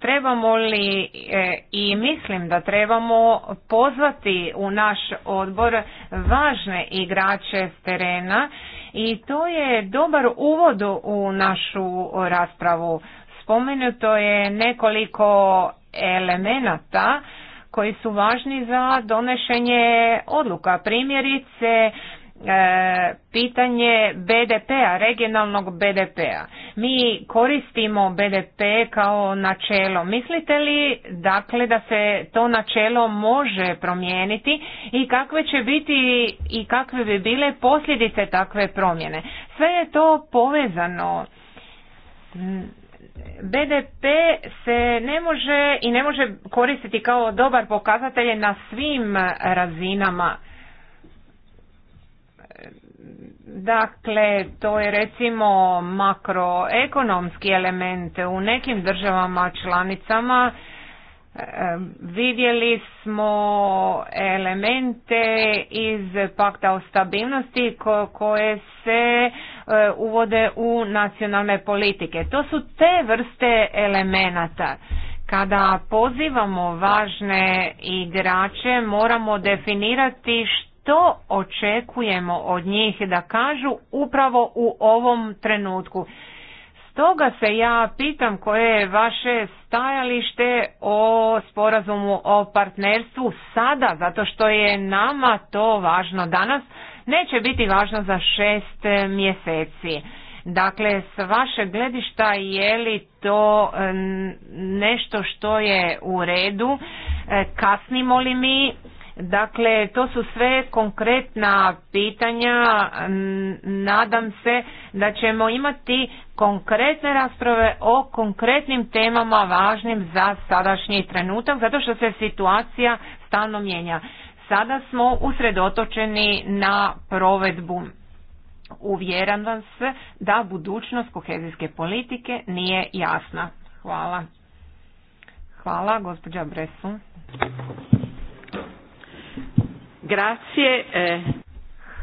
trebamo li e, i mislim da trebamo pozvati u naš odbor važne igrače s terena i to je dobar uvod u našu raspravu. Spomenuto je nekoliko elemenata koji su važni za donošenje odluka. Primjerice, e, pitanje BDP-a, regionalnog BDP-a. Mi koristimo BDP kao načelo. Mislite li dakle da se to načelo može promijeniti i kakve će biti i kakve bi bile posljedice takve promjene? Sve je to povezano. BDP se ne može i ne može koristiti kao dobar pokazatelj na svim razinama. Dakle, to je recimo makroekonomski element u nekim državama članicama e, vidjeli smo elemente iz pakta o stabilnosti koje se E, uvode u nacionalne politike. To su te vrste elemenata. Kada pozivamo važne igrače, moramo definirati što očekujemo od njih da kažu upravo u ovom trenutku. Stoga se ja pitam koje je vaše stajalište o sporazumu o partnerstvu sada, zato što je nama to važno danas, neće biti važno za šest eh, mjeseci. Dakle, s vašeg gledišta je li to eh, nešto što je u redu, eh, kasnimo li mi, Dakle, to su sve konkretna pitanja. Nadam se da ćemo imati konkretne rasprave o konkretnim temama važnim za sadašnji trenutak, zato što se situacija stalno mijenja. Sada smo usredotočeni na provedbu. Uvjeram se da budućnost kohezijske politike nije jasna. Hvala. Hvala, gospođa Bresu. Grazie. Eh.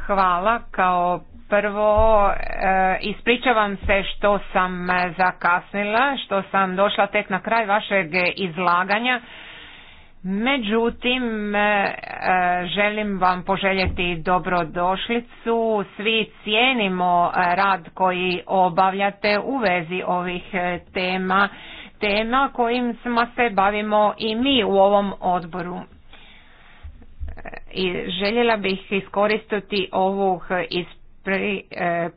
Hvala. Kao prvo eh, ispričavam se što sam eh, zakasnila, što sam došla tek na kraj vašeg izlaganja. Međutim, e, e, želim vam poželjeti dobrodošlicu. Svi cijenimo e, rad koji obavljate u vezi ovih tema, tema kojim se bavimo i mi u ovom odboru. I željela bih iskoristiti ovu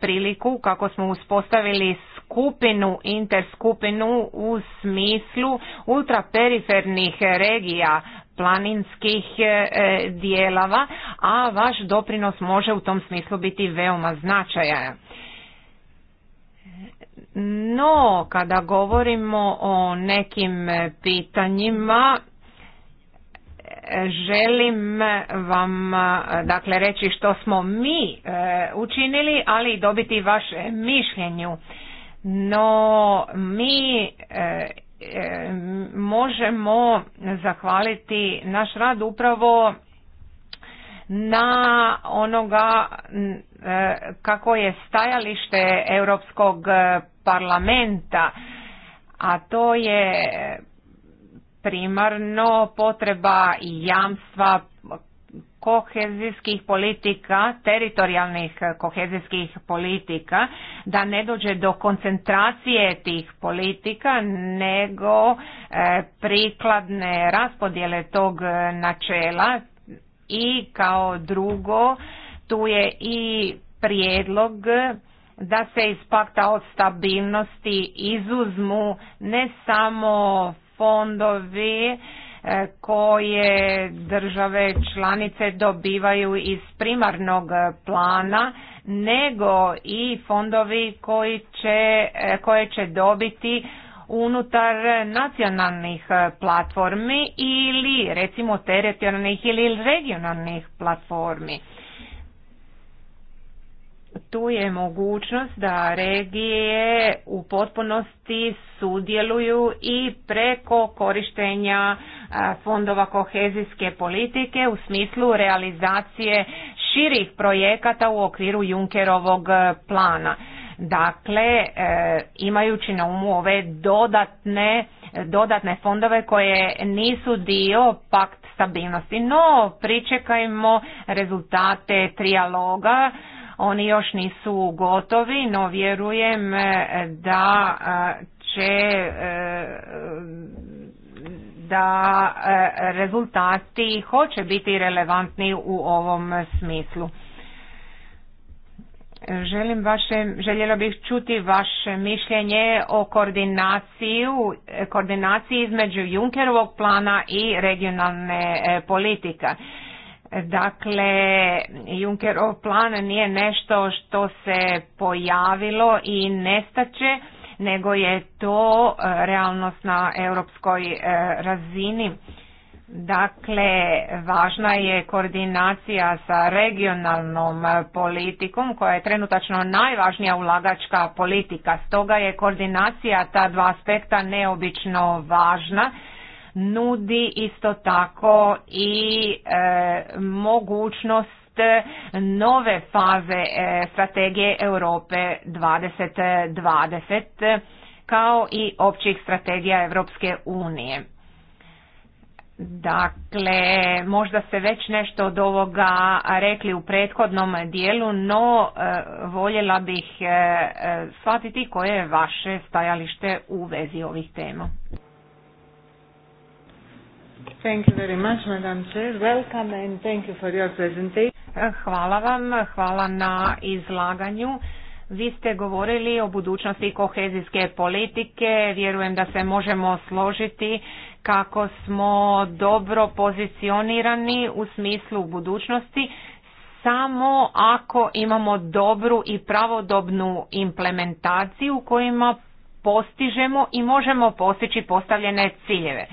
priliku kako smo uspostavili skupinu, interskupinu u smislu ultraperifernih regija planinskih e, dijelava, a vaš doprinos može u tom smislu biti veoma značajan. No, kada govorimo o nekim pitanjima, želim vam dakle reći što smo mi e, učinili, ali i dobiti vaše mišljenju no mi e, e, možemo zahvaliti naš rad upravo na onoga e, kako je stajalište Europskog parlamenta, a to je primarno potreba i jamstva kohezijskih politika, teritorijalnih eh, kohezijskih politika, da ne dođe do koncentracije tih politika, nego eh, prikladne raspodjele tog eh, načela i kao drugo tu je i prijedlog da se iz pakta od stabilnosti izuzmu ne samo fondovi, E, koje države članice dobivaju iz primarnog plana nego i fondovi koji će, e, koje će dobiti unutar nacionalnih platformi ili recimo teritorijalnih ili regionalnih platformi tu je mogućnost da regije u potpunosti sudjeluju i preko korištenja fondova kohezijske politike u smislu realizacije širih projekata u okviru Junkerovog plana. Dakle, e, imajući na umu ove dodatne, dodatne fondove koje nisu dio pakt stabilnosti. No, pričekajmo rezultate trijaloga oni još nisu gotovi, no vjerujem e, da e, će e, da rezultati hoće biti relevantni u ovom smislu. Želim vaše, željela bih čuti vaše mišljenje o koordinaciji između Junkerovog plana i regionalne politike. Dakle, Junckerov plan nije nešto što se pojavilo i nestaće, nego je to e, realnost na europskoj e, razini. Dakle, važna je koordinacija sa regionalnom e, politikom koja je trenutačno najvažnija ulagačka politika. Stoga je koordinacija ta dva aspekta neobično važna nudi isto tako i e, mogućnost nove faze e, strategije Europe 2020 kao i općih strategija Europske unije. Dakle, možda ste već nešto od ovoga rekli u prethodnom dijelu, no e, voljela bih e, shvatiti koje je vaše stajalište u vezi ovih tema. Thank you very much, Madam Chair. Welcome and thank you for your presentation. Hvala vam, hvala na izlaganju. Vi ste govorili o budućnosti kohezijske politike, vjerujem da se možemo složiti kako smo dobro pozicionirani u smislu budućnosti samo ako imamo dobru i pravodobnu implementaciju u kojima postižemo i možemo postići postavljene ciljeve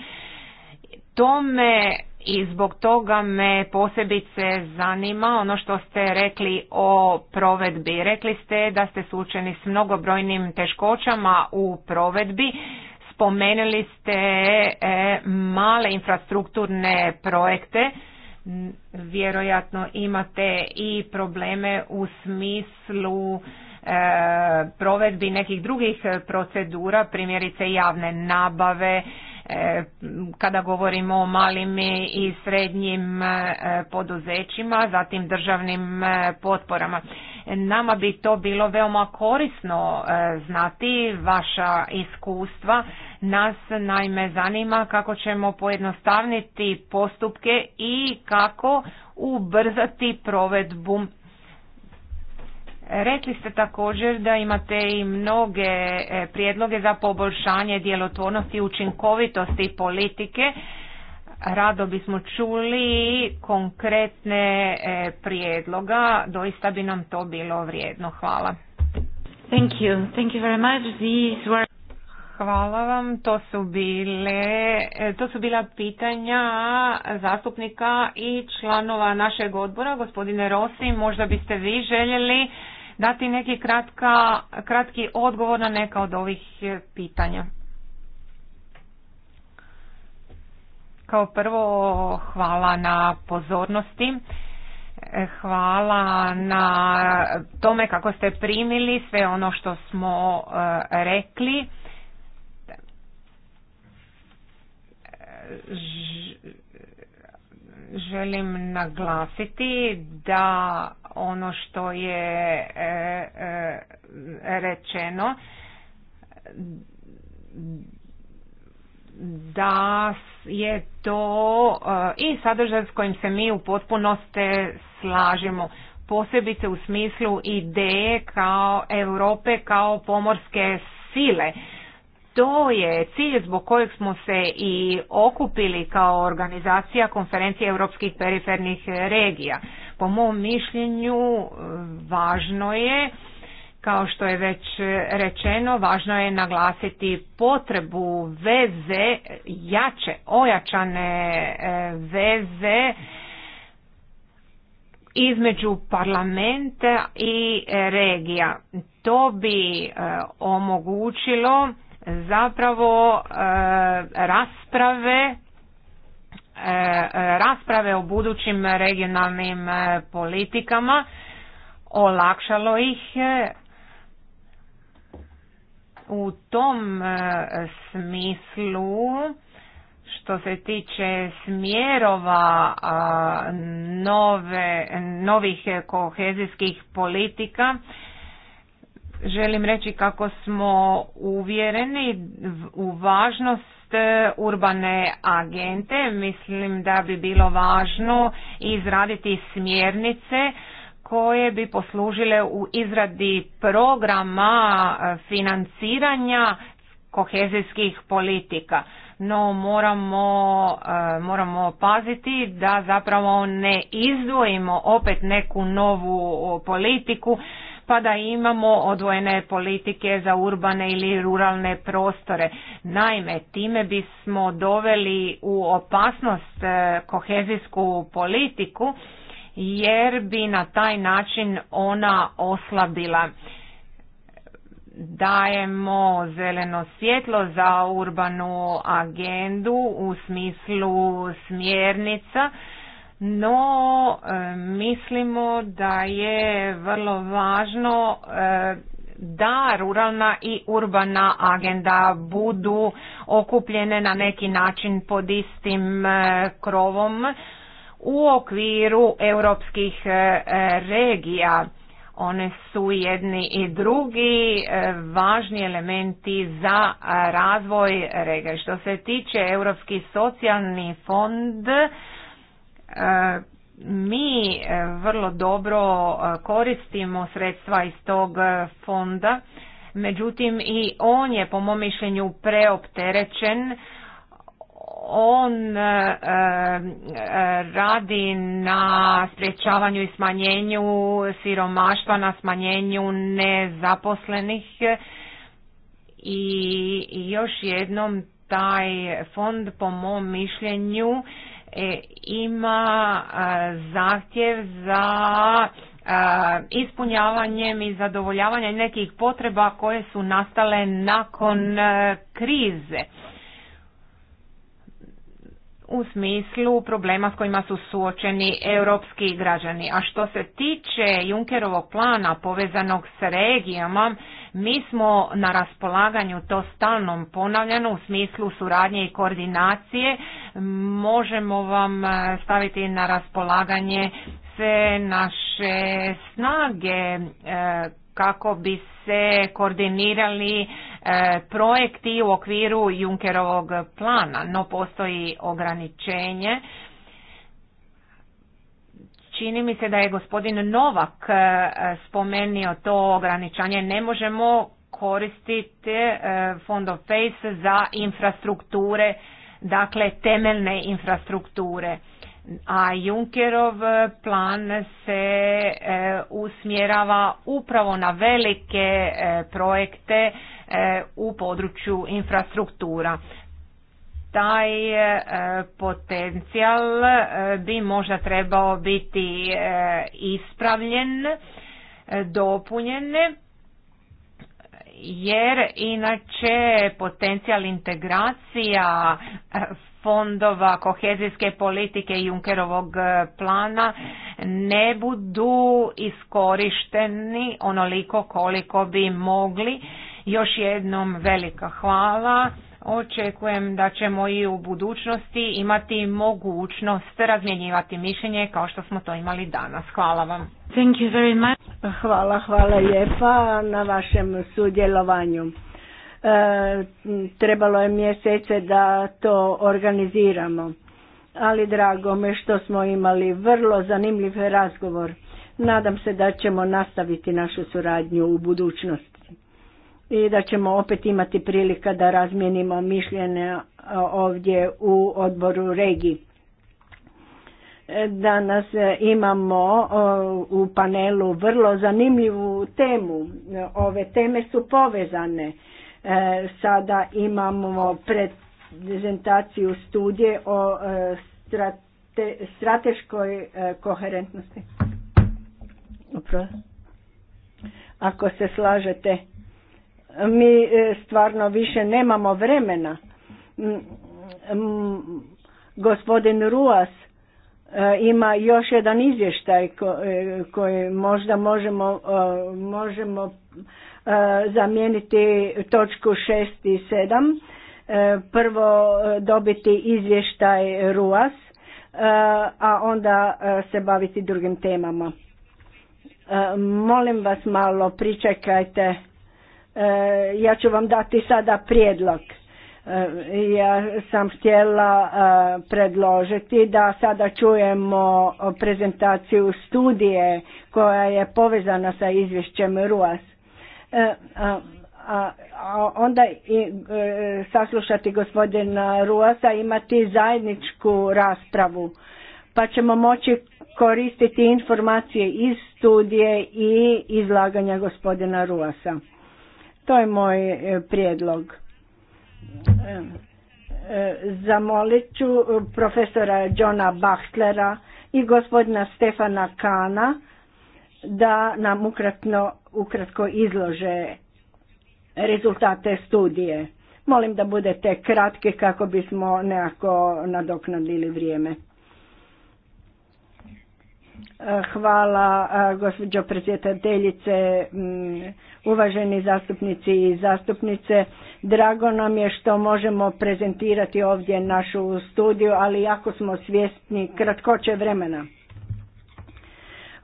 tome i zbog toga me posebice zanima ono što ste rekli o provedbi. Rekli ste da ste sučeni s mnogobrojnim teškoćama u provedbi. Spomenuli ste e, male infrastrukturne projekte. Vjerojatno imate i probleme u smislu e, provedbi nekih drugih procedura, primjerice javne nabave, E, kada govorimo o malim i srednjim e, poduzećima, zatim državnim e, potporama. Nama bi to bilo veoma korisno znati, vaša iskustva. Nas naime zanima kako ćemo pojednostavniti postupke i kako ubrzati provedbu Rekli ste također da imate i mnoge e, prijedloge za poboljšanje djelotvornosti i učinkovitosti politike. Rado bismo čuli konkretne e, prijedloga, doista bi nam to bilo vrijedno. Hvala. Thank you. Thank you very much. These were... Hvala vam. To su, bile, e, to su bila pitanja zastupnika i članova našeg odbora. Gospodine Rossi, možda biste vi željeli dati neki kratka, kratki odgovor na neka od ovih e, pitanja. Kao prvo hvala na pozornosti. E, hvala na tome kako ste primili sve ono što smo e, rekli želim naglasiti da ono što je e, e, rečeno da je to e, i sadržaj s kojim se mi u potpunosti slažemo posebice u smislu ideje kao Europe kao pomorske sile to je cilj zbog kojeg smo se i okupili kao organizacija konferencije europskih perifernih regija. Po mom mišljenju važno je kao što je već rečeno, važno je naglasiti potrebu veze jače, ojačane e, veze između parlamenta i regija. To bi e, omogućilo zapravo e, rasprave e, rasprave o budućim regionalnim e, politikama olakšalo ih u tom smislu što se tiče smjerova nove, novih kohezijskih politika želim reći kako smo uvjereni u važnost e, urbane agente. Mislim da bi bilo važno izraditi smjernice koje bi poslužile u izradi programa e, financiranja kohezijskih politika. No moramo, e, moramo paziti da zapravo ne izdvojimo opet neku novu politiku pa da imamo odvojene politike za urbane ili ruralne prostore. Naime, time bismo doveli u opasnost e, kohezijsku politiku jer bi na taj način ona oslabila dajemo zeleno svjetlo za urbanu agendu u smislu smjernica no e, mislimo da je vrlo važno e, da ruralna i urbana agenda budu okupljene na neki način pod istim e, krovom u okviru europskih regija. One su jedni i drugi važni elementi za razvoj regija. Što se tiče Europski socijalni fond, mi e, vrlo dobro e, koristimo sredstva iz tog e, fonda, međutim i on je po mom mišljenju preopterećen, on radi na sprječavanju i smanjenju siromaštva, na smanjenju nezaposlenih i, i još jednom taj fond po mom mišljenju E, ima e, zahtjev za e, ispunjavanjem i zadovoljavanjem nekih potreba koje su nastale nakon krize u smislu problema s kojima su suočeni europski građani. A što se tiče Junkerovog plana povezanog s regijama, mi smo na raspolaganju to stalnom ponavljanu u smislu suradnje i koordinacije. Možemo vam e, staviti na raspolaganje sve naše snage e, kako bi se koordinirali e, projekti u okviru Junkerovog plana, no postoji ograničenje. Čini mi se da je gospodin Novak e, spomenio to ograničanje. Ne možemo koristiti e, fond of face za infrastrukture, dakle temeljne infrastrukture a Junkerov e, plan se e, usmjerava upravo na velike e, projekte u području infrastruktura. Taj potencijal bi možda trebao biti ispravljen, dopunjen, jer inače potencijal integracija fondova, kohezijske politike i Junkerovog e, plana ne budu iskorišteni onoliko koliko bi mogli. Još jednom velika hvala. Očekujem da ćemo i u budućnosti imati mogućnost razmjenjivati mišljenje kao što smo to imali danas. Hvala vam. Hvala, hvala lijepa na vašem sudjelovanju. E, trebalo je mjesece da to organiziramo. Ali drago me što smo imali vrlo zanimljiv razgovor. Nadam se da ćemo nastaviti našu suradnju u budućnosti i da ćemo opet imati prilika da razmijenimo mišljenja ovdje u odboru regiji. E, danas e, imamo u panelu vrlo zanimljivu temu. Ove teme su povezane E, sada imamo prezentaciju studije o e, strate, strateškoj e, koherentnosti. Ako se slažete, mi stvarno više nemamo vremena. Gospodin Ruas ima još jedan izvještaj koji možda možemo, možemo Eh, zamijeniti točku 6 i 7. Eh, prvo eh, dobiti izvještaj RUAS, a onda se baviti drugim temama. Molim vas malo, pričekajte. Ja ću vam dati sada prijedlog. Ja sam htjela predložiti da sada čujemo prezentaciju studije koja je povezana sa izvješćem RUAS E, a onda i e, saslušati gospodina Ruasa, imati zajedničku raspravu, pa ćemo moći koristiti informacije iz studije i izlaganja gospodina Ruasa. To je moj e, prijedlog. Zamolit ću profesora Johna Bachtlera i gospodina Stefana Kana da nam ukratno ukratko izlože rezultate studije. Molim da budete kratki kako bismo nekako nadoknadili vrijeme. Eh, hvala eh, gospođo predsjedateljice, mm, uvaženi zastupnici i zastupnice. Drago nam je što možemo prezentirati ovdje našu studiju, ali jako smo svjesni kratkoće vremena.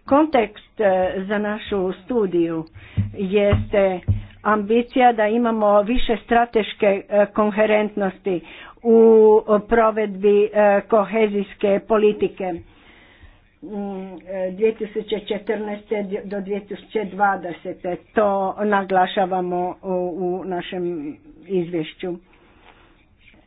Kontekst e, za našu studiju jeste ambicija da imamo više strateške e, koherentnosti u provedbi e, kohezijske politike 2014. Mm, do 2020. To naglašavamo u našem izvješću.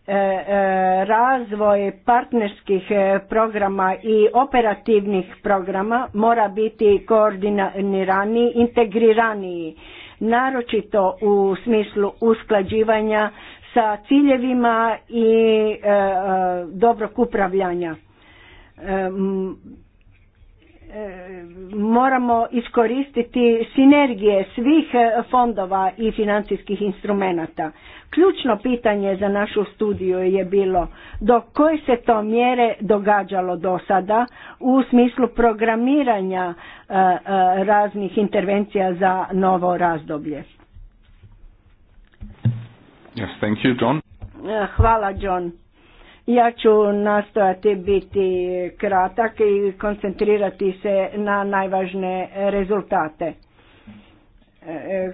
E, e, razvoj partnerskih e, programa i operativnih programa mora biti koordiniraniji, integriraniji, naročito u smislu usklađivanja sa ciljevima i dobrog upravljanja. Moramo iskoristiti sinergije svih fondova i financijskih instrumenata Ključno pitanje za našu studiju je bilo do koje se to mjere događalo do sada u smislu programiranja e, e, raznih intervencija za novo razdoblje. Yes, thank you, John. E, hvala John. Ja ću nastojati biti kratak i koncentrirati se na najvažne rezultate. E,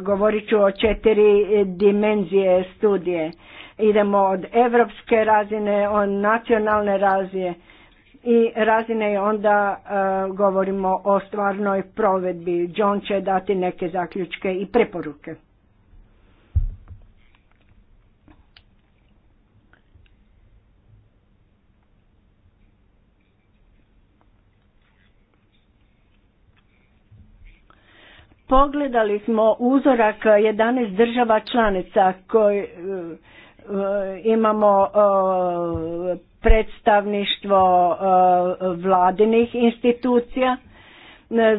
govorit ću o četiri dimenzije studije. Idemo od evropske razine, od nacionalne razine i razine i onda e, govorimo o stvarnoj provedbi. John će dati neke zaključke i preporuke. Pogledali smo uzorak 11 država članica koji eh, imamo eh, predstavništvo eh, vladinih institucija,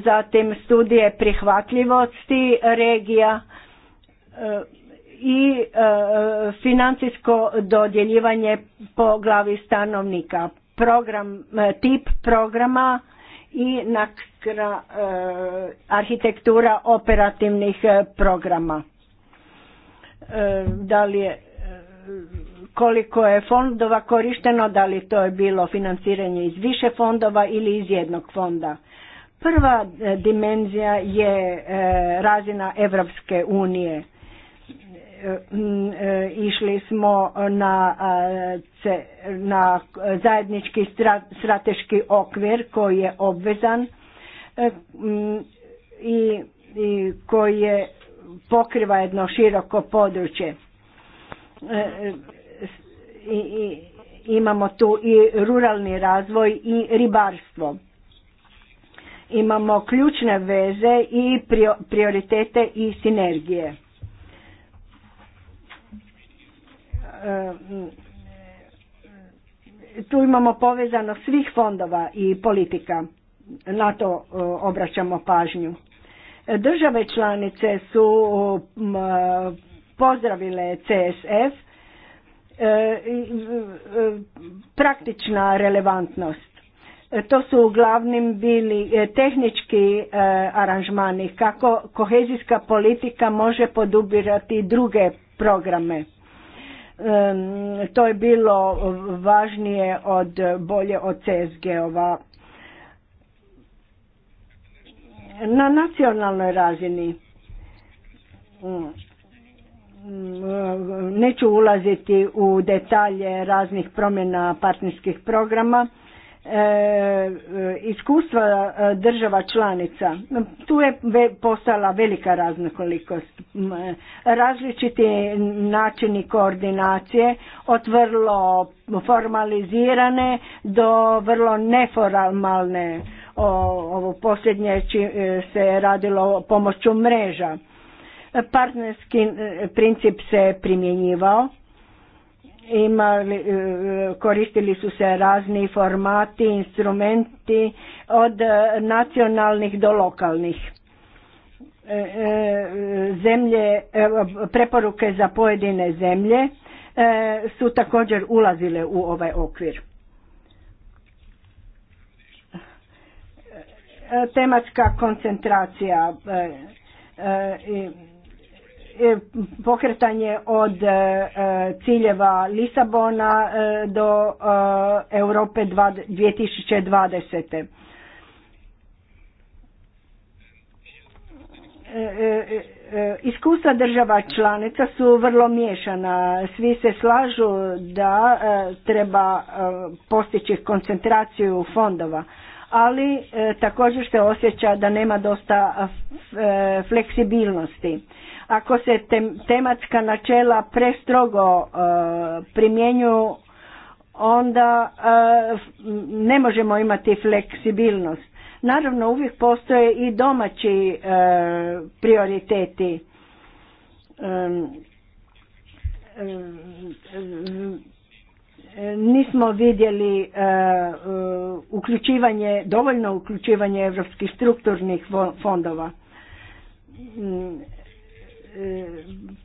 zatim studije prihvatljivosti regija i financijsko dodjeljivanje po glavi stanovnika. Program, tip programa i na kra, e, arhitektura operativnih e, programa. E, da li je koliko je fondova korišteno, da li to je bilo financiranje iz više fondova ili iz jednog fonda. Prva dimenzija je razina Evropske unije E, mm, e, išli smo na, e, na zajednički strateški okvir koji je obvezan mm, i, koji je pokriva jedno široko područje. I, i, imamo tu i ruralni razvoj i ribarstvo. Imamo ključne veze i prioritete i sinergije E, tu imamo povezano svih fondova i politika. Na to e, obraćamo pažnju. Države članice su pozdravile CSF, e, praktična relevantnost. To su uglavnim bili tehnički aranžmani kako kohezijska politika može podubirati druge programe to je bilo važnije od bolje od CSG-ova. Na nacionalnoj razini mm, mm, neću ulaziti u detalje raznih promjena partnerskih programa, E, iskustva e, država članica, tu je postala velika raznolikost. Različiti načini koordinacije od vrlo formalizirane do vrlo neformalne. Ovo posljednje e, se radilo pomoću mreža. Partnerski princip se primjenjivao imali, e, koristili su se razni formati, instrumenti od nacionalnih do lokalnih. E, e, zemlje, preporuke za pojedine zemlje su također ulazile u ovaj okvir. Tematska koncentracija i E, pokretanje od e, e, ciljeva Lisabona do Europe 2020. Iskustva država članica su vrlo miješana. Svi se slažu da treba postići koncentraciju fondova, ali također se osjeća da nema dosta fleksibilnosti. Ako se tematska načela prestrogo e, primjenju, onda e, ne možemo imati fleksibilnost. Naravno, uvijek postoje i domaći e, prioriteti nismo vidjeli uključivanje, dovoljno uključivanje europskih strukturnih fondova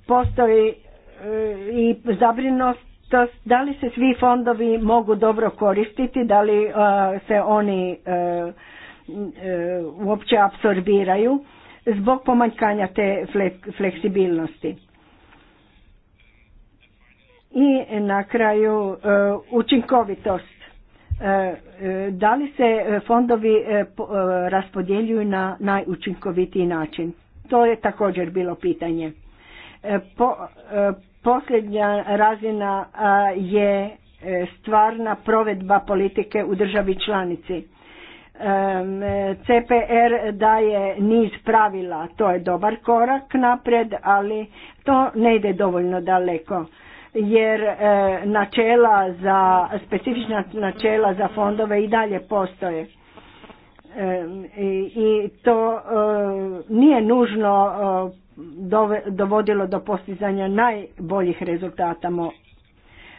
postoji e, i zabrinutost da li se svi fondovi mogu dobro koristiti, da li e, se oni e, uopće apsorbiraju zbog pomanjkanja te fleksibilnosti. I na kraju učinkovitost. Da li se fondovi raspodjeljuju na najučinkovitiji način? To je također bilo pitanje. E, po, e, posljednja razina e, je stvarna provedba politike u državi članici. CPR daje niz pravila, to je dobar korak naprijed, ali to ne ide dovoljno daleko jer načela za specifična načela za fondove i dalje postoje i to nije nužno dovodilo do postizanja najboljih rezultata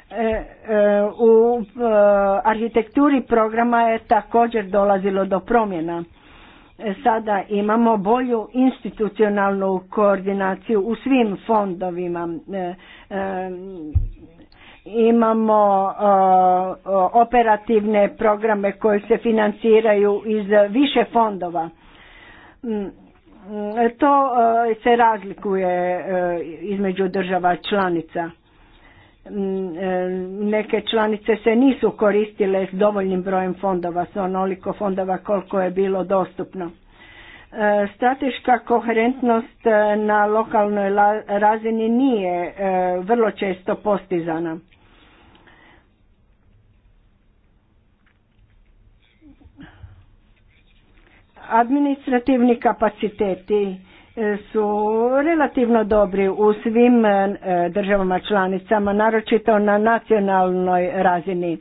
e, e, u e, arhitekturi programa je također dolazilo do promjena sada imamo bolju institucionalnu koordinaciju u svim fondovima Imamo e, operativne programe koji se financiraju iz više fondova. Mm, mm, to e, se razlikuje e, između država članica. Mm, neke članice se nisu koristile s dovoljnim brojem fondova, s onoliko fondova koliko je bilo dostupno. Strateška koherentnost na lokalnoj razini nije vrlo često postizana. Administrativni kapaciteti su relativno dobri u svim državama članicama, naročito na nacionalnoj razini.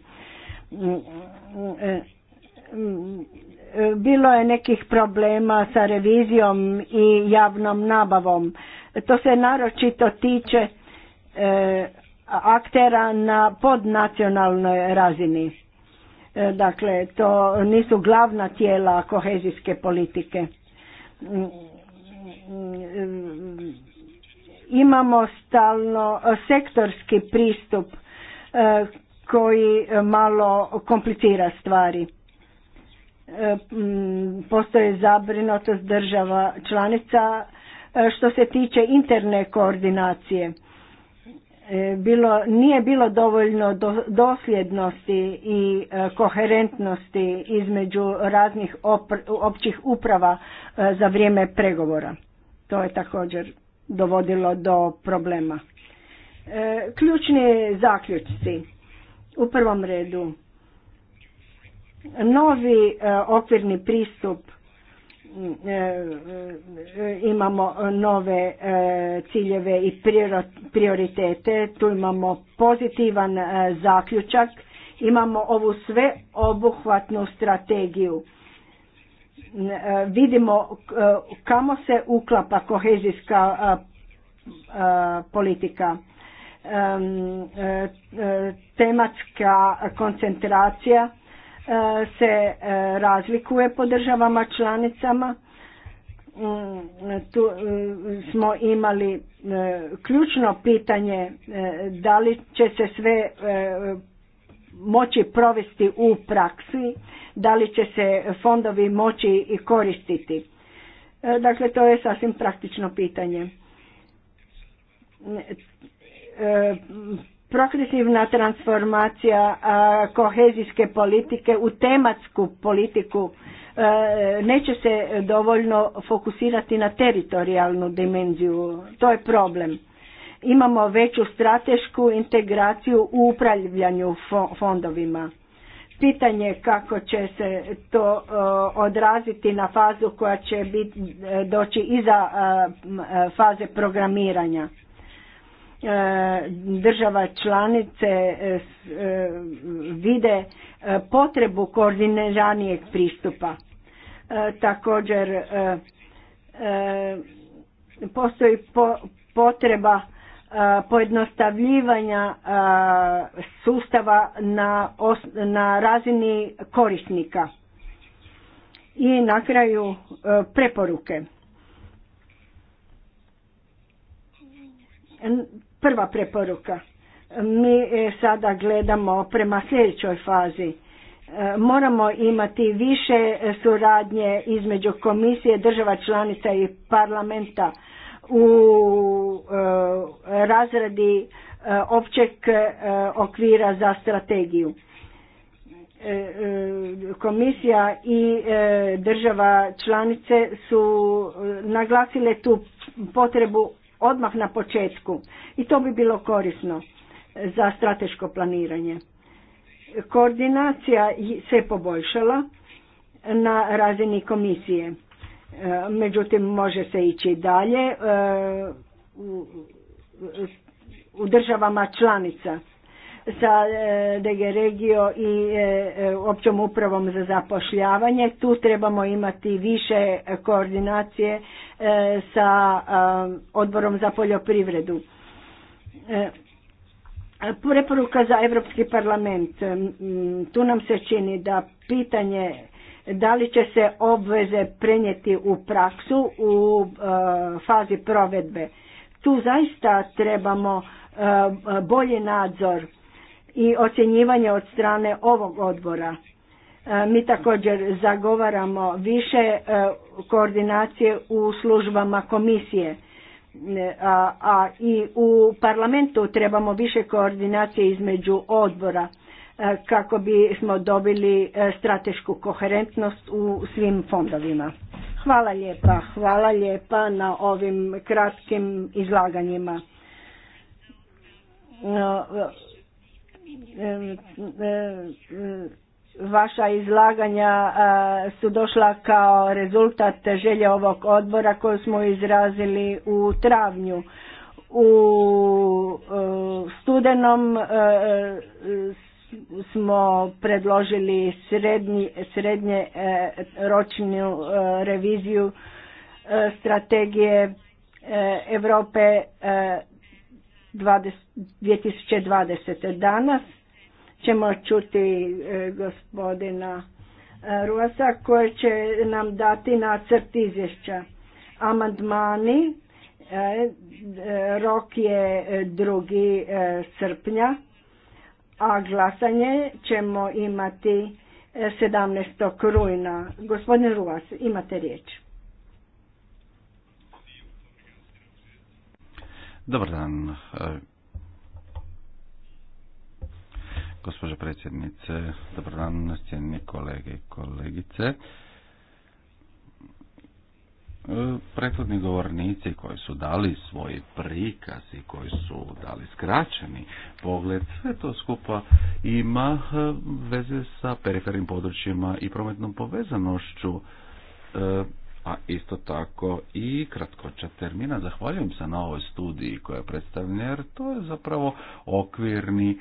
Bilo je nekih problema sa revizijom i javnom nabavom. To se naročito tiče aktera na podnacionalnoj razini E, dakle, to nisu glavna tijela kohezijske politike. Mm, mm, mm, imamo stalno sektorski pristup e, koji malo komplicira stvari. E, postoje zabrinutost država članica što se tiče interne koordinacije E, bilo, nije bilo dovoljno dosljednosti i e, koherentnosti između raznih općih uprava e, za vrijeme pregovora. To je također dovodilo do problema. Ključni zaključci. U prvom redu, novi okvirni pristup E, e, imamo nove e, ciljeve i prioritete, tu imamo pozitivan zaključak, imamo ovu sveobuhvatnu strategiju. Vidimo kamo se uklapa kohezijska politika. Tematska koncentracija E, se e, razlikuje po državama članicama. Mm, tu e, smo imali ključno pitanje da li će se sve moći provesti u praksi, da li će se fondovi moći i koristiti. Dakle, to je sasvim praktično pitanje progresivna transformacija kohezijske politike u tematsku politiku e, neće se dovoljno fokusirati na teritorijalnu dimenziju. To je problem. Imamo veću stratešku integraciju u upravljanju fondovima. Pitanje kako će se to e, odraziti na fazu koja će e, doći iza faze programiranja država članice e, e, vide e, potrebu koordiniranijeg pristupa. Također postoji potreba pojednostavljivanja sustava na razini korisnika. I na kraju preporuke prva preporuka. Mi e, sada gledamo prema sljedećoj fazi. E, moramo imati više suradnje između komisije, država članica i parlamenta u e, razradi općeg okvira za strategiju. Komisija i država članice su naglasile tu potrebu odmah na početku i to bi bilo korisno za strateško planiranje. Koordinacija se poboljšala na razini komisije. E, međutim, može se ići dalje e, u državama članica sa e, DG Regio i e, e, općom upravom za zapošljavanje. Tu trebamo imati više koordinacije sa odborom za poljoprivredu. Preporuka za Europski parlament. Tu nam se čini da pitanje da li će se obveze prenijeti u praksu u fazi provedbe. Tu zaista trebamo bolji nadzor i ocjenjivanje od strane ovog odbora. E, mi također zagovaramo više e, koordinacije u službama komisije, e, a, i u parlamentu trebamo više koordinacije između odbora kako bi smo dobili stratešku koherentnost u svim fondovima. Hvala lijepa, hvala lijepa na ovim kratkim izlaganjima vaša izlaganja su došla kao rezultat želje ovog odbora koju smo izrazili u travnju. U e, studenom e, smo predložili srednji, srednje e, ročnu reviziju strategije Europe 2020. Danas ćemo čuti e, gospodina e, rusa koji će nam dati nacrt izvješća. Amandmani, e, rok je 2. srpnja, a glasanje ćemo imati 17. rujna. Gospodin Ruas, imate riječ. Dobar dan, e, gospođo predsjednice, dobar dan, cijenjene kolege i kolegice. E, prethodni govornici koji su dali svoj prikaz i koji su dali skraćeni pogled, sve to skupa ima e, veze sa perifernim područjima i prometnom povezanošću a isto tako i kratkoća termina. Zahvaljujem se na ovoj studiji koja je predstavljena jer to je zapravo okvirni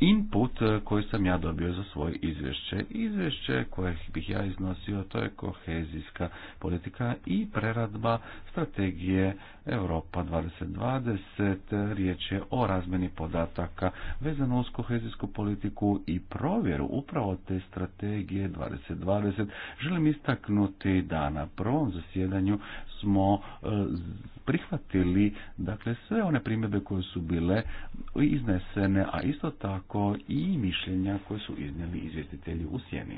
input koji sam ja dobio za svoje izvješće. Izvješće koje bih ja iznosio to je kohezijska politika i preradba strategije Europa 2020. Riječ je o razmeni podataka vezano uz kohezijsku politiku i provjeru upravo te strategije 2020. Želim istaknuti da na prvom ovom zasjedanju smo e, prihvatili dakle sve one primjedbe koje su bile iznesene, a isto tako i mišljenja koje su iznijeli izvjestitelji u sjeni.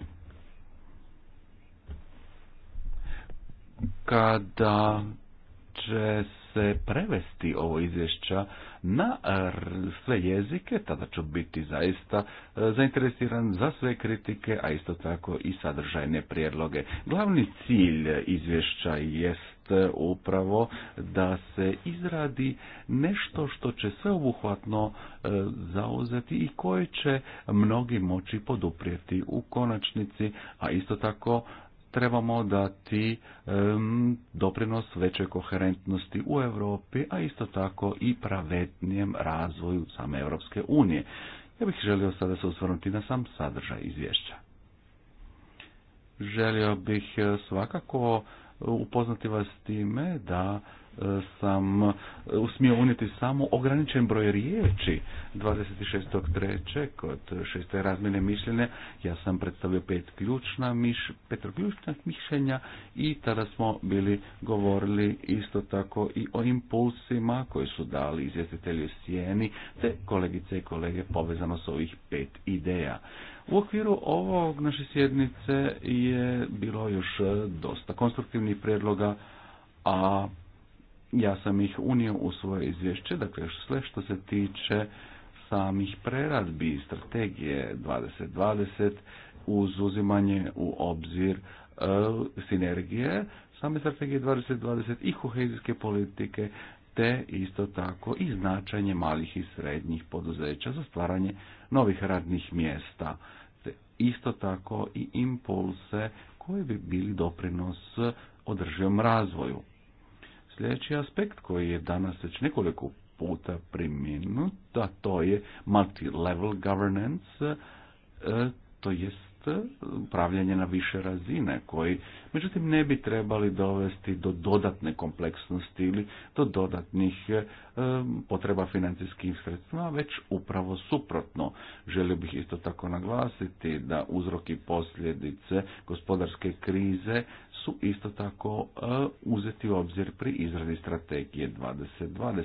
Kada će se prevesti ovo izvješća na e, sve jezike, tada ću biti zaista e, zainteresiran za sve kritike, a isto tako i sadržajne prijedloge. Glavni cilj izvješća jest upravo da se izradi nešto što će sveobuhvatno e, zauzeti i koje će mnogi moći poduprijeti u konačnici, a isto tako trebamo dati doprinos većoj koherentnosti u Europi, a isto tako i pravednijem razvoju same Europske unije. Ja bih želio sada se osvrnuti na sam sadržaj izvješća. Želio bih eh, svakako upoznati vas s time da sam e, usmio unijeti samo ograničen broj riječi 26.3. kod šeste razmjene mišljenja ja sam predstavio pet ključna miš, ključna mišljenja i tada smo bili govorili isto tako i o impulsima koje su dali izvjestitelji u sjeni te kolegice i kolege povezano s ovih pet ideja. U okviru ovog naše sjednice je bilo još dosta konstruktivnih prijedloga, a ja sam ih unio u svoje izvješće, dakle sve što se tiče samih preradbi strategije 2020 uz uzimanje u obzir e, sinergije same strategije 2020 i kohezijske politike te isto tako i značanje malih i srednjih poduzeća za stvaranje novih radnih mjesta te isto tako i impulse koji bi bili doprinos održivom razvoju sljedeći aspekt koji je danas već nekoliko puta primjenut, a to je multi-level governance, e, to jest upravljanje na više razine koji međutim ne bi trebali dovesti do dodatne kompleksnosti ili do dodatnih e, potreba financijskih sredstva, već upravo suprotno. Želio bih isto tako naglasiti da uzroki posljedice gospodarske krize su isto tako e, uzeti u obzir pri izradi strategije 2020.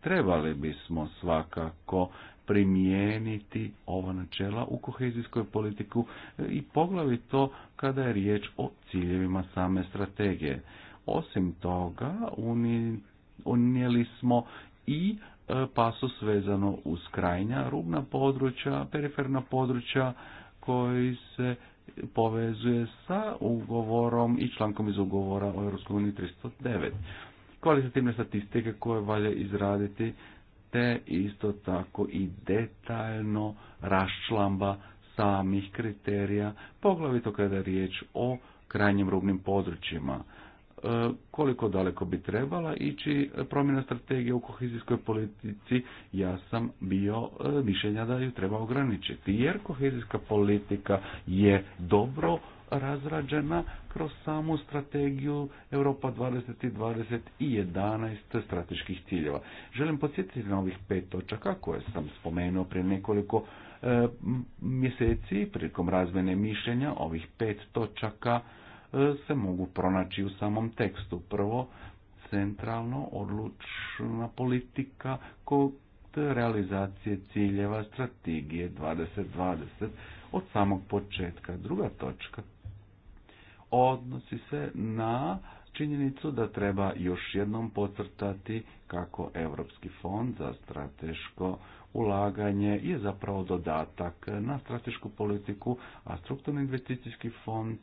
Trebali bismo svakako primijeniti ova načela u kohezijskoj politiku e, i poglavito kada je riječ o ciljevima same strategije. Osim toga, unijeli smo i e, pasu vezano uz krajnja rubna područja, periferna područja koji se povezuje sa ugovorom i člankom iz ugovora o EU 309. Kvalitativne statistike koje valje izraditi te isto tako i detaljno raščlamba samih kriterija, poglavito kada je riječ o krajnjim rubnim područjima. E, koliko daleko bi trebala ići promjena strategije u kohezijskoj politici, ja sam bio e, mišljenja da ju treba ograničiti, jer kohezijska politika je dobro razrađena kroz samu strategiju Europa 2020 i 11 strateških ciljeva. Želim podsjetiti na ovih pet točaka koje sam spomenuo prije nekoliko e, mjeseci prilikom razmjene mišljenja ovih pet točaka e, se mogu pronaći u samom tekstu. Prvo, centralno odlučna politika kod realizacije ciljeva strategije 2020 od samog početka. Druga točka, odnosi se na činjenicu da treba još jednom podcrtati kako Europski fond za strateško ulaganje je zapravo dodatak na stratešku politiku, a strukturni investicijski fond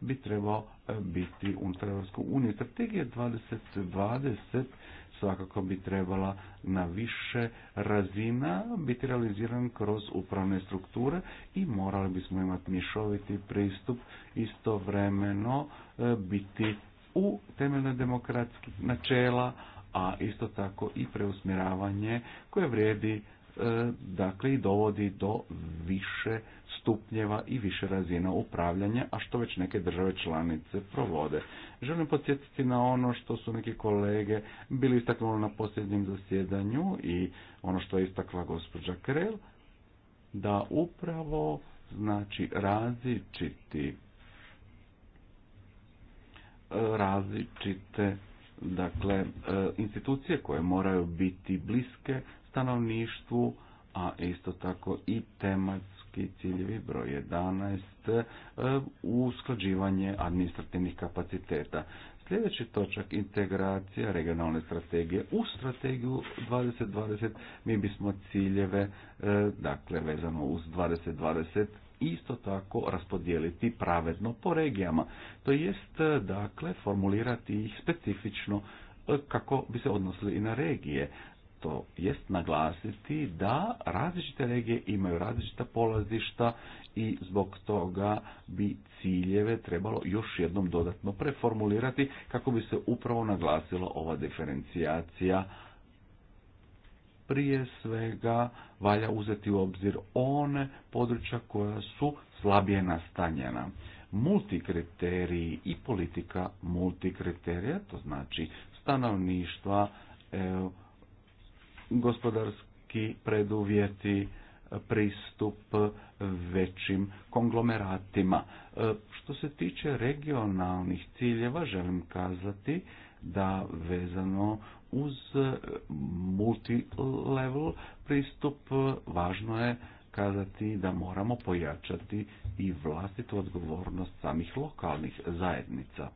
bi trebao e, biti unutar Europske unije. Strategija 2020 svakako bi trebala na više razina biti realiziran kroz upravne strukture i morali bismo imati mišoviti pristup istovremeno e, biti u temeljne demokratskih načela, a isto tako i preusmjeravanje koje vrijedi E, dakle i dovodi do više stupnjeva i više razina upravljanja, a što već neke države članice provode. Želim podsjetiti na ono što su neki kolege bili istaknuli na posljednjem zasjedanju i ono što je istakla gospođa Krel, da upravo znači različiti e, različite dakle e, institucije koje moraju biti bliske stanovništvu, a isto tako i tematski ciljevi broj 11, e, usklađivanje administrativnih kapaciteta. Sljedeći točak integracija regionalne strategije u strategiju 2020 mi bismo ciljeve, e, dakle vezano uz 2020, isto tako raspodijeliti pravedno po regijama. To jest, e, dakle, formulirati ih specifično kako bi se odnosili i na regije to jest naglasiti da različite regije imaju različita polazišta i zbog toga bi ciljeve trebalo još jednom dodatno preformulirati kako bi se upravo naglasila ova diferencijacija prije svega valja uzeti u obzir one područja koja su slabije nastanjena. Multikriteriji i politika multikriterija, to znači stanovništva, e, gospodarski preduvjeti e, pristup većim konglomeratima. E, što se tiče regionalnih ciljeva, želim kazati da vezano uz multilevel pristup važno je kazati da moramo pojačati i vlastitu odgovornost samih lokalnih zajednica.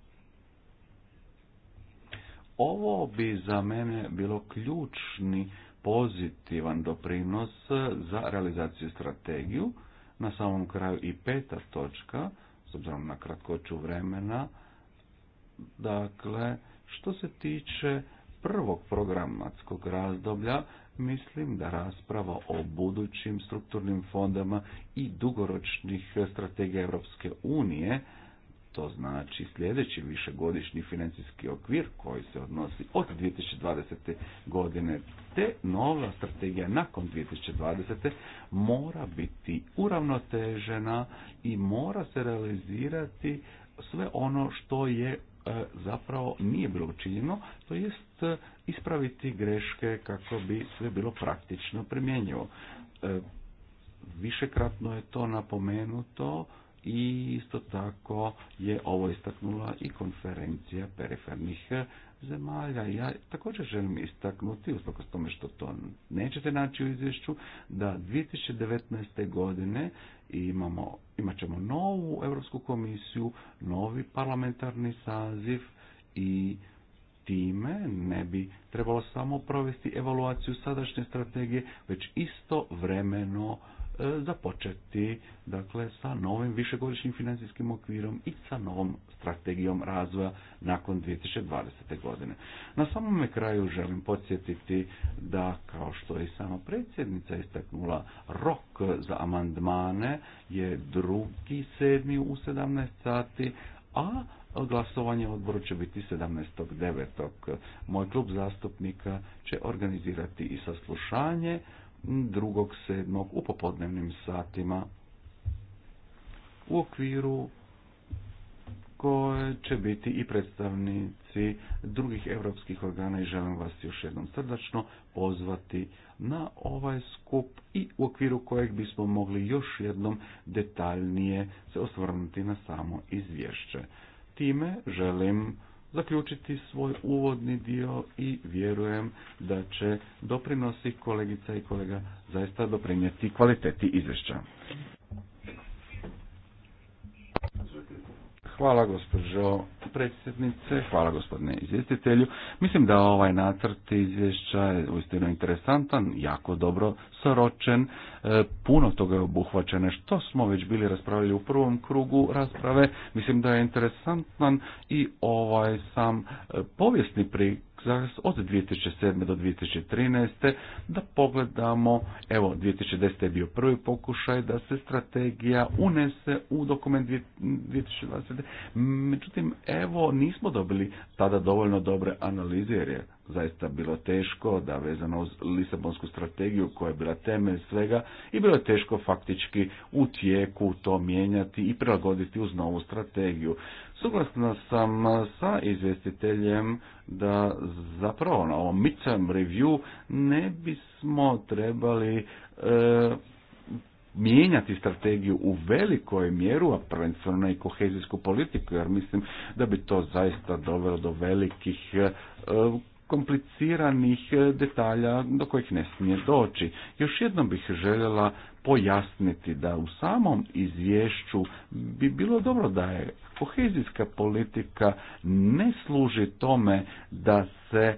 Ovo bi za mene bilo ključni pozitivan doprinos za realizaciju strategiju. Na samom kraju i peta točka, s obzirom na kratkoću vremena, dakle, što se tiče prvog programatskog razdoblja, mislim da rasprava o budućim strukturnim fondama i dugoročnih strategija Europske unije to znači sljedeći višegodišnji financijski okvir koji se odnosi od 2020. godine te nova strategija nakon 2020. mora biti uravnotežena i mora se realizirati sve ono što je e, zapravo nije bilo učinjeno, to jest e, ispraviti greške kako bi sve bilo praktično primjenjivo. E, višekratno je to napomenuto, i isto tako je ovo istaknula i konferencija perifernih zemalja. Ja također želim istaknuti, usprkos tome što to nećete naći u izvješću, da 2019. godine imamo, imat ćemo novu Europsku komisiju, novi parlamentarni saziv i time ne bi trebalo samo provesti evaluaciju sadašnje strategije, već isto vremeno E, započeti dakle, sa novim višegodišnjim financijskim okvirom i sa novom strategijom razvoja nakon 2020. godine. Na samome kraju želim podsjetiti da, kao što je i sama predsjednica istaknula, rok za amandmane je drugi sedmi u 17 sati, a glasovanje odboru će biti 17.9. Moj klub zastupnika će organizirati i saslušanje drugog sedmog u popodnevnim satima u okviru koje će biti i predstavnici drugih europskih organa i želim vas još jednom srdačno pozvati na ovaj skup i u okviru kojeg bismo mogli još jednom detaljnije se osvrnuti na samo izvješće. Time želim zaključiti svoj uvodni dio i vjerujem da će doprinosi kolegica i kolega zaista doprinijeti kvaliteti izvješća. Hvala gospođo predsjednice, hvala gospodine izvjestitelju. Mislim da ovaj nacrt izvješća je uistinu interesantan, jako dobro soročen, e, puno toga je obuhvaćeno što smo već bili raspravili u prvom krugu rasprave. Mislim da je interesantan i ovaj sam e, povijesni pri od 2007. do 2013. da pogledamo, evo 2010. je bio prvi pokušaj da se strategija unese u dokument 2020. Međutim, evo nismo dobili tada dovoljno dobre analize jer je zaista bilo teško da vezano uz Lisabonsku strategiju koja je bila temelj svega i bilo je teško faktički u tijeku to mijenjati i prilagoditi uz novu strategiju. Suglasna sam sa izvjestiteljem da zapravo na ovom midterm review ne bismo trebali e, mijenjati strategiju u velikoj mjeru, a prvenstveno i kohezijsku politiku, jer mislim da bi to zaista dovelo do velikih e, kompliciranih detalja do kojih ne smije doći. Još jednom bih željela pojasniti da u samom izvješću bi bilo dobro da je kohezijska politika ne služi tome da se e,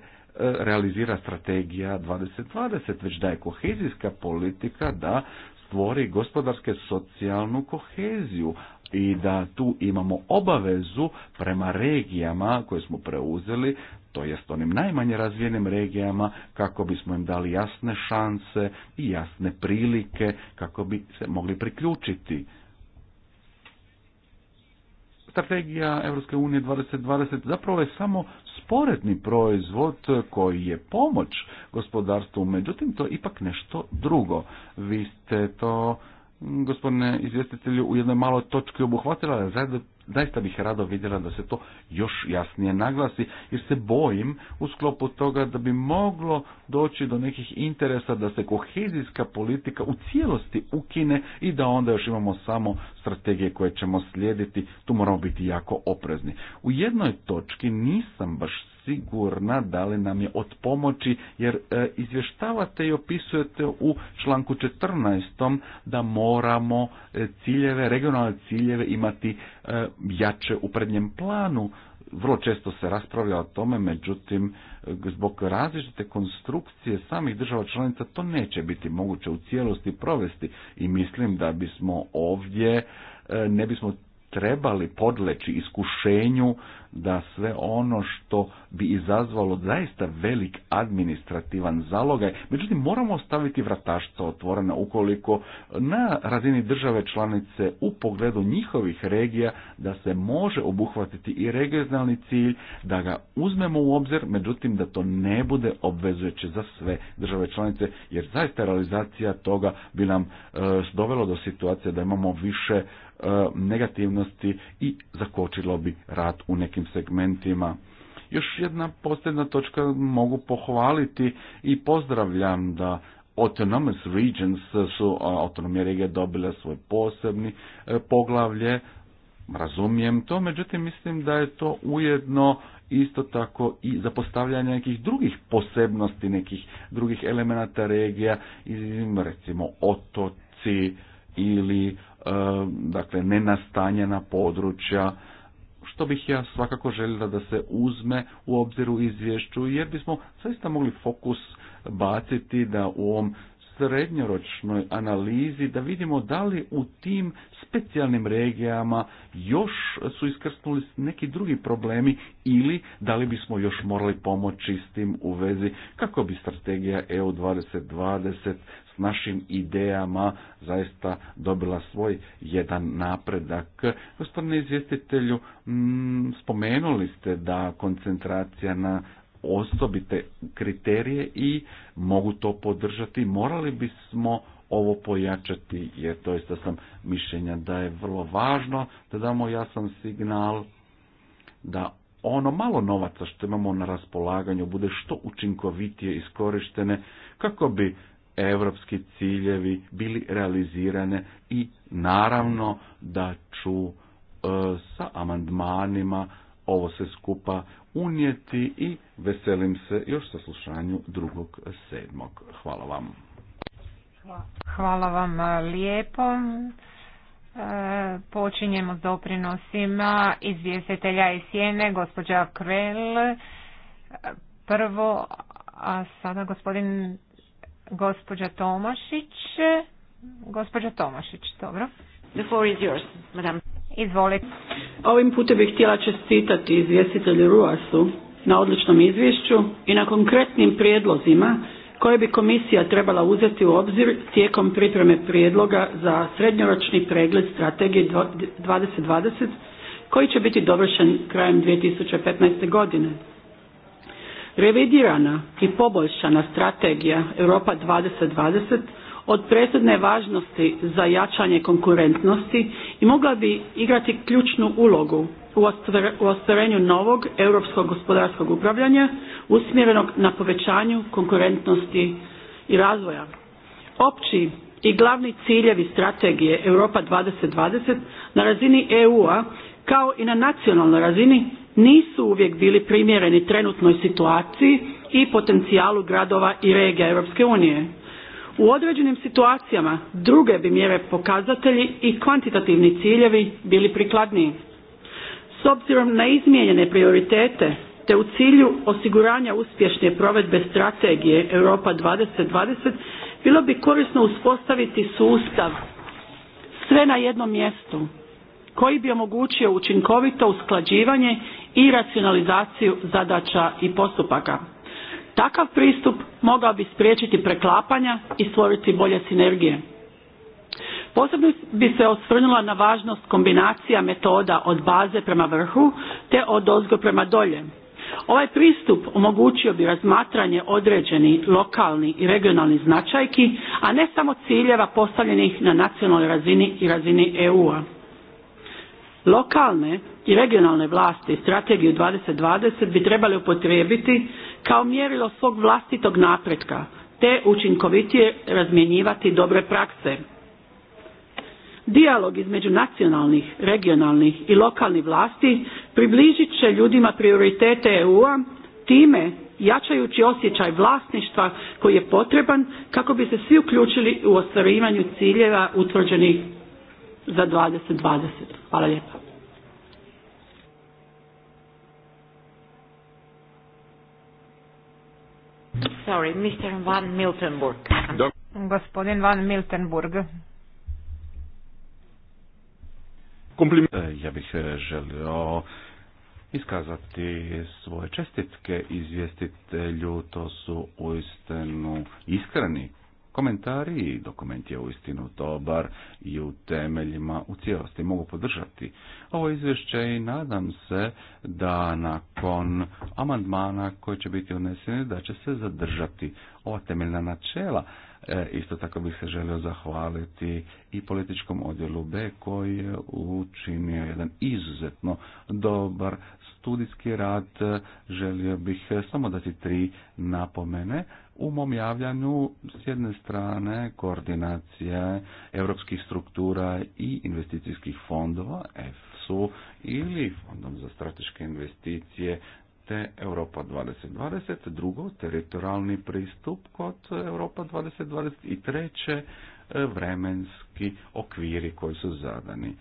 realizira strategija 2020, već da je kohezijska politika da stvori gospodarske socijalnu koheziju, i da tu imamo obavezu prema regijama koje smo preuzeli, to jest onim najmanje razvijenim regijama, kako bismo im dali jasne šanse i jasne prilike kako bi se mogli priključiti strategija Europske unije 2020 zapravo je samo sporedni proizvod koji je pomoć gospodarstvu, međutim to je ipak nešto drugo. Vi ste to gospodine izvjestitelju, u jednoj maloj točki obuhvatila, zaista bih rado vidjela da se to još jasnije naglasi, jer se bojim u sklopu toga da bi moglo doći do nekih interesa da se kohezijska politika u cijelosti ukine i da onda još imamo samo strategije koje ćemo slijediti, tu moramo biti jako oprezni. U jednoj točki nisam baš sigurna da li nam je od pomoći jer e, izvještavate i opisujete u članku 14. da moramo e, ciljeve, regionalne ciljeve imati e, jače u prednjem planu. Vrlo često se raspravlja o tome, međutim, zbog različite konstrukcije samih država članica to neće biti moguće u cijelosti provesti i mislim da bismo ovdje ne bismo trebali podleći iskušenju da sve ono što bi izazvalo zaista velik administrativan zalogaj. Međutim, moramo ostaviti vratašca otvorena ukoliko na razini države članice u pogledu njihovih regija da se može obuhvatiti i regionalni cilj, da ga uzmemo u obzir, međutim da to ne bude obvezujuće za sve države članice, jer zaista realizacija toga bi nam e, dovelo do situacije da imamo više Eh, negativnosti i zakočilo bi rad u nekim segmentima. Još jedna posebna točka mogu pohvaliti i pozdravljam da Autonomous Regions su autonomije regije dobile svoj posebni eh, poglavlje, razumijem to, međutim mislim da je to ujedno isto tako i za postavljanje nekih drugih posebnosti, nekih drugih elemenata regija, recimo otoci ili E, dakle nenastanjena područja što bih ja svakako željela da se uzme u obzir u izvješću jer bismo zaista mogli fokus baciti da u ovom srednjoročnoj analizi da vidimo da li u tim specijalnim regijama još su iskrsnuli neki drugi problemi ili da li bismo još morali pomoći s tim u vezi kako bi strategija EU 2020 našim idejama zaista dobila svoj jedan napredak. Gospodine izvjestitelju, mm, spomenuli ste da koncentracija na osobite kriterije i mogu to podržati. Morali bismo ovo pojačati jer doista sam mišljenja da je vrlo važno da damo jasan signal da ono malo novaca što imamo na raspolaganju bude što učinkovitije iskorištene kako bi europski ciljevi bili realizirane i naravno da ću e, sa amandmanima ovo se skupa unijeti i veselim se još slušanju drugog sedmog. Hvala vam. Hvala vam e, lijepo. E, počinjemo s doprinosima izvjestitelja i Sjene, gospođa Krell. Prvo, a sada gospodin Gospođa Tomašić. Gospođa Tomašić, dobro. The floor is yours, madam. Izvolite. Ovim putem bih htjela čestitati izvjestitelju Ruasu na odličnom izvješću i na konkretnim prijedlozima koje bi komisija trebala uzeti u obzir tijekom pripreme prijedloga za srednjoročni pregled strategije 2020 koji će biti dovršen krajem 2015. godine. Revidirana i poboljšana strategija Europa 2020 od presudne važnosti za jačanje konkurentnosti i mogla bi igrati ključnu ulogu u ostvarenju novog europskog gospodarskog upravljanja usmjerenog na povećanju konkurentnosti i razvoja. Opći i glavni ciljevi strategije Europa 2020 na razini EU-a kao i na nacionalnoj razini nisu uvijek bili primjereni trenutnoj situaciji i potencijalu gradova i regija Europske unije. U određenim situacijama druge bi mjere pokazatelji i kvantitativni ciljevi bili prikladniji. S obzirom na izmijenjene prioritete te u cilju osiguranja uspješne provedbe strategije Europa 2020 bilo bi korisno uspostaviti sustav sve na jednom mjestu koji bi omogućio učinkovito usklađivanje i racionalizaciju zadaća i postupaka. Takav pristup mogao bi spriječiti preklapanja i stvoriti bolje sinergije. Posebno bi se osvrnula na važnost kombinacija metoda od baze prema vrhu te od ozgo prema dolje. Ovaj pristup omogućio bi razmatranje određeni lokalni i regionalni značajki, a ne samo ciljeva postavljenih na nacionalnoj razini i razini EU-a. Lokalne i regionalne vlasti strategiju 2020 bi trebali upotrijebiti kao mjerilo svog vlastitog napretka te učinkovitije razmjenjivati dobre prakse. Dijalog između nacionalnih, regionalnih i lokalnih vlasti približit će ljudima prioritete EU-a time jačajući osjećaj vlasništva koji je potreban kako bi se svi uključili u ostvarivanju ciljeva utvrđenih za 2020. Hvala lijepa. Sorry, Mr. Van Miltenburg. Gospodin Van Miltenburg. Kompliment. E, ja bih e, želio iskazati svoje čestitke izvjestitelju, to su uistinu iskreni komentari i dokument je uistinu dobar i u temeljima u cijelosti mogu podržati ovo izvješće i nadam se da nakon amandmana koji će biti uneseni da će se zadržati ova temeljna načela. E, isto tako bih se želio zahvaliti i političkom odjelu B koji je učinio jedan izuzetno dobar studijski rad, e, želio bih e, samo dati tri napomene u mom javljanju s jedne strane koordinacija europskih struktura i investicijskih fondova EFSU ili fondom za strateške investicije te Europa 2020, drugo teritorijalni pristup kod Europa 2020 i treće e, vremenski okviri koji su zadani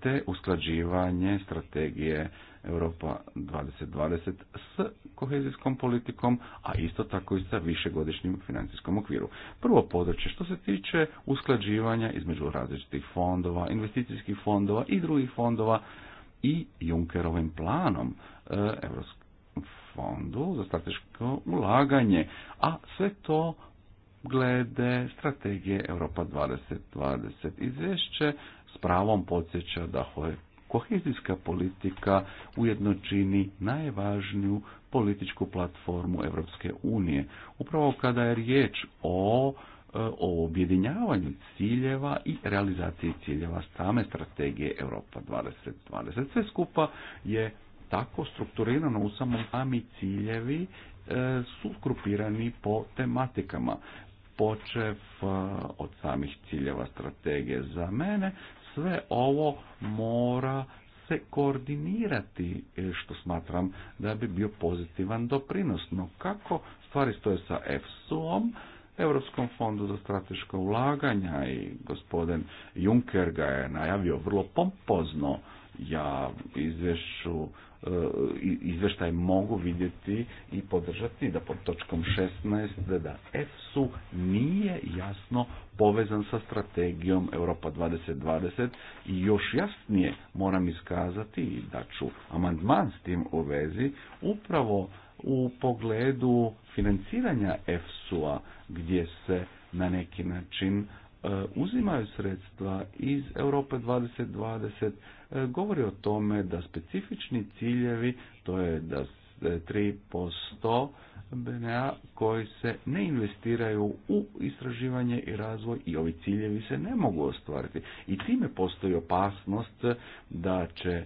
te usklađivanje strategije Europa 2020 s kohezijskom politikom, a isto tako i sa višegodišnjim financijskom okviru. Prvo područje što se tiče usklađivanja između različitih fondova, investicijskih fondova i drugih fondova i Junkerovim planom Europskom fondu za strateško ulaganje, a sve to glede strategije Europa 2020. Izvješće s pravom podsjeća da je kohezijska politika ujedno čini najvažniju političku platformu Europske unije. Upravo kada je riječ o e, o objedinjavanju ciljeva i realizaciji ciljeva same strategije Europa 2020. Sve skupa je tako strukturirano u samom sami ciljevi e, su grupirani po tematikama počev e, od samih ciljeva strategije za mene sve ovo mora se koordinirati, e, što smatram da bi bio pozitivan doprinos. No kako stvari stoje sa EFSU-om, Europskom fondu za strateška ulaganja i gospodin Juncker ga je najavio vrlo pompozno. Ja izvješću E, izvještaj mogu vidjeti i podržati da pod točkom 16 da EFSU nije jasno povezan sa strategijom Europa 2020 i još jasnije moram iskazati i da ću amandman s tim u vezi upravo u pogledu financiranja EFSU-a gdje se na neki način e, uzimaju sredstva iz Europe 2020 E, govori o tome da specifični ciljevi, to je da 3% BNA koji se ne investiraju u istraživanje i razvoj i ovi ciljevi se ne mogu ostvariti. I time postoji opasnost da će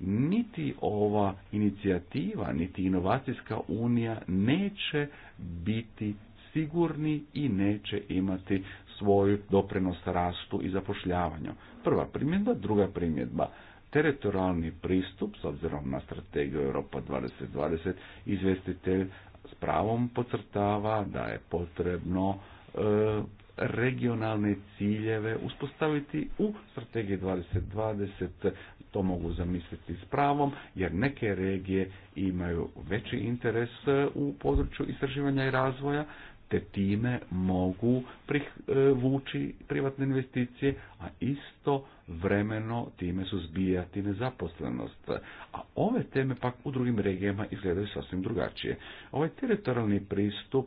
niti ova inicijativa, niti inovacijska unija neće biti sigurni i neće imati svoj doprinos rastu i zapošljavanju. Prva primjedba, druga primjedba. Teritorijalni pristup, s obzirom na strategiju Europa 2020, izvestitelj s pravom pocrtava da je potrebno e, regionalne ciljeve uspostaviti u strategiji 2020. To mogu zamisliti s pravom, jer neke regije imaju veći interes e, u području istraživanja i razvoja te time mogu privući privatne investicije, a isto vremeno time zbijati nezaposlenost. A ove teme pak u drugim regijama izgledaju sasvim drugačije. Ovaj teritorijalni pristup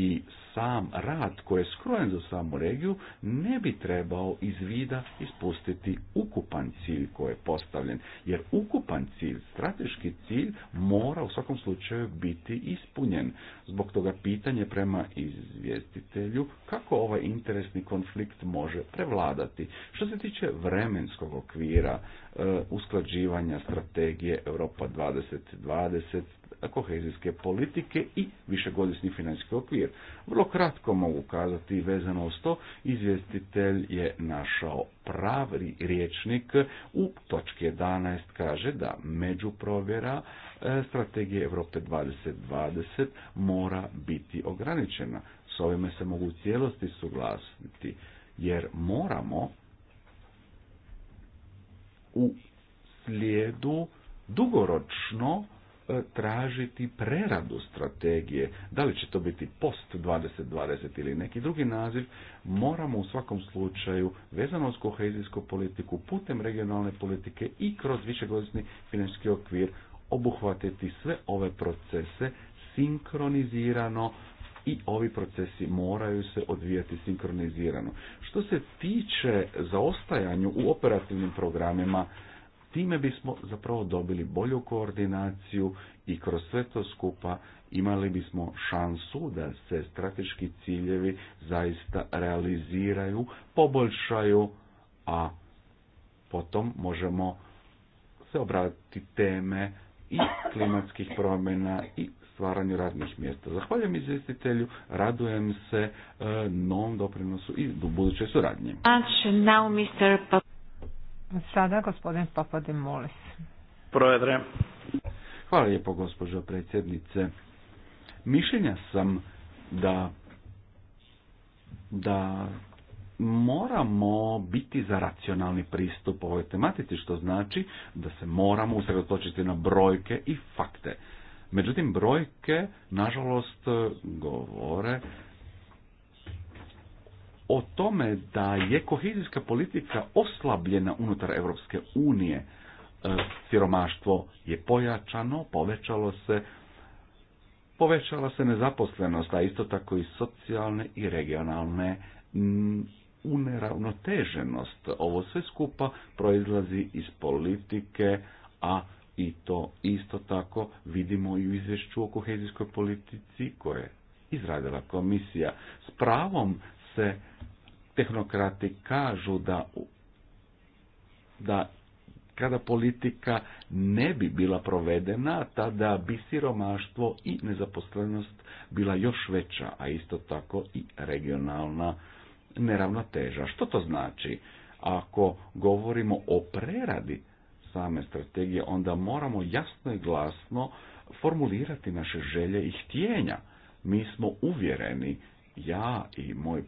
i sam rad koji je skrojen za samu regiju ne bi trebao iz vida ispustiti ukupan cilj koji je postavljen. Jer ukupan cilj, strateški cilj mora u svakom slučaju biti ispunjen. Zbog toga pitanje prema izvjestitelju kako ovaj interesni konflikt može prevladati. Što se tiče vremenskog okvira, e, usklađivanja strategije Europa 2020 kohezijske politike i višegodišnji financijski okvir. Vrlo kratko mogu kazati vezano uz to, izvjestitelj je našao pravi riječnik u točki 11 kaže da među e, strategije Europe 2020 mora biti ograničena. S ovime se mogu u cijelosti suglasiti jer moramo u slijedu dugoročno E, tražiti preradu strategije, da li će to biti post 2020 ili neki drugi naziv, moramo u svakom slučaju vezano uz kohezijsku politiku putem regionalne politike i kroz višegodišnji financijski okvir obuhvatiti sve ove procese sinkronizirano i ovi procesi moraju se odvijati sinkronizirano. Što se tiče zaostajanju u operativnim programima, Time bismo zapravo dobili bolju koordinaciju i kroz sve to skupa imali bismo šansu da se strateški ciljevi zaista realiziraju, poboljšaju, a potom možemo se obratiti teme i klimatskih promjena i stvaranju radnih mjesta. Zahvaljujem izvjestitelju, radujem se e, novom doprinosu i budućoj suradnji. Sada gospodin papadim Molis. Projedre. Hvala lijepo gospođo predsjednice. Mišljenja sam da da moramo biti za racionalni pristup ovoj tematici, što znači da se moramo usredotočiti na brojke i fakte. Međutim, brojke, nažalost, govore o tome da je kohezijska politika oslabljena unutar Europske unije. E, siromaštvo je pojačano, povećalo se, povećala se nezaposlenost, a isto tako i socijalne i regionalne uneravnoteženost. Ovo sve skupa proizlazi iz politike, a i to isto tako vidimo i u izvješću o kohezijskoj politici koje izradila komisija. S pravom se tehnokrati kažu da, da kada politika ne bi bila provedena, tada bi siromaštvo i nezaposlenost bila još veća, a isto tako i regionalna neravnoteža. Što to znači? Ako govorimo o preradi same strategije, onda moramo jasno i glasno formulirati naše želje i htjenja. Mi smo uvjereni ja i moj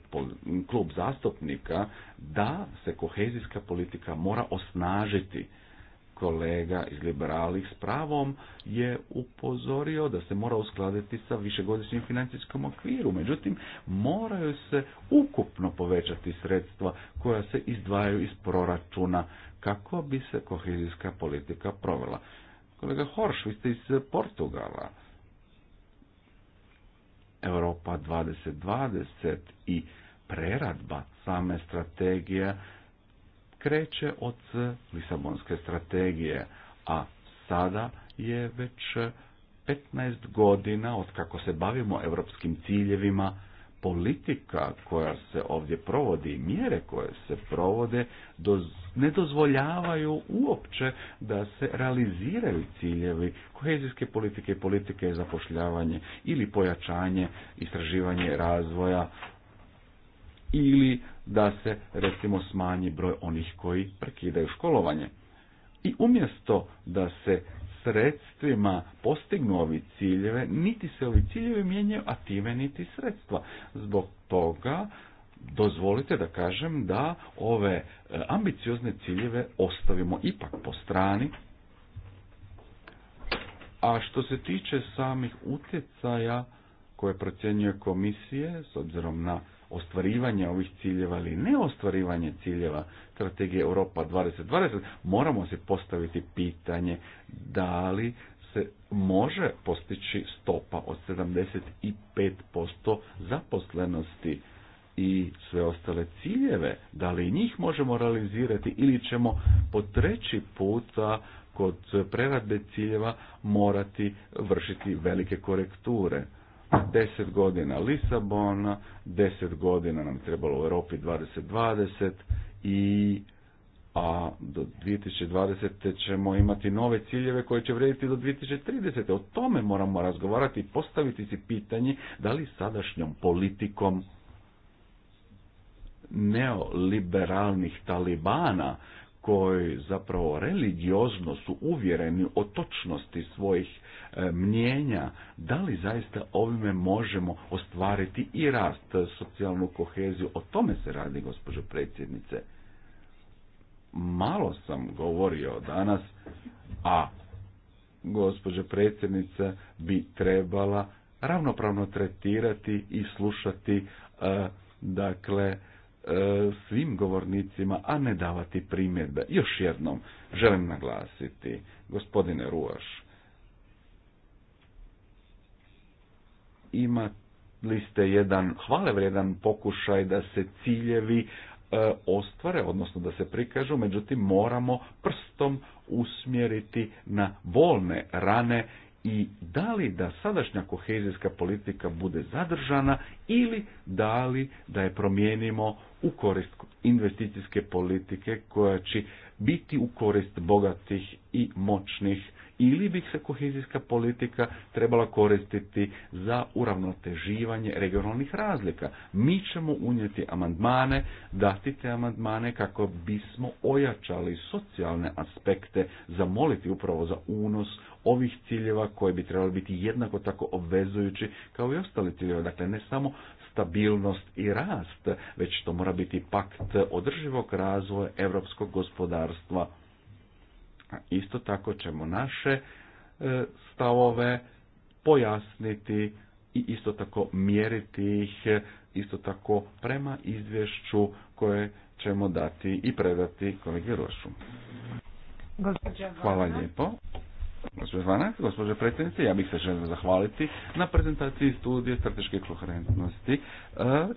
klub zastupnika da se kohezijska politika mora osnažiti kolega iz liberalih s pravom je upozorio da se mora uskladiti sa višegodišnjim financijskom okviru. Međutim, moraju se ukupno povećati sredstva koja se izdvajaju iz proračuna kako bi se kohezijska politika provela. Kolega Horš, vi ste iz Portugala Europa 2020 i preradba same strategije kreće od Lisabonske strategije, a sada je već 15 godina od kako se bavimo europskim ciljevima politika koja se ovdje provodi i mjere koje se provode ne dozvoljavaju uopće da se realiziraju ciljevi kohezijske politike i politike zapošljavanje ili pojačanje istraživanje razvoja ili da se recimo smanji broj onih koji prekidaju školovanje. I umjesto da se sredstvima postignu ovi ciljeve, niti se ovi ciljevi mijenjaju, a time niti sredstva. Zbog toga dozvolite da kažem da ove e, ambiciozne ciljeve ostavimo ipak po strani. A što se tiče samih utjecaja koje procjenjuje komisije s obzirom na ostvarivanja ovih ciljeva ili ne ostvarivanje ciljeva strategije Europa 2020, moramo se postaviti pitanje da li se može postići stopa od 75% zaposlenosti i sve ostale ciljeve, da li njih možemo realizirati ili ćemo po treći puta kod preradbe ciljeva morati vršiti velike korekture deset godina Lisabona, deset godina nam trebalo u Europi 2020 i a do 2020. ćemo imati nove ciljeve koje će vrijediti do 2030. O tome moramo razgovarati i postaviti si pitanje da li sadašnjom politikom neoliberalnih talibana koji zapravo religiozno su uvjereni o točnosti svojih e, mnjenja, da li zaista ovime možemo ostvariti i rast e, socijalnu koheziju. O tome se radi, gospođo predsjednice. Malo sam govorio danas, a gospođa predsjednica bi trebala ravnopravno tretirati i slušati e, dakle E, svim govornicima, a ne davati primjedbe. Još jednom želim naglasiti, gospodine Ruoš, imali ste jedan hvale pokušaj da se ciljevi e, ostvare, odnosno da se prikažu, međutim moramo prstom usmjeriti na bolne rane i da li da sadašnja kohezijska politika bude zadržana ili da li da je promijenimo u korist investicijske politike koja će biti u korist bogatih i moćnih ili bi se kohezijska politika trebala koristiti za uravnoteživanje regionalnih razlika. Mi ćemo unijeti amandmane, dati te amandmane kako bismo ojačali socijalne aspekte, zamoliti upravo za unos ovih ciljeva koje bi trebali biti jednako tako obvezujući kao i ostali ciljeva. Dakle, ne samo stabilnost i rast, već to mora biti pakt održivog razvoja europskog gospodarstva Isto tako ćemo naše e, stavove pojasniti i isto tako mjeriti ih, e, isto tako prema izvješću koje ćemo dati i predati kolegi Rošu. Hvala lijepo. Gospodin gospođo predsjednice, ja bih se želio zahvaliti na prezentaciji studije strateške koherentnosti e,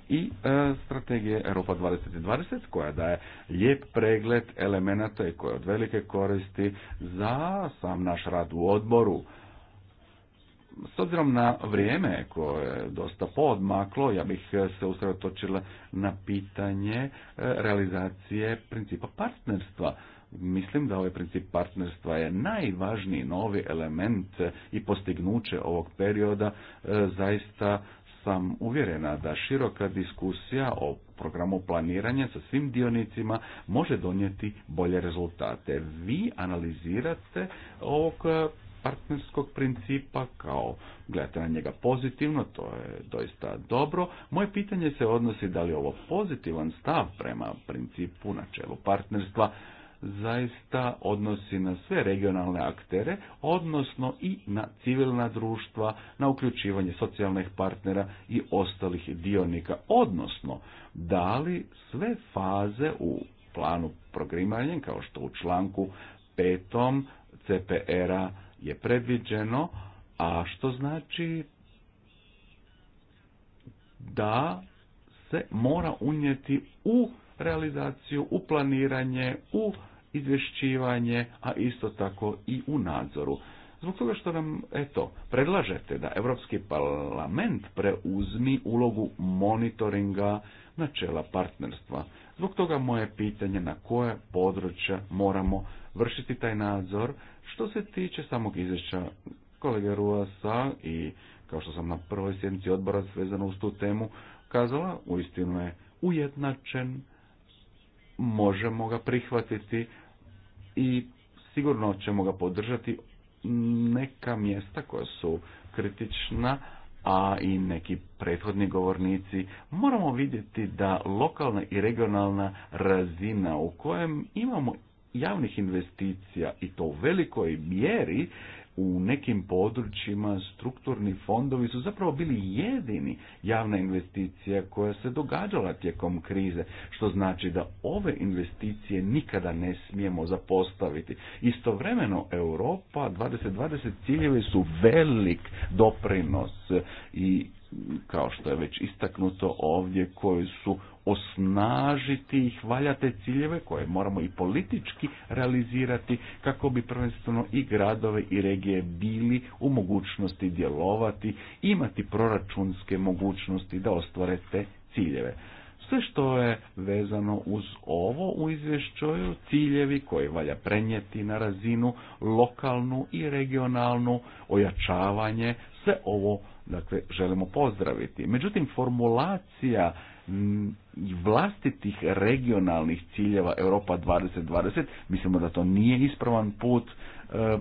i e, strategije Europa 2020 koja daje lijep pregled elemenata i koja je od velike koristi za sam naš rad u odboru. S obzirom na vrijeme koje je dosta poodmaklo, ja bih se usredotočila na pitanje e, realizacije principa partnerstva Mislim da ovaj princip partnerstva je najvažniji novi element i postignuće ovog perioda. E, zaista sam uvjerena da široka diskusija o programu planiranja sa svim dionicima može donijeti bolje rezultate. Vi analizirate ovog partnerskog principa kao gledate na njega pozitivno, to je doista dobro. Moje pitanje se odnosi da li ovo pozitivan stav prema principu na čelu partnerstva, zaista odnosi na sve regionalne aktere, odnosno i na civilna društva, na uključivanje socijalnih partnera i ostalih dionika, odnosno da li sve faze u planu programiranja, kao što u članku petom CPR-a je predviđeno, a što znači da se mora unijeti u realizaciju, u planiranje, u izvješćivanje, a isto tako i u nadzoru. Zbog toga što nam, eto, predlažete da Europski parlament preuzmi ulogu monitoringa načela partnerstva. Zbog toga moje pitanje na koje područja moramo vršiti taj nadzor što se tiče samog izvješća kolege Ruasa i kao što sam na prvoj sjednici odbora svezano uz tu temu kazala, uistinu je ujednačen, možemo ga prihvatiti, i sigurno ćemo ga podržati neka mjesta koja su kritična, a i neki prethodni govornici, moramo vidjeti da lokalna i regionalna razina u kojem imamo javnih investicija i to u velikoj mjeri u nekim područjima strukturni fondovi su zapravo bili jedini javna investicija koja se događala tijekom krize, što znači da ove investicije nikada ne smijemo zapostaviti. Istovremeno Europa 2020 ciljevi su velik doprinos i kao što je već istaknuto ovdje koji su osnažiti i hvaljate ciljeve koje moramo i politički realizirati kako bi prvenstveno i gradove i regije bili u mogućnosti djelovati, imati proračunske mogućnosti da ostvare te ciljeve. Sve što je vezano uz ovo u izvješću, ciljevi koje valja prenijeti na razinu lokalnu i regionalnu ojačavanje, sve ovo dakle želimo pozdraviti. Međutim formulacija vlastitih regionalnih ciljeva Europa 2020, mislimo da to nije ispravan put, e,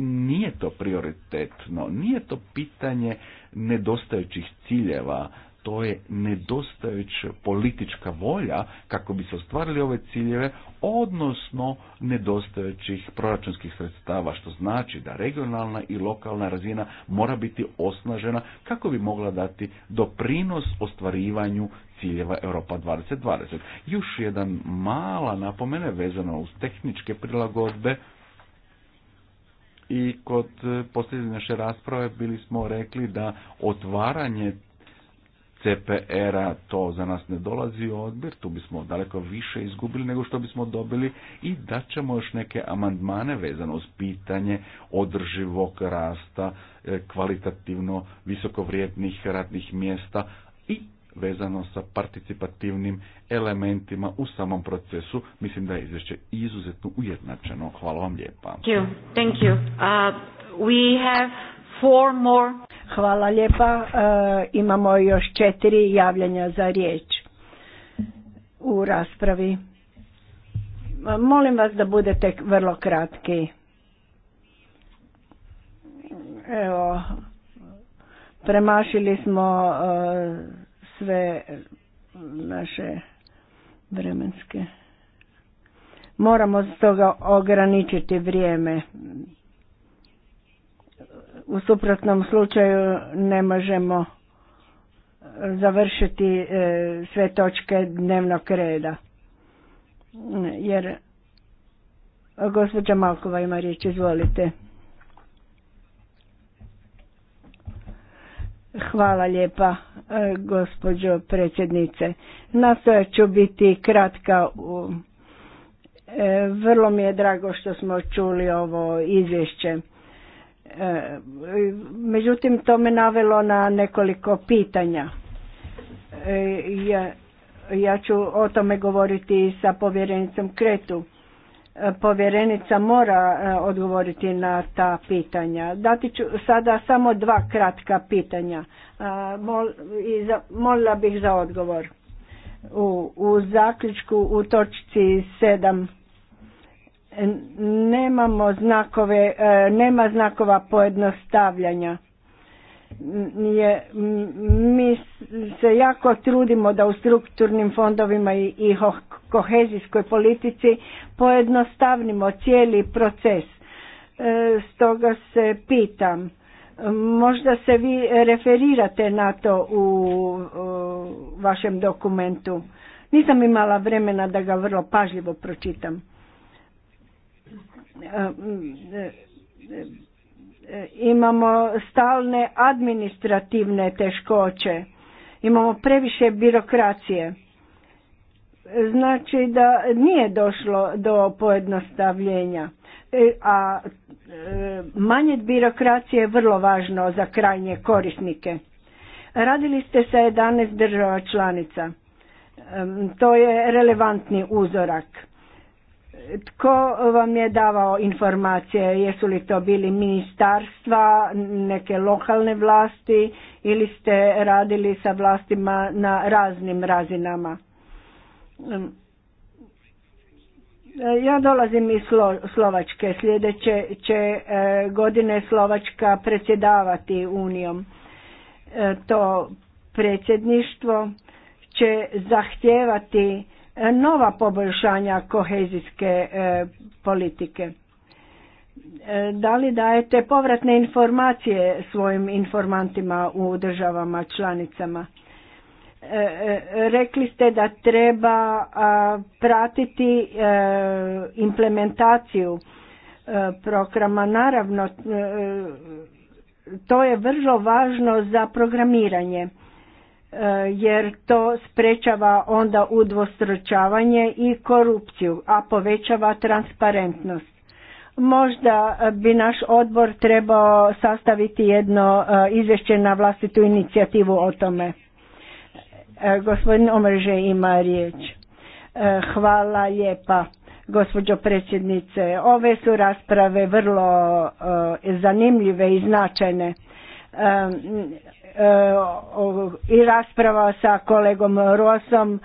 nije to prioritetno, nije to pitanje nedostajućih ciljeva, to je nedostajuća politička volja kako bi se ostvarili ove ciljeve, odnosno nedostajućih proračunskih sredstava, što znači da regionalna i lokalna razina mora biti osnažena kako bi mogla dati doprinos ostvarivanju ciljeva Europa 2020. Još jedan mala napomene vezano uz tehničke prilagodbe, i kod eh, posljednje naše rasprave bili smo rekli da otvaranje cpr to za nas ne dolazi u odbir, tu bismo daleko više izgubili nego što bismo dobili i da ćemo još neke amandmane vezano uz pitanje održivog rasta, e, kvalitativno visokovrijednih radnih mjesta i vezano sa participativnim elementima u samom procesu. Mislim da je izvješće izuzetno ujednačeno. Hvala vam lijepa. Uh, four more. Hvala lijepa. E, imamo još četiri javljanja za riječ u raspravi. E, molim vas da budete vrlo kratki. Evo, premašili smo e, sve naše vremenske. Moramo stoga ograničiti vrijeme. U suprotnom slučaju ne možemo e, završiti e, sve točke dnevnog reda. Jer gospođa Malkova ima riječ, izvolite. Hvala lijepa, e, gospođo predsjednice. Nastojat ću biti kratka. Vrlo mi je drago što smo čuli ovo izvješće. Međutim, to me navelo na nekoliko pitanja. E, ja, ja ću o tome govoriti sa povjerenicom Kretu. E, povjerenica mora e, odgovoriti na ta pitanja. Dati ću sada samo dva kratka pitanja. i molila bih za odgovor. U, u zaključku u točci sedam nemamo znakove, e, nema znakova pojednostavljanja. Je, mi se jako trudimo da u strukturnim fondovima i, i kohezijskoj politici pojednostavnimo cijeli proces. E, stoga se pitam, možda se vi referirate na to u, u vašem dokumentu. Nisam imala vremena da ga vrlo pažljivo pročitam. E, e, e, imamo stalne administrativne teškoće, imamo previše birokracije. Znači da nije došlo do pojednostavljenja, a manje birokracije je vrlo važno za krajnje korisnike. Radili ste sa 11 država članica, to je relevantni uzorak tko vam je davao informacije? Jesu li to bili ministarstva, neke lokalne vlasti ili ste radili sa vlastima na raznim razinama? Ja dolazim iz Slovačke. Sljedeće će e, godine Slovačka predsjedavati Unijom. E, to predsjedništvo će zahtijevati nova poboljšanja kohezijske e, politike. E, da li dajete povratne informacije svojim informantima u državama članicama? E, rekli ste da treba pratiti implementaciju programa. Naravno, to je vrlo važno za programiranje jer to sprečava onda udvostručavanje i korupciju, a povećava transparentnost. Možda bi naš odbor trebao sastaviti jedno e, izvješće na vlastitu inicijativu o tome. E, gospodin Omrže ima riječ. E, hvala lijepa, gospođo predsjednice. Ove su rasprave vrlo zanimljive i značajne i rasprava sa kolegom Rosom e,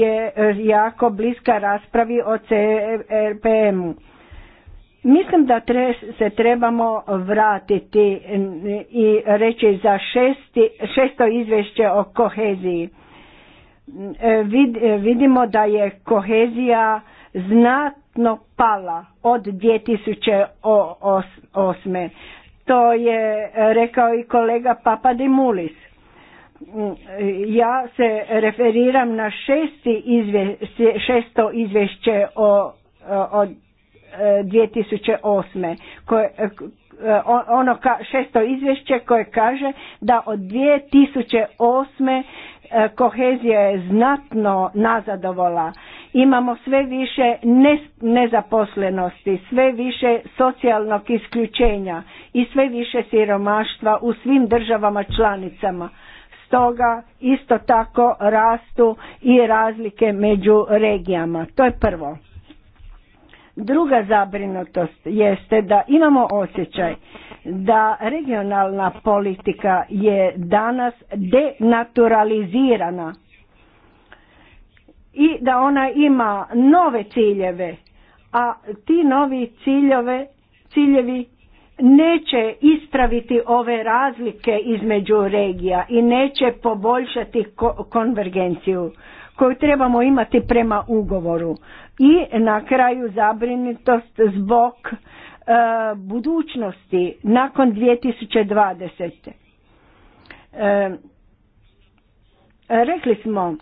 je jako bliska raspravi o CRPM-u. Mislim da se trebamo vratiti i reći za šesti, šesto izvješće o koheziji. E, vidimo da je kohezija znatno pala od 2008 to je e, rekao i kolega Papadimulis. Mm, ja se referiram na šesti šesto izvješće o, e, od 2008. E, koje, ono ka, šesto izvješće koje kaže da od 2008. kohezija je znatno nazadovala imamo sve više nezaposlenosti, sve više socijalnog isključenja i sve više siromaštva u svim državama članicama. Stoga isto tako rastu i razlike među regijama. To je prvo. Druga zabrinutost jeste da imamo osjećaj da regionalna politika je danas denaturalizirana i da ona ima nove ciljeve, a ti novi ciljeve, ciljevi neće ispraviti ove razlike između regija i neće poboljšati konvergenciju koju trebamo imati prema ugovoru. I na kraju zabrinutost zbog e, budućnosti nakon 2020. E, rekli smo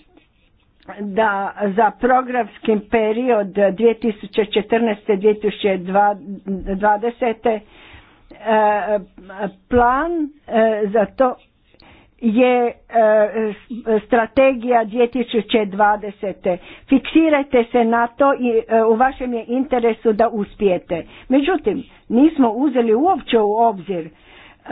da za programski period 2014-2020 e, plan e, za to je e, strategija 2020. Fiksirajte se na to i u vašem je interesu da uspijete. Međutim, nismo uzeli uopće u obzir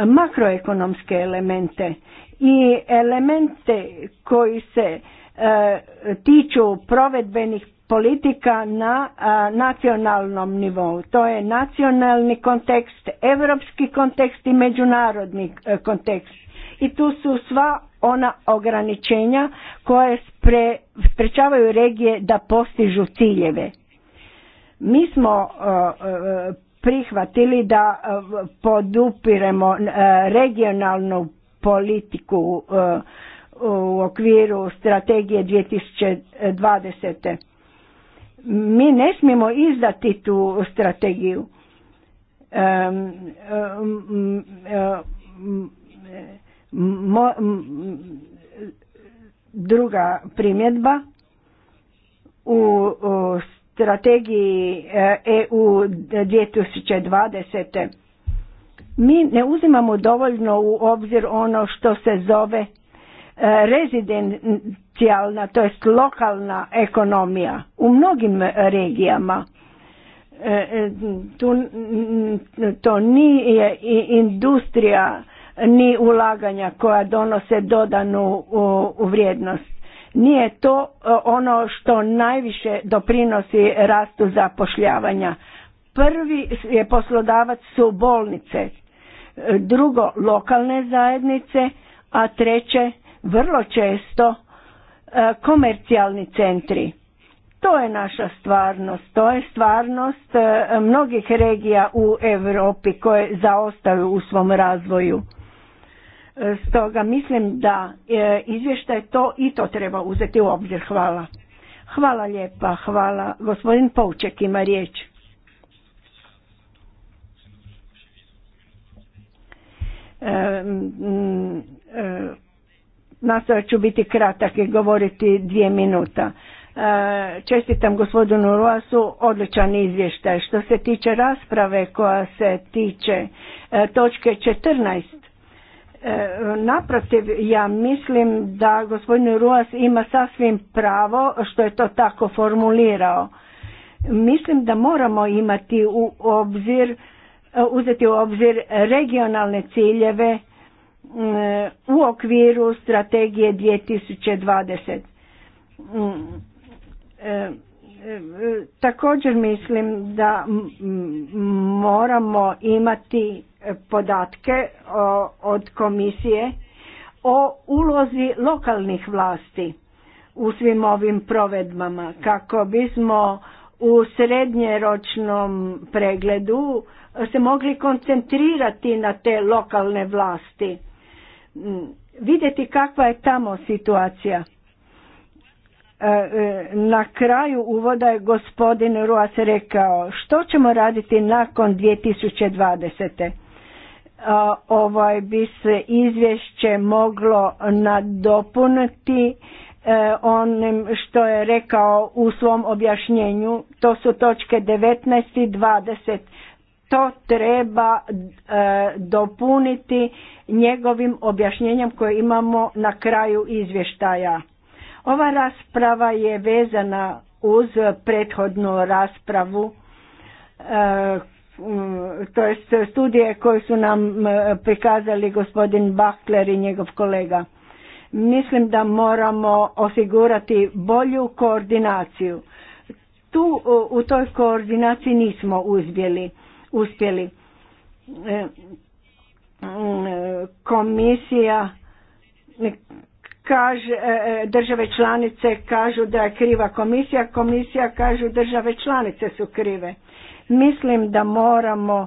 makroekonomske elemente i elemente koji se E, tiču provedbenih politika na nacionalnom nivou. To je nacionalni kontekst, europski kontekst i međunarodni e, kontekst. I tu su sva ona ograničenja koje sprečavaju regije da postižu ciljeve. Mi smo e, prihvatili da podupiremo regionalnu politiku u okviru strategije 2020. Mi ne smijemo izdati tu strategiju. druga primjedba u, u strategiji e, EU 2020. Mi ne uzimamo dovoljno u obzir ono što se zove E, rezidencijalna, to jest lokalna ekonomija u mnogim regijama. E, e, tu, to nije industrija ni ulaganja koja donose dodanu u vrijednost. Nije to ono što najviše doprinosi rastu zapošljavanja. Prvi je poslodavac su bolnice, drugo lokalne zajednice, a treće vrlo često e, komercijalni centri. To je naša stvarnost, to je stvarnost e, mnogih regija u Europi koje zaostaju u svom razvoju. E, stoga mislim da izvještaj to i to treba uzeti u obzir. Hvala. Hvala lijepa, hvala. Gospodin Pouček ima riječ nastojat ću biti kratak i govoriti dvije minuta. E, čestitam gospodinu Ruasu, odličan izvještaj. Što se tiče rasprave koja se tiče e, točke 14, e, naprotiv, ja mislim da gospodin Ruas ima sasvim pravo što je to tako formulirao. Mislim da moramo imati u obzir, uzeti u obzir regionalne ciljeve, E, u okviru strategije 2020. Mm, e, e, također mislim da moramo imati podatke od komisije o ulozi lokalnih vlasti u svim ovim provedbama kako bismo u srednjeročnom pregledu se mogli koncentrirati na te lokalne vlasti vidjeti kakva je tamo situacija. E, e, na kraju uvoda je gospodin Ruas rekao što ćemo raditi nakon 2020. E, ovaj bi se izvješće moglo nadopuniti onim što je rekao u svom objašnjenju, to su točke 19 i 20 to treba e, dopuniti njegovim objašnjenjem koje imamo na kraju izvještaja. Ova rasprava je vezana uz prethodnu raspravu e, to je studije koje su nam prikazali gospodin Bakler i njegov kolega. Mislim da moramo osigurati bolju koordinaciju. Tu u toj koordinaciji nismo uzbjeli uspjeli. E, e, komisija kaže, e, države članice kažu da je kriva komisija, komisija kažu države članice su krive. Mislim da moramo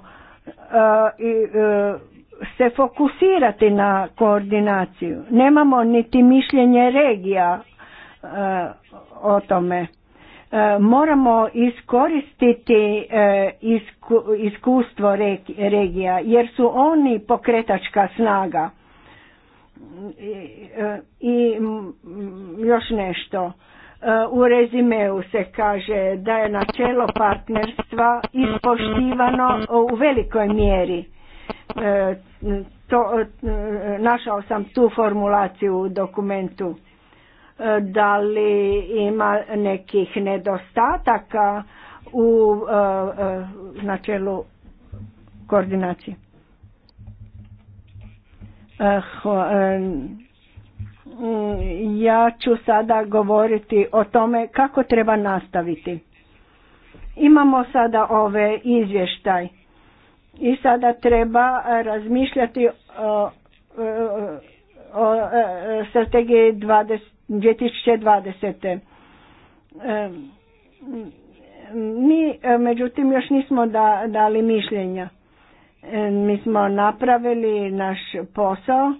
se fokusirati na koordinaciju. Nemamo niti mišljenje regija o tome. E, moramo iskoristiti e, iskustvo regija jer su oni pokretačka snaga i e, još nešto u rezimeu se kaže da je načelo partnerstva ispoštivano u velikoj mjeri to, našao sam tu formulaciju u dokumentu da li ima nekih nedostataka u e, e, načelu koordinacije. E, mm, ja ću sada govoriti o tome kako treba nastaviti. Imamo sada ove izvještaj i sada treba razmišljati o o strategiji 20, 2020. Mi, e, međutim, još nismo da, dali mišljenja. E, mi smo napravili naš posao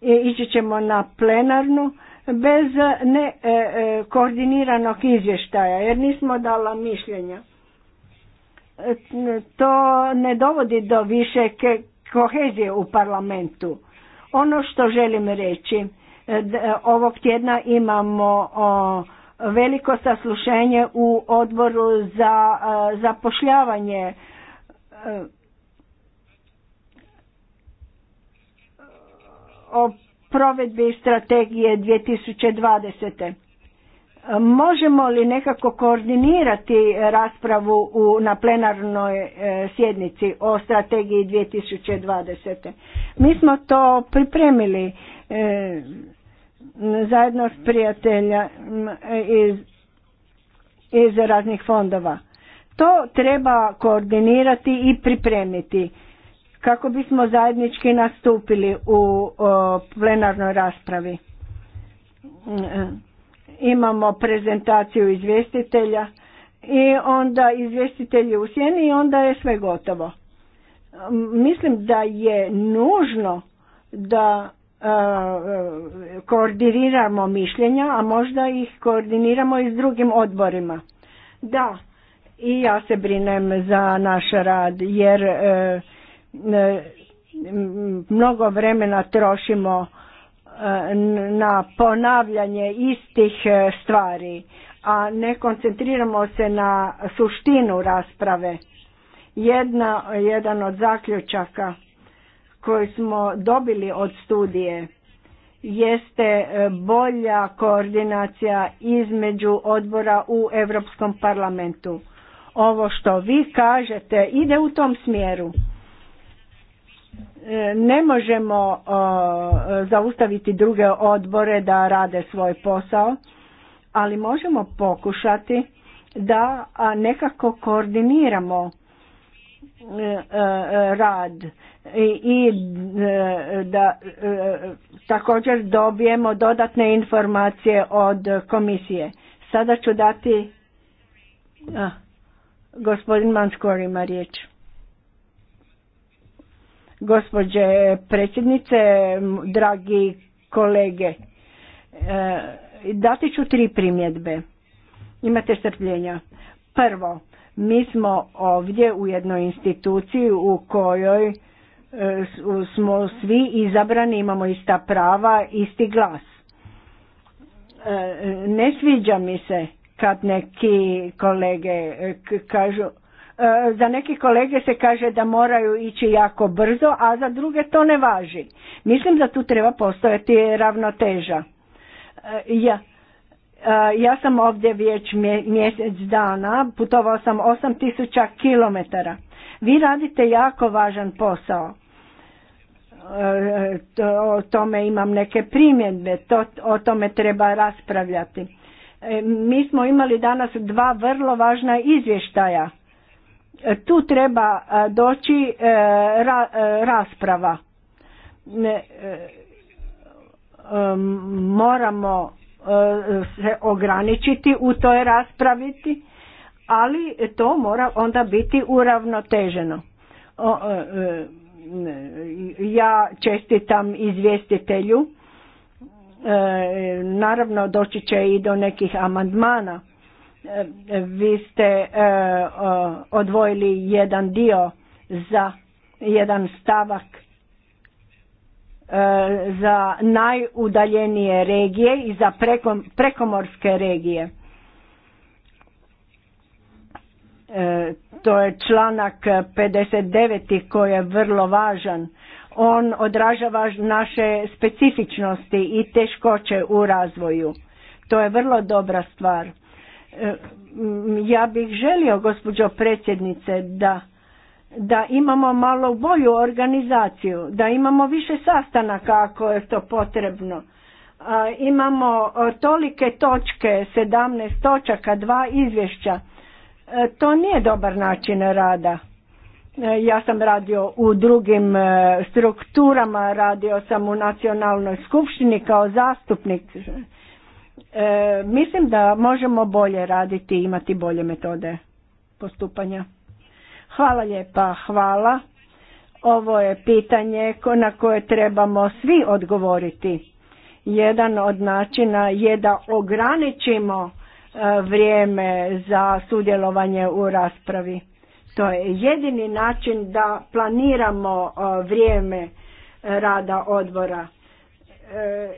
i ići ćemo na plenarnu bez ne e, koordiniranog izvještaja jer nismo dala mišljenja. To ne dovodi do više kohezije u parlamentu ono što želim reći, e, e, ovog tjedna imamo veliko saslušenje u odboru za e, zapošljavanje o provedbi strategije 2020. Možemo li nekako koordinirati raspravu u, na plenarnoj e, sjednici o strategiji 2020. Mi smo to pripremili e, zajedno s prijatelja iz, iz raznih fondova. To treba koordinirati i pripremiti kako bismo zajednički nastupili u plenarnoj raspravi. E, imamo prezentaciju izvjestitelja i onda izvjestitelji u sjeni i onda je sve gotovo. Mislim da je nužno da e, e, koordiniramo mišljenja, a možda ih koordiniramo i s drugim odborima. Da, i ja se brinem za naš rad jer e, mnogo vremena trošimo na ponavljanje istih e, stvari, a ne koncentriramo se na suštinu rasprave. Jedna, jedan od zaključaka koji smo dobili od studije jeste e, bolja koordinacija između odbora u Europskom parlamentu. Ovo što vi kažete ide u tom smjeru ne možemo zaustaviti druge odbore da rade svoj posao, ali možemo pokušati da nekako koordiniramo e, e, rad i e, da također dobijemo dodatne informacije od komisije. Sada ću dati gospodin Manskorima riječ gospođe predsjednice, dragi kolege. E, dati ću tri primjedbe. Imate strpljenja. Prvo, mi smo ovdje u jednoj instituciji u kojoj e, smo svi izabrani, imamo ista prava, isti glas. E, ne sviđa mi se kad neki kolege kažu E, za neke kolege se kaže da moraju ići jako brzo, a za druge to ne važi. Mislim da tu treba postojati ravnoteža. E, ja, e, ja sam ovdje već mjesec dana, putovao sam 8000 km. Vi radite jako važan posao. O tome imam neke primjedbe, to, o tome treba raspravljati. Mi smo imali danas dva vrlo važna izvještaja tu treba e, doći e, e, rasprava. Moramo se ograničiti u toj raspraviti, ali to mora onda biti uravnoteženo. Ja čestitam izvjestitelju, naravno doći će i do nekih amandmana E, vi ste e, odvojili jedan dio za jedan stavak e, za najudaljenije regije i za prekomorske regije. To je članak 59. koji je vrlo važan. On odražava naše specifičnosti i teškoće u razvoju. To je vrlo dobra stvar. E, ja bih želio, gospođo predsjednice, da, da imamo malo bolju organizaciju, da imamo više sastanaka ako je to potrebno. E, imamo e, tolike točke, 17 točaka, dva izvješća. To nije dobar način rada. Ja sam radio u drugim strukturama, radio sam u nacionalnoj skupštini kao zastupnik E, mislim da možemo bolje raditi i imati bolje metode postupanja. Hvala lijepa, hvala. Ovo je pitanje na koje trebamo svi odgovoriti. Jedan od načina je da ograničimo e, vrijeme za sudjelovanje u raspravi. To je jedini način da planiramo e, vrijeme rada odbora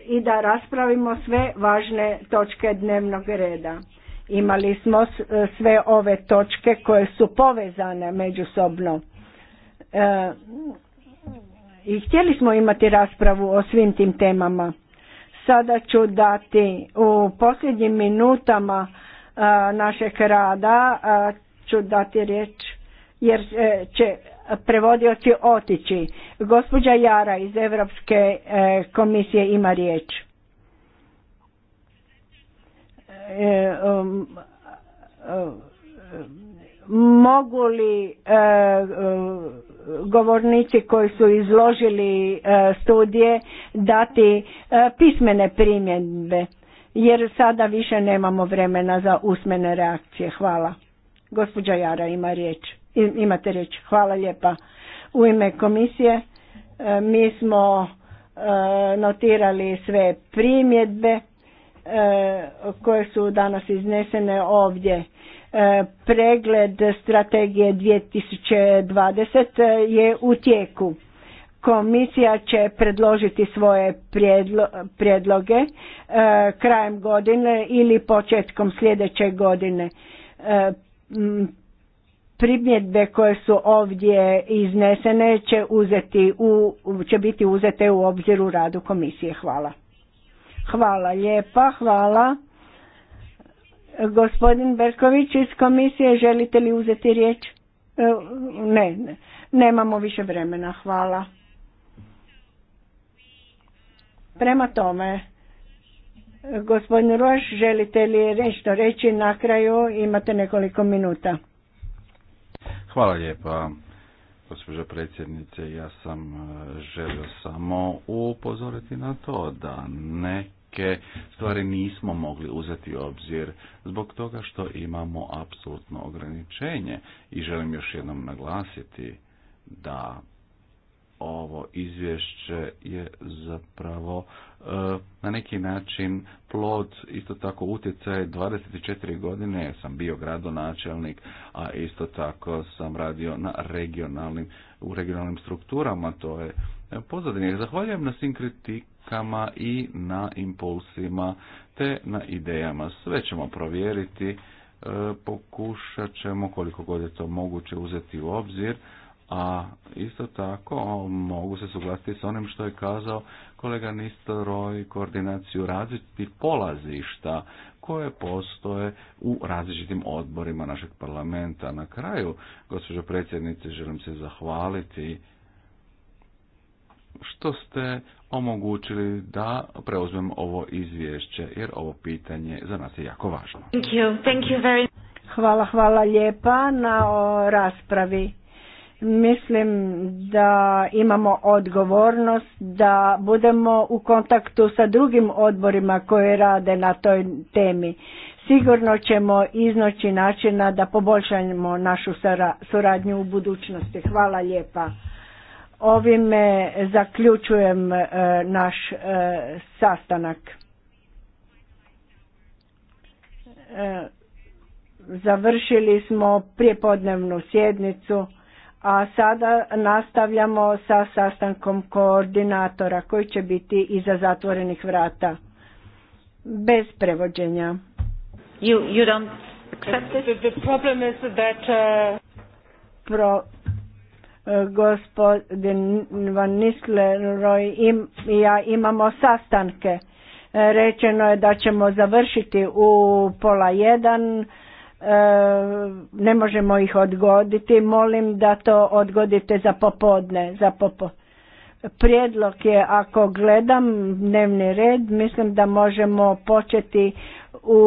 i da raspravimo sve važne točke dnevnog reda. Imali smo sve ove točke koje su povezane međusobno. E, I htjeli smo imati raspravu o svim tim temama. Sada ću dati u posljednjim minutama e, našeg rada e, ću dati riječ jer će prevodioci otići. Gospođa Jara iz Europske e, komisije ima riječ. E, um, um, mogu li e, govornici koji su izložili studije dati pismene primjedbe? Jer sada više nemamo vremena za usmene reakcije. Hvala. Gospođa Jara ima riječ imate riječ. Hvala lijepa. U ime komisije e, mi smo e, notirali sve primjedbe e, koje su danas iznesene ovdje. Pregled strategije 2020 je u tijeku. Komisija će predložiti svoje prijedloge krajem godine ili početkom sljedeće godine primjedbe koje su ovdje iznesene će uzeti u, će biti uzete u obzir u radu komisije. Hvala. Hvala lijepa, hvala. Gospodin Berković iz komisije, želite li uzeti riječ? E, ne, ne, nemamo više vremena, hvala. Prema tome, gospodin Roš, želite li nešto reći na kraju? Imate nekoliko minuta. Hvala lijepa, gospođo predsjednice. Ja sam e, želio samo upozoriti na to da neke stvari nismo mogli uzeti u obzir zbog toga što imamo apsolutno ograničenje i želim još jednom naglasiti da ovo izvješće je zapravo e, na neki način plod isto tako utjecaj 24 godine sam bio gradonačelnik a isto tako sam radio na regionalnim u regionalnim strukturama to je e, pozadnje. zahvaljujem na svim kritikama i na impulsima te na idejama sve ćemo provjeriti e, pokušat ćemo koliko god je to moguće uzeti u obzir a isto tako mogu se suglasiti s onim što je kazao kolega Nistoroj koordinaciju različitih polazišta koje postoje u različitim odborima našeg parlamenta. Na kraju, gospođo predsjednice, želim se zahvaliti što ste omogućili da preuzmem ovo izvješće, jer ovo pitanje za nas je jako važno. Hvala, hvala lijepa na raspravi. Mislim da imamo odgovornost da budemo u kontaktu sa drugim odborima koji rade na toj temi. Sigurno ćemo iznoći načina da poboljšamo našu suradnju u budućnosti. Hvala lijepa. Ovime zaključujem e, naš e, sastanak. E, završili smo prijepodnevnu sjednicu. A sada nastavljamo sa sastankom koordinatora koji će biti iza zatvorenih vrata. Bez prevođenja. You, you don't The, problem is that... Uh, Pro, uh, gospodin Van im, ja imamo sastanke. Rečeno je da ćemo završiti u pola jedan. E, ne možemo ih odgoditi. Molim da to odgodite za popodne. Za popo... Prijedlog je, ako gledam dnevni red, mislim da možemo početi u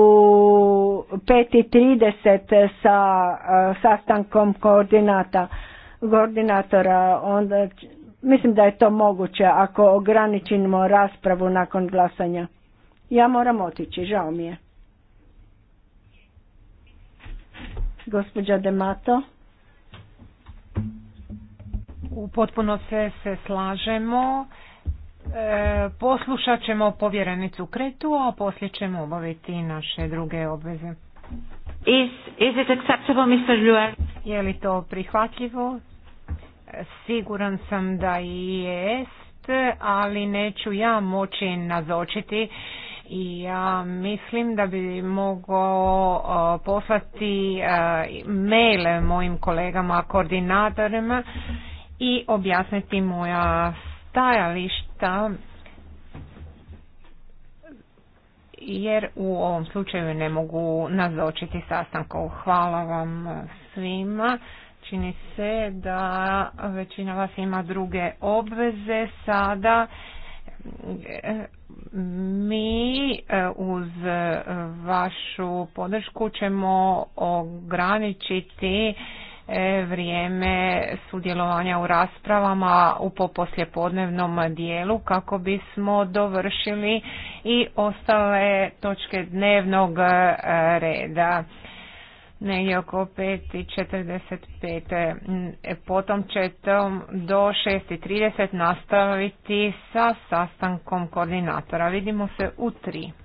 5.30 sa e, sastankom koordinata, koordinatora. Onda, mislim da je to moguće ako ograničimo raspravu nakon glasanja. Ja moram otići, žao mi je. Gospođa Demato. U potpuno se, se slažemo. E, poslušat ćemo povjerenicu Kretu, a poslije ćemo obaviti naše druge obveze. Is, is it acceptable, Mr. Je li to prihvatljivo? Siguran sam da i jest, ali neću ja moći nazočiti i ja mislim da bi mogao poslati e, maile mojim kolegama koordinatorima i objasniti moja stajališta jer u ovom slučaju ne mogu nazočiti sastanku. Hvala vam svima. Čini se da većina vas ima druge obveze sada mi e, uz vašu podršku ćemo ograničiti e, vrijeme sudjelovanja u raspravama u poslijepodnevnom dijelu kako bismo dovršili i ostale točke dnevnog e, reda negdje oko 5.45. Potom će to do 6.30 nastaviti sa sastankom koordinatora. Vidimo se u 3.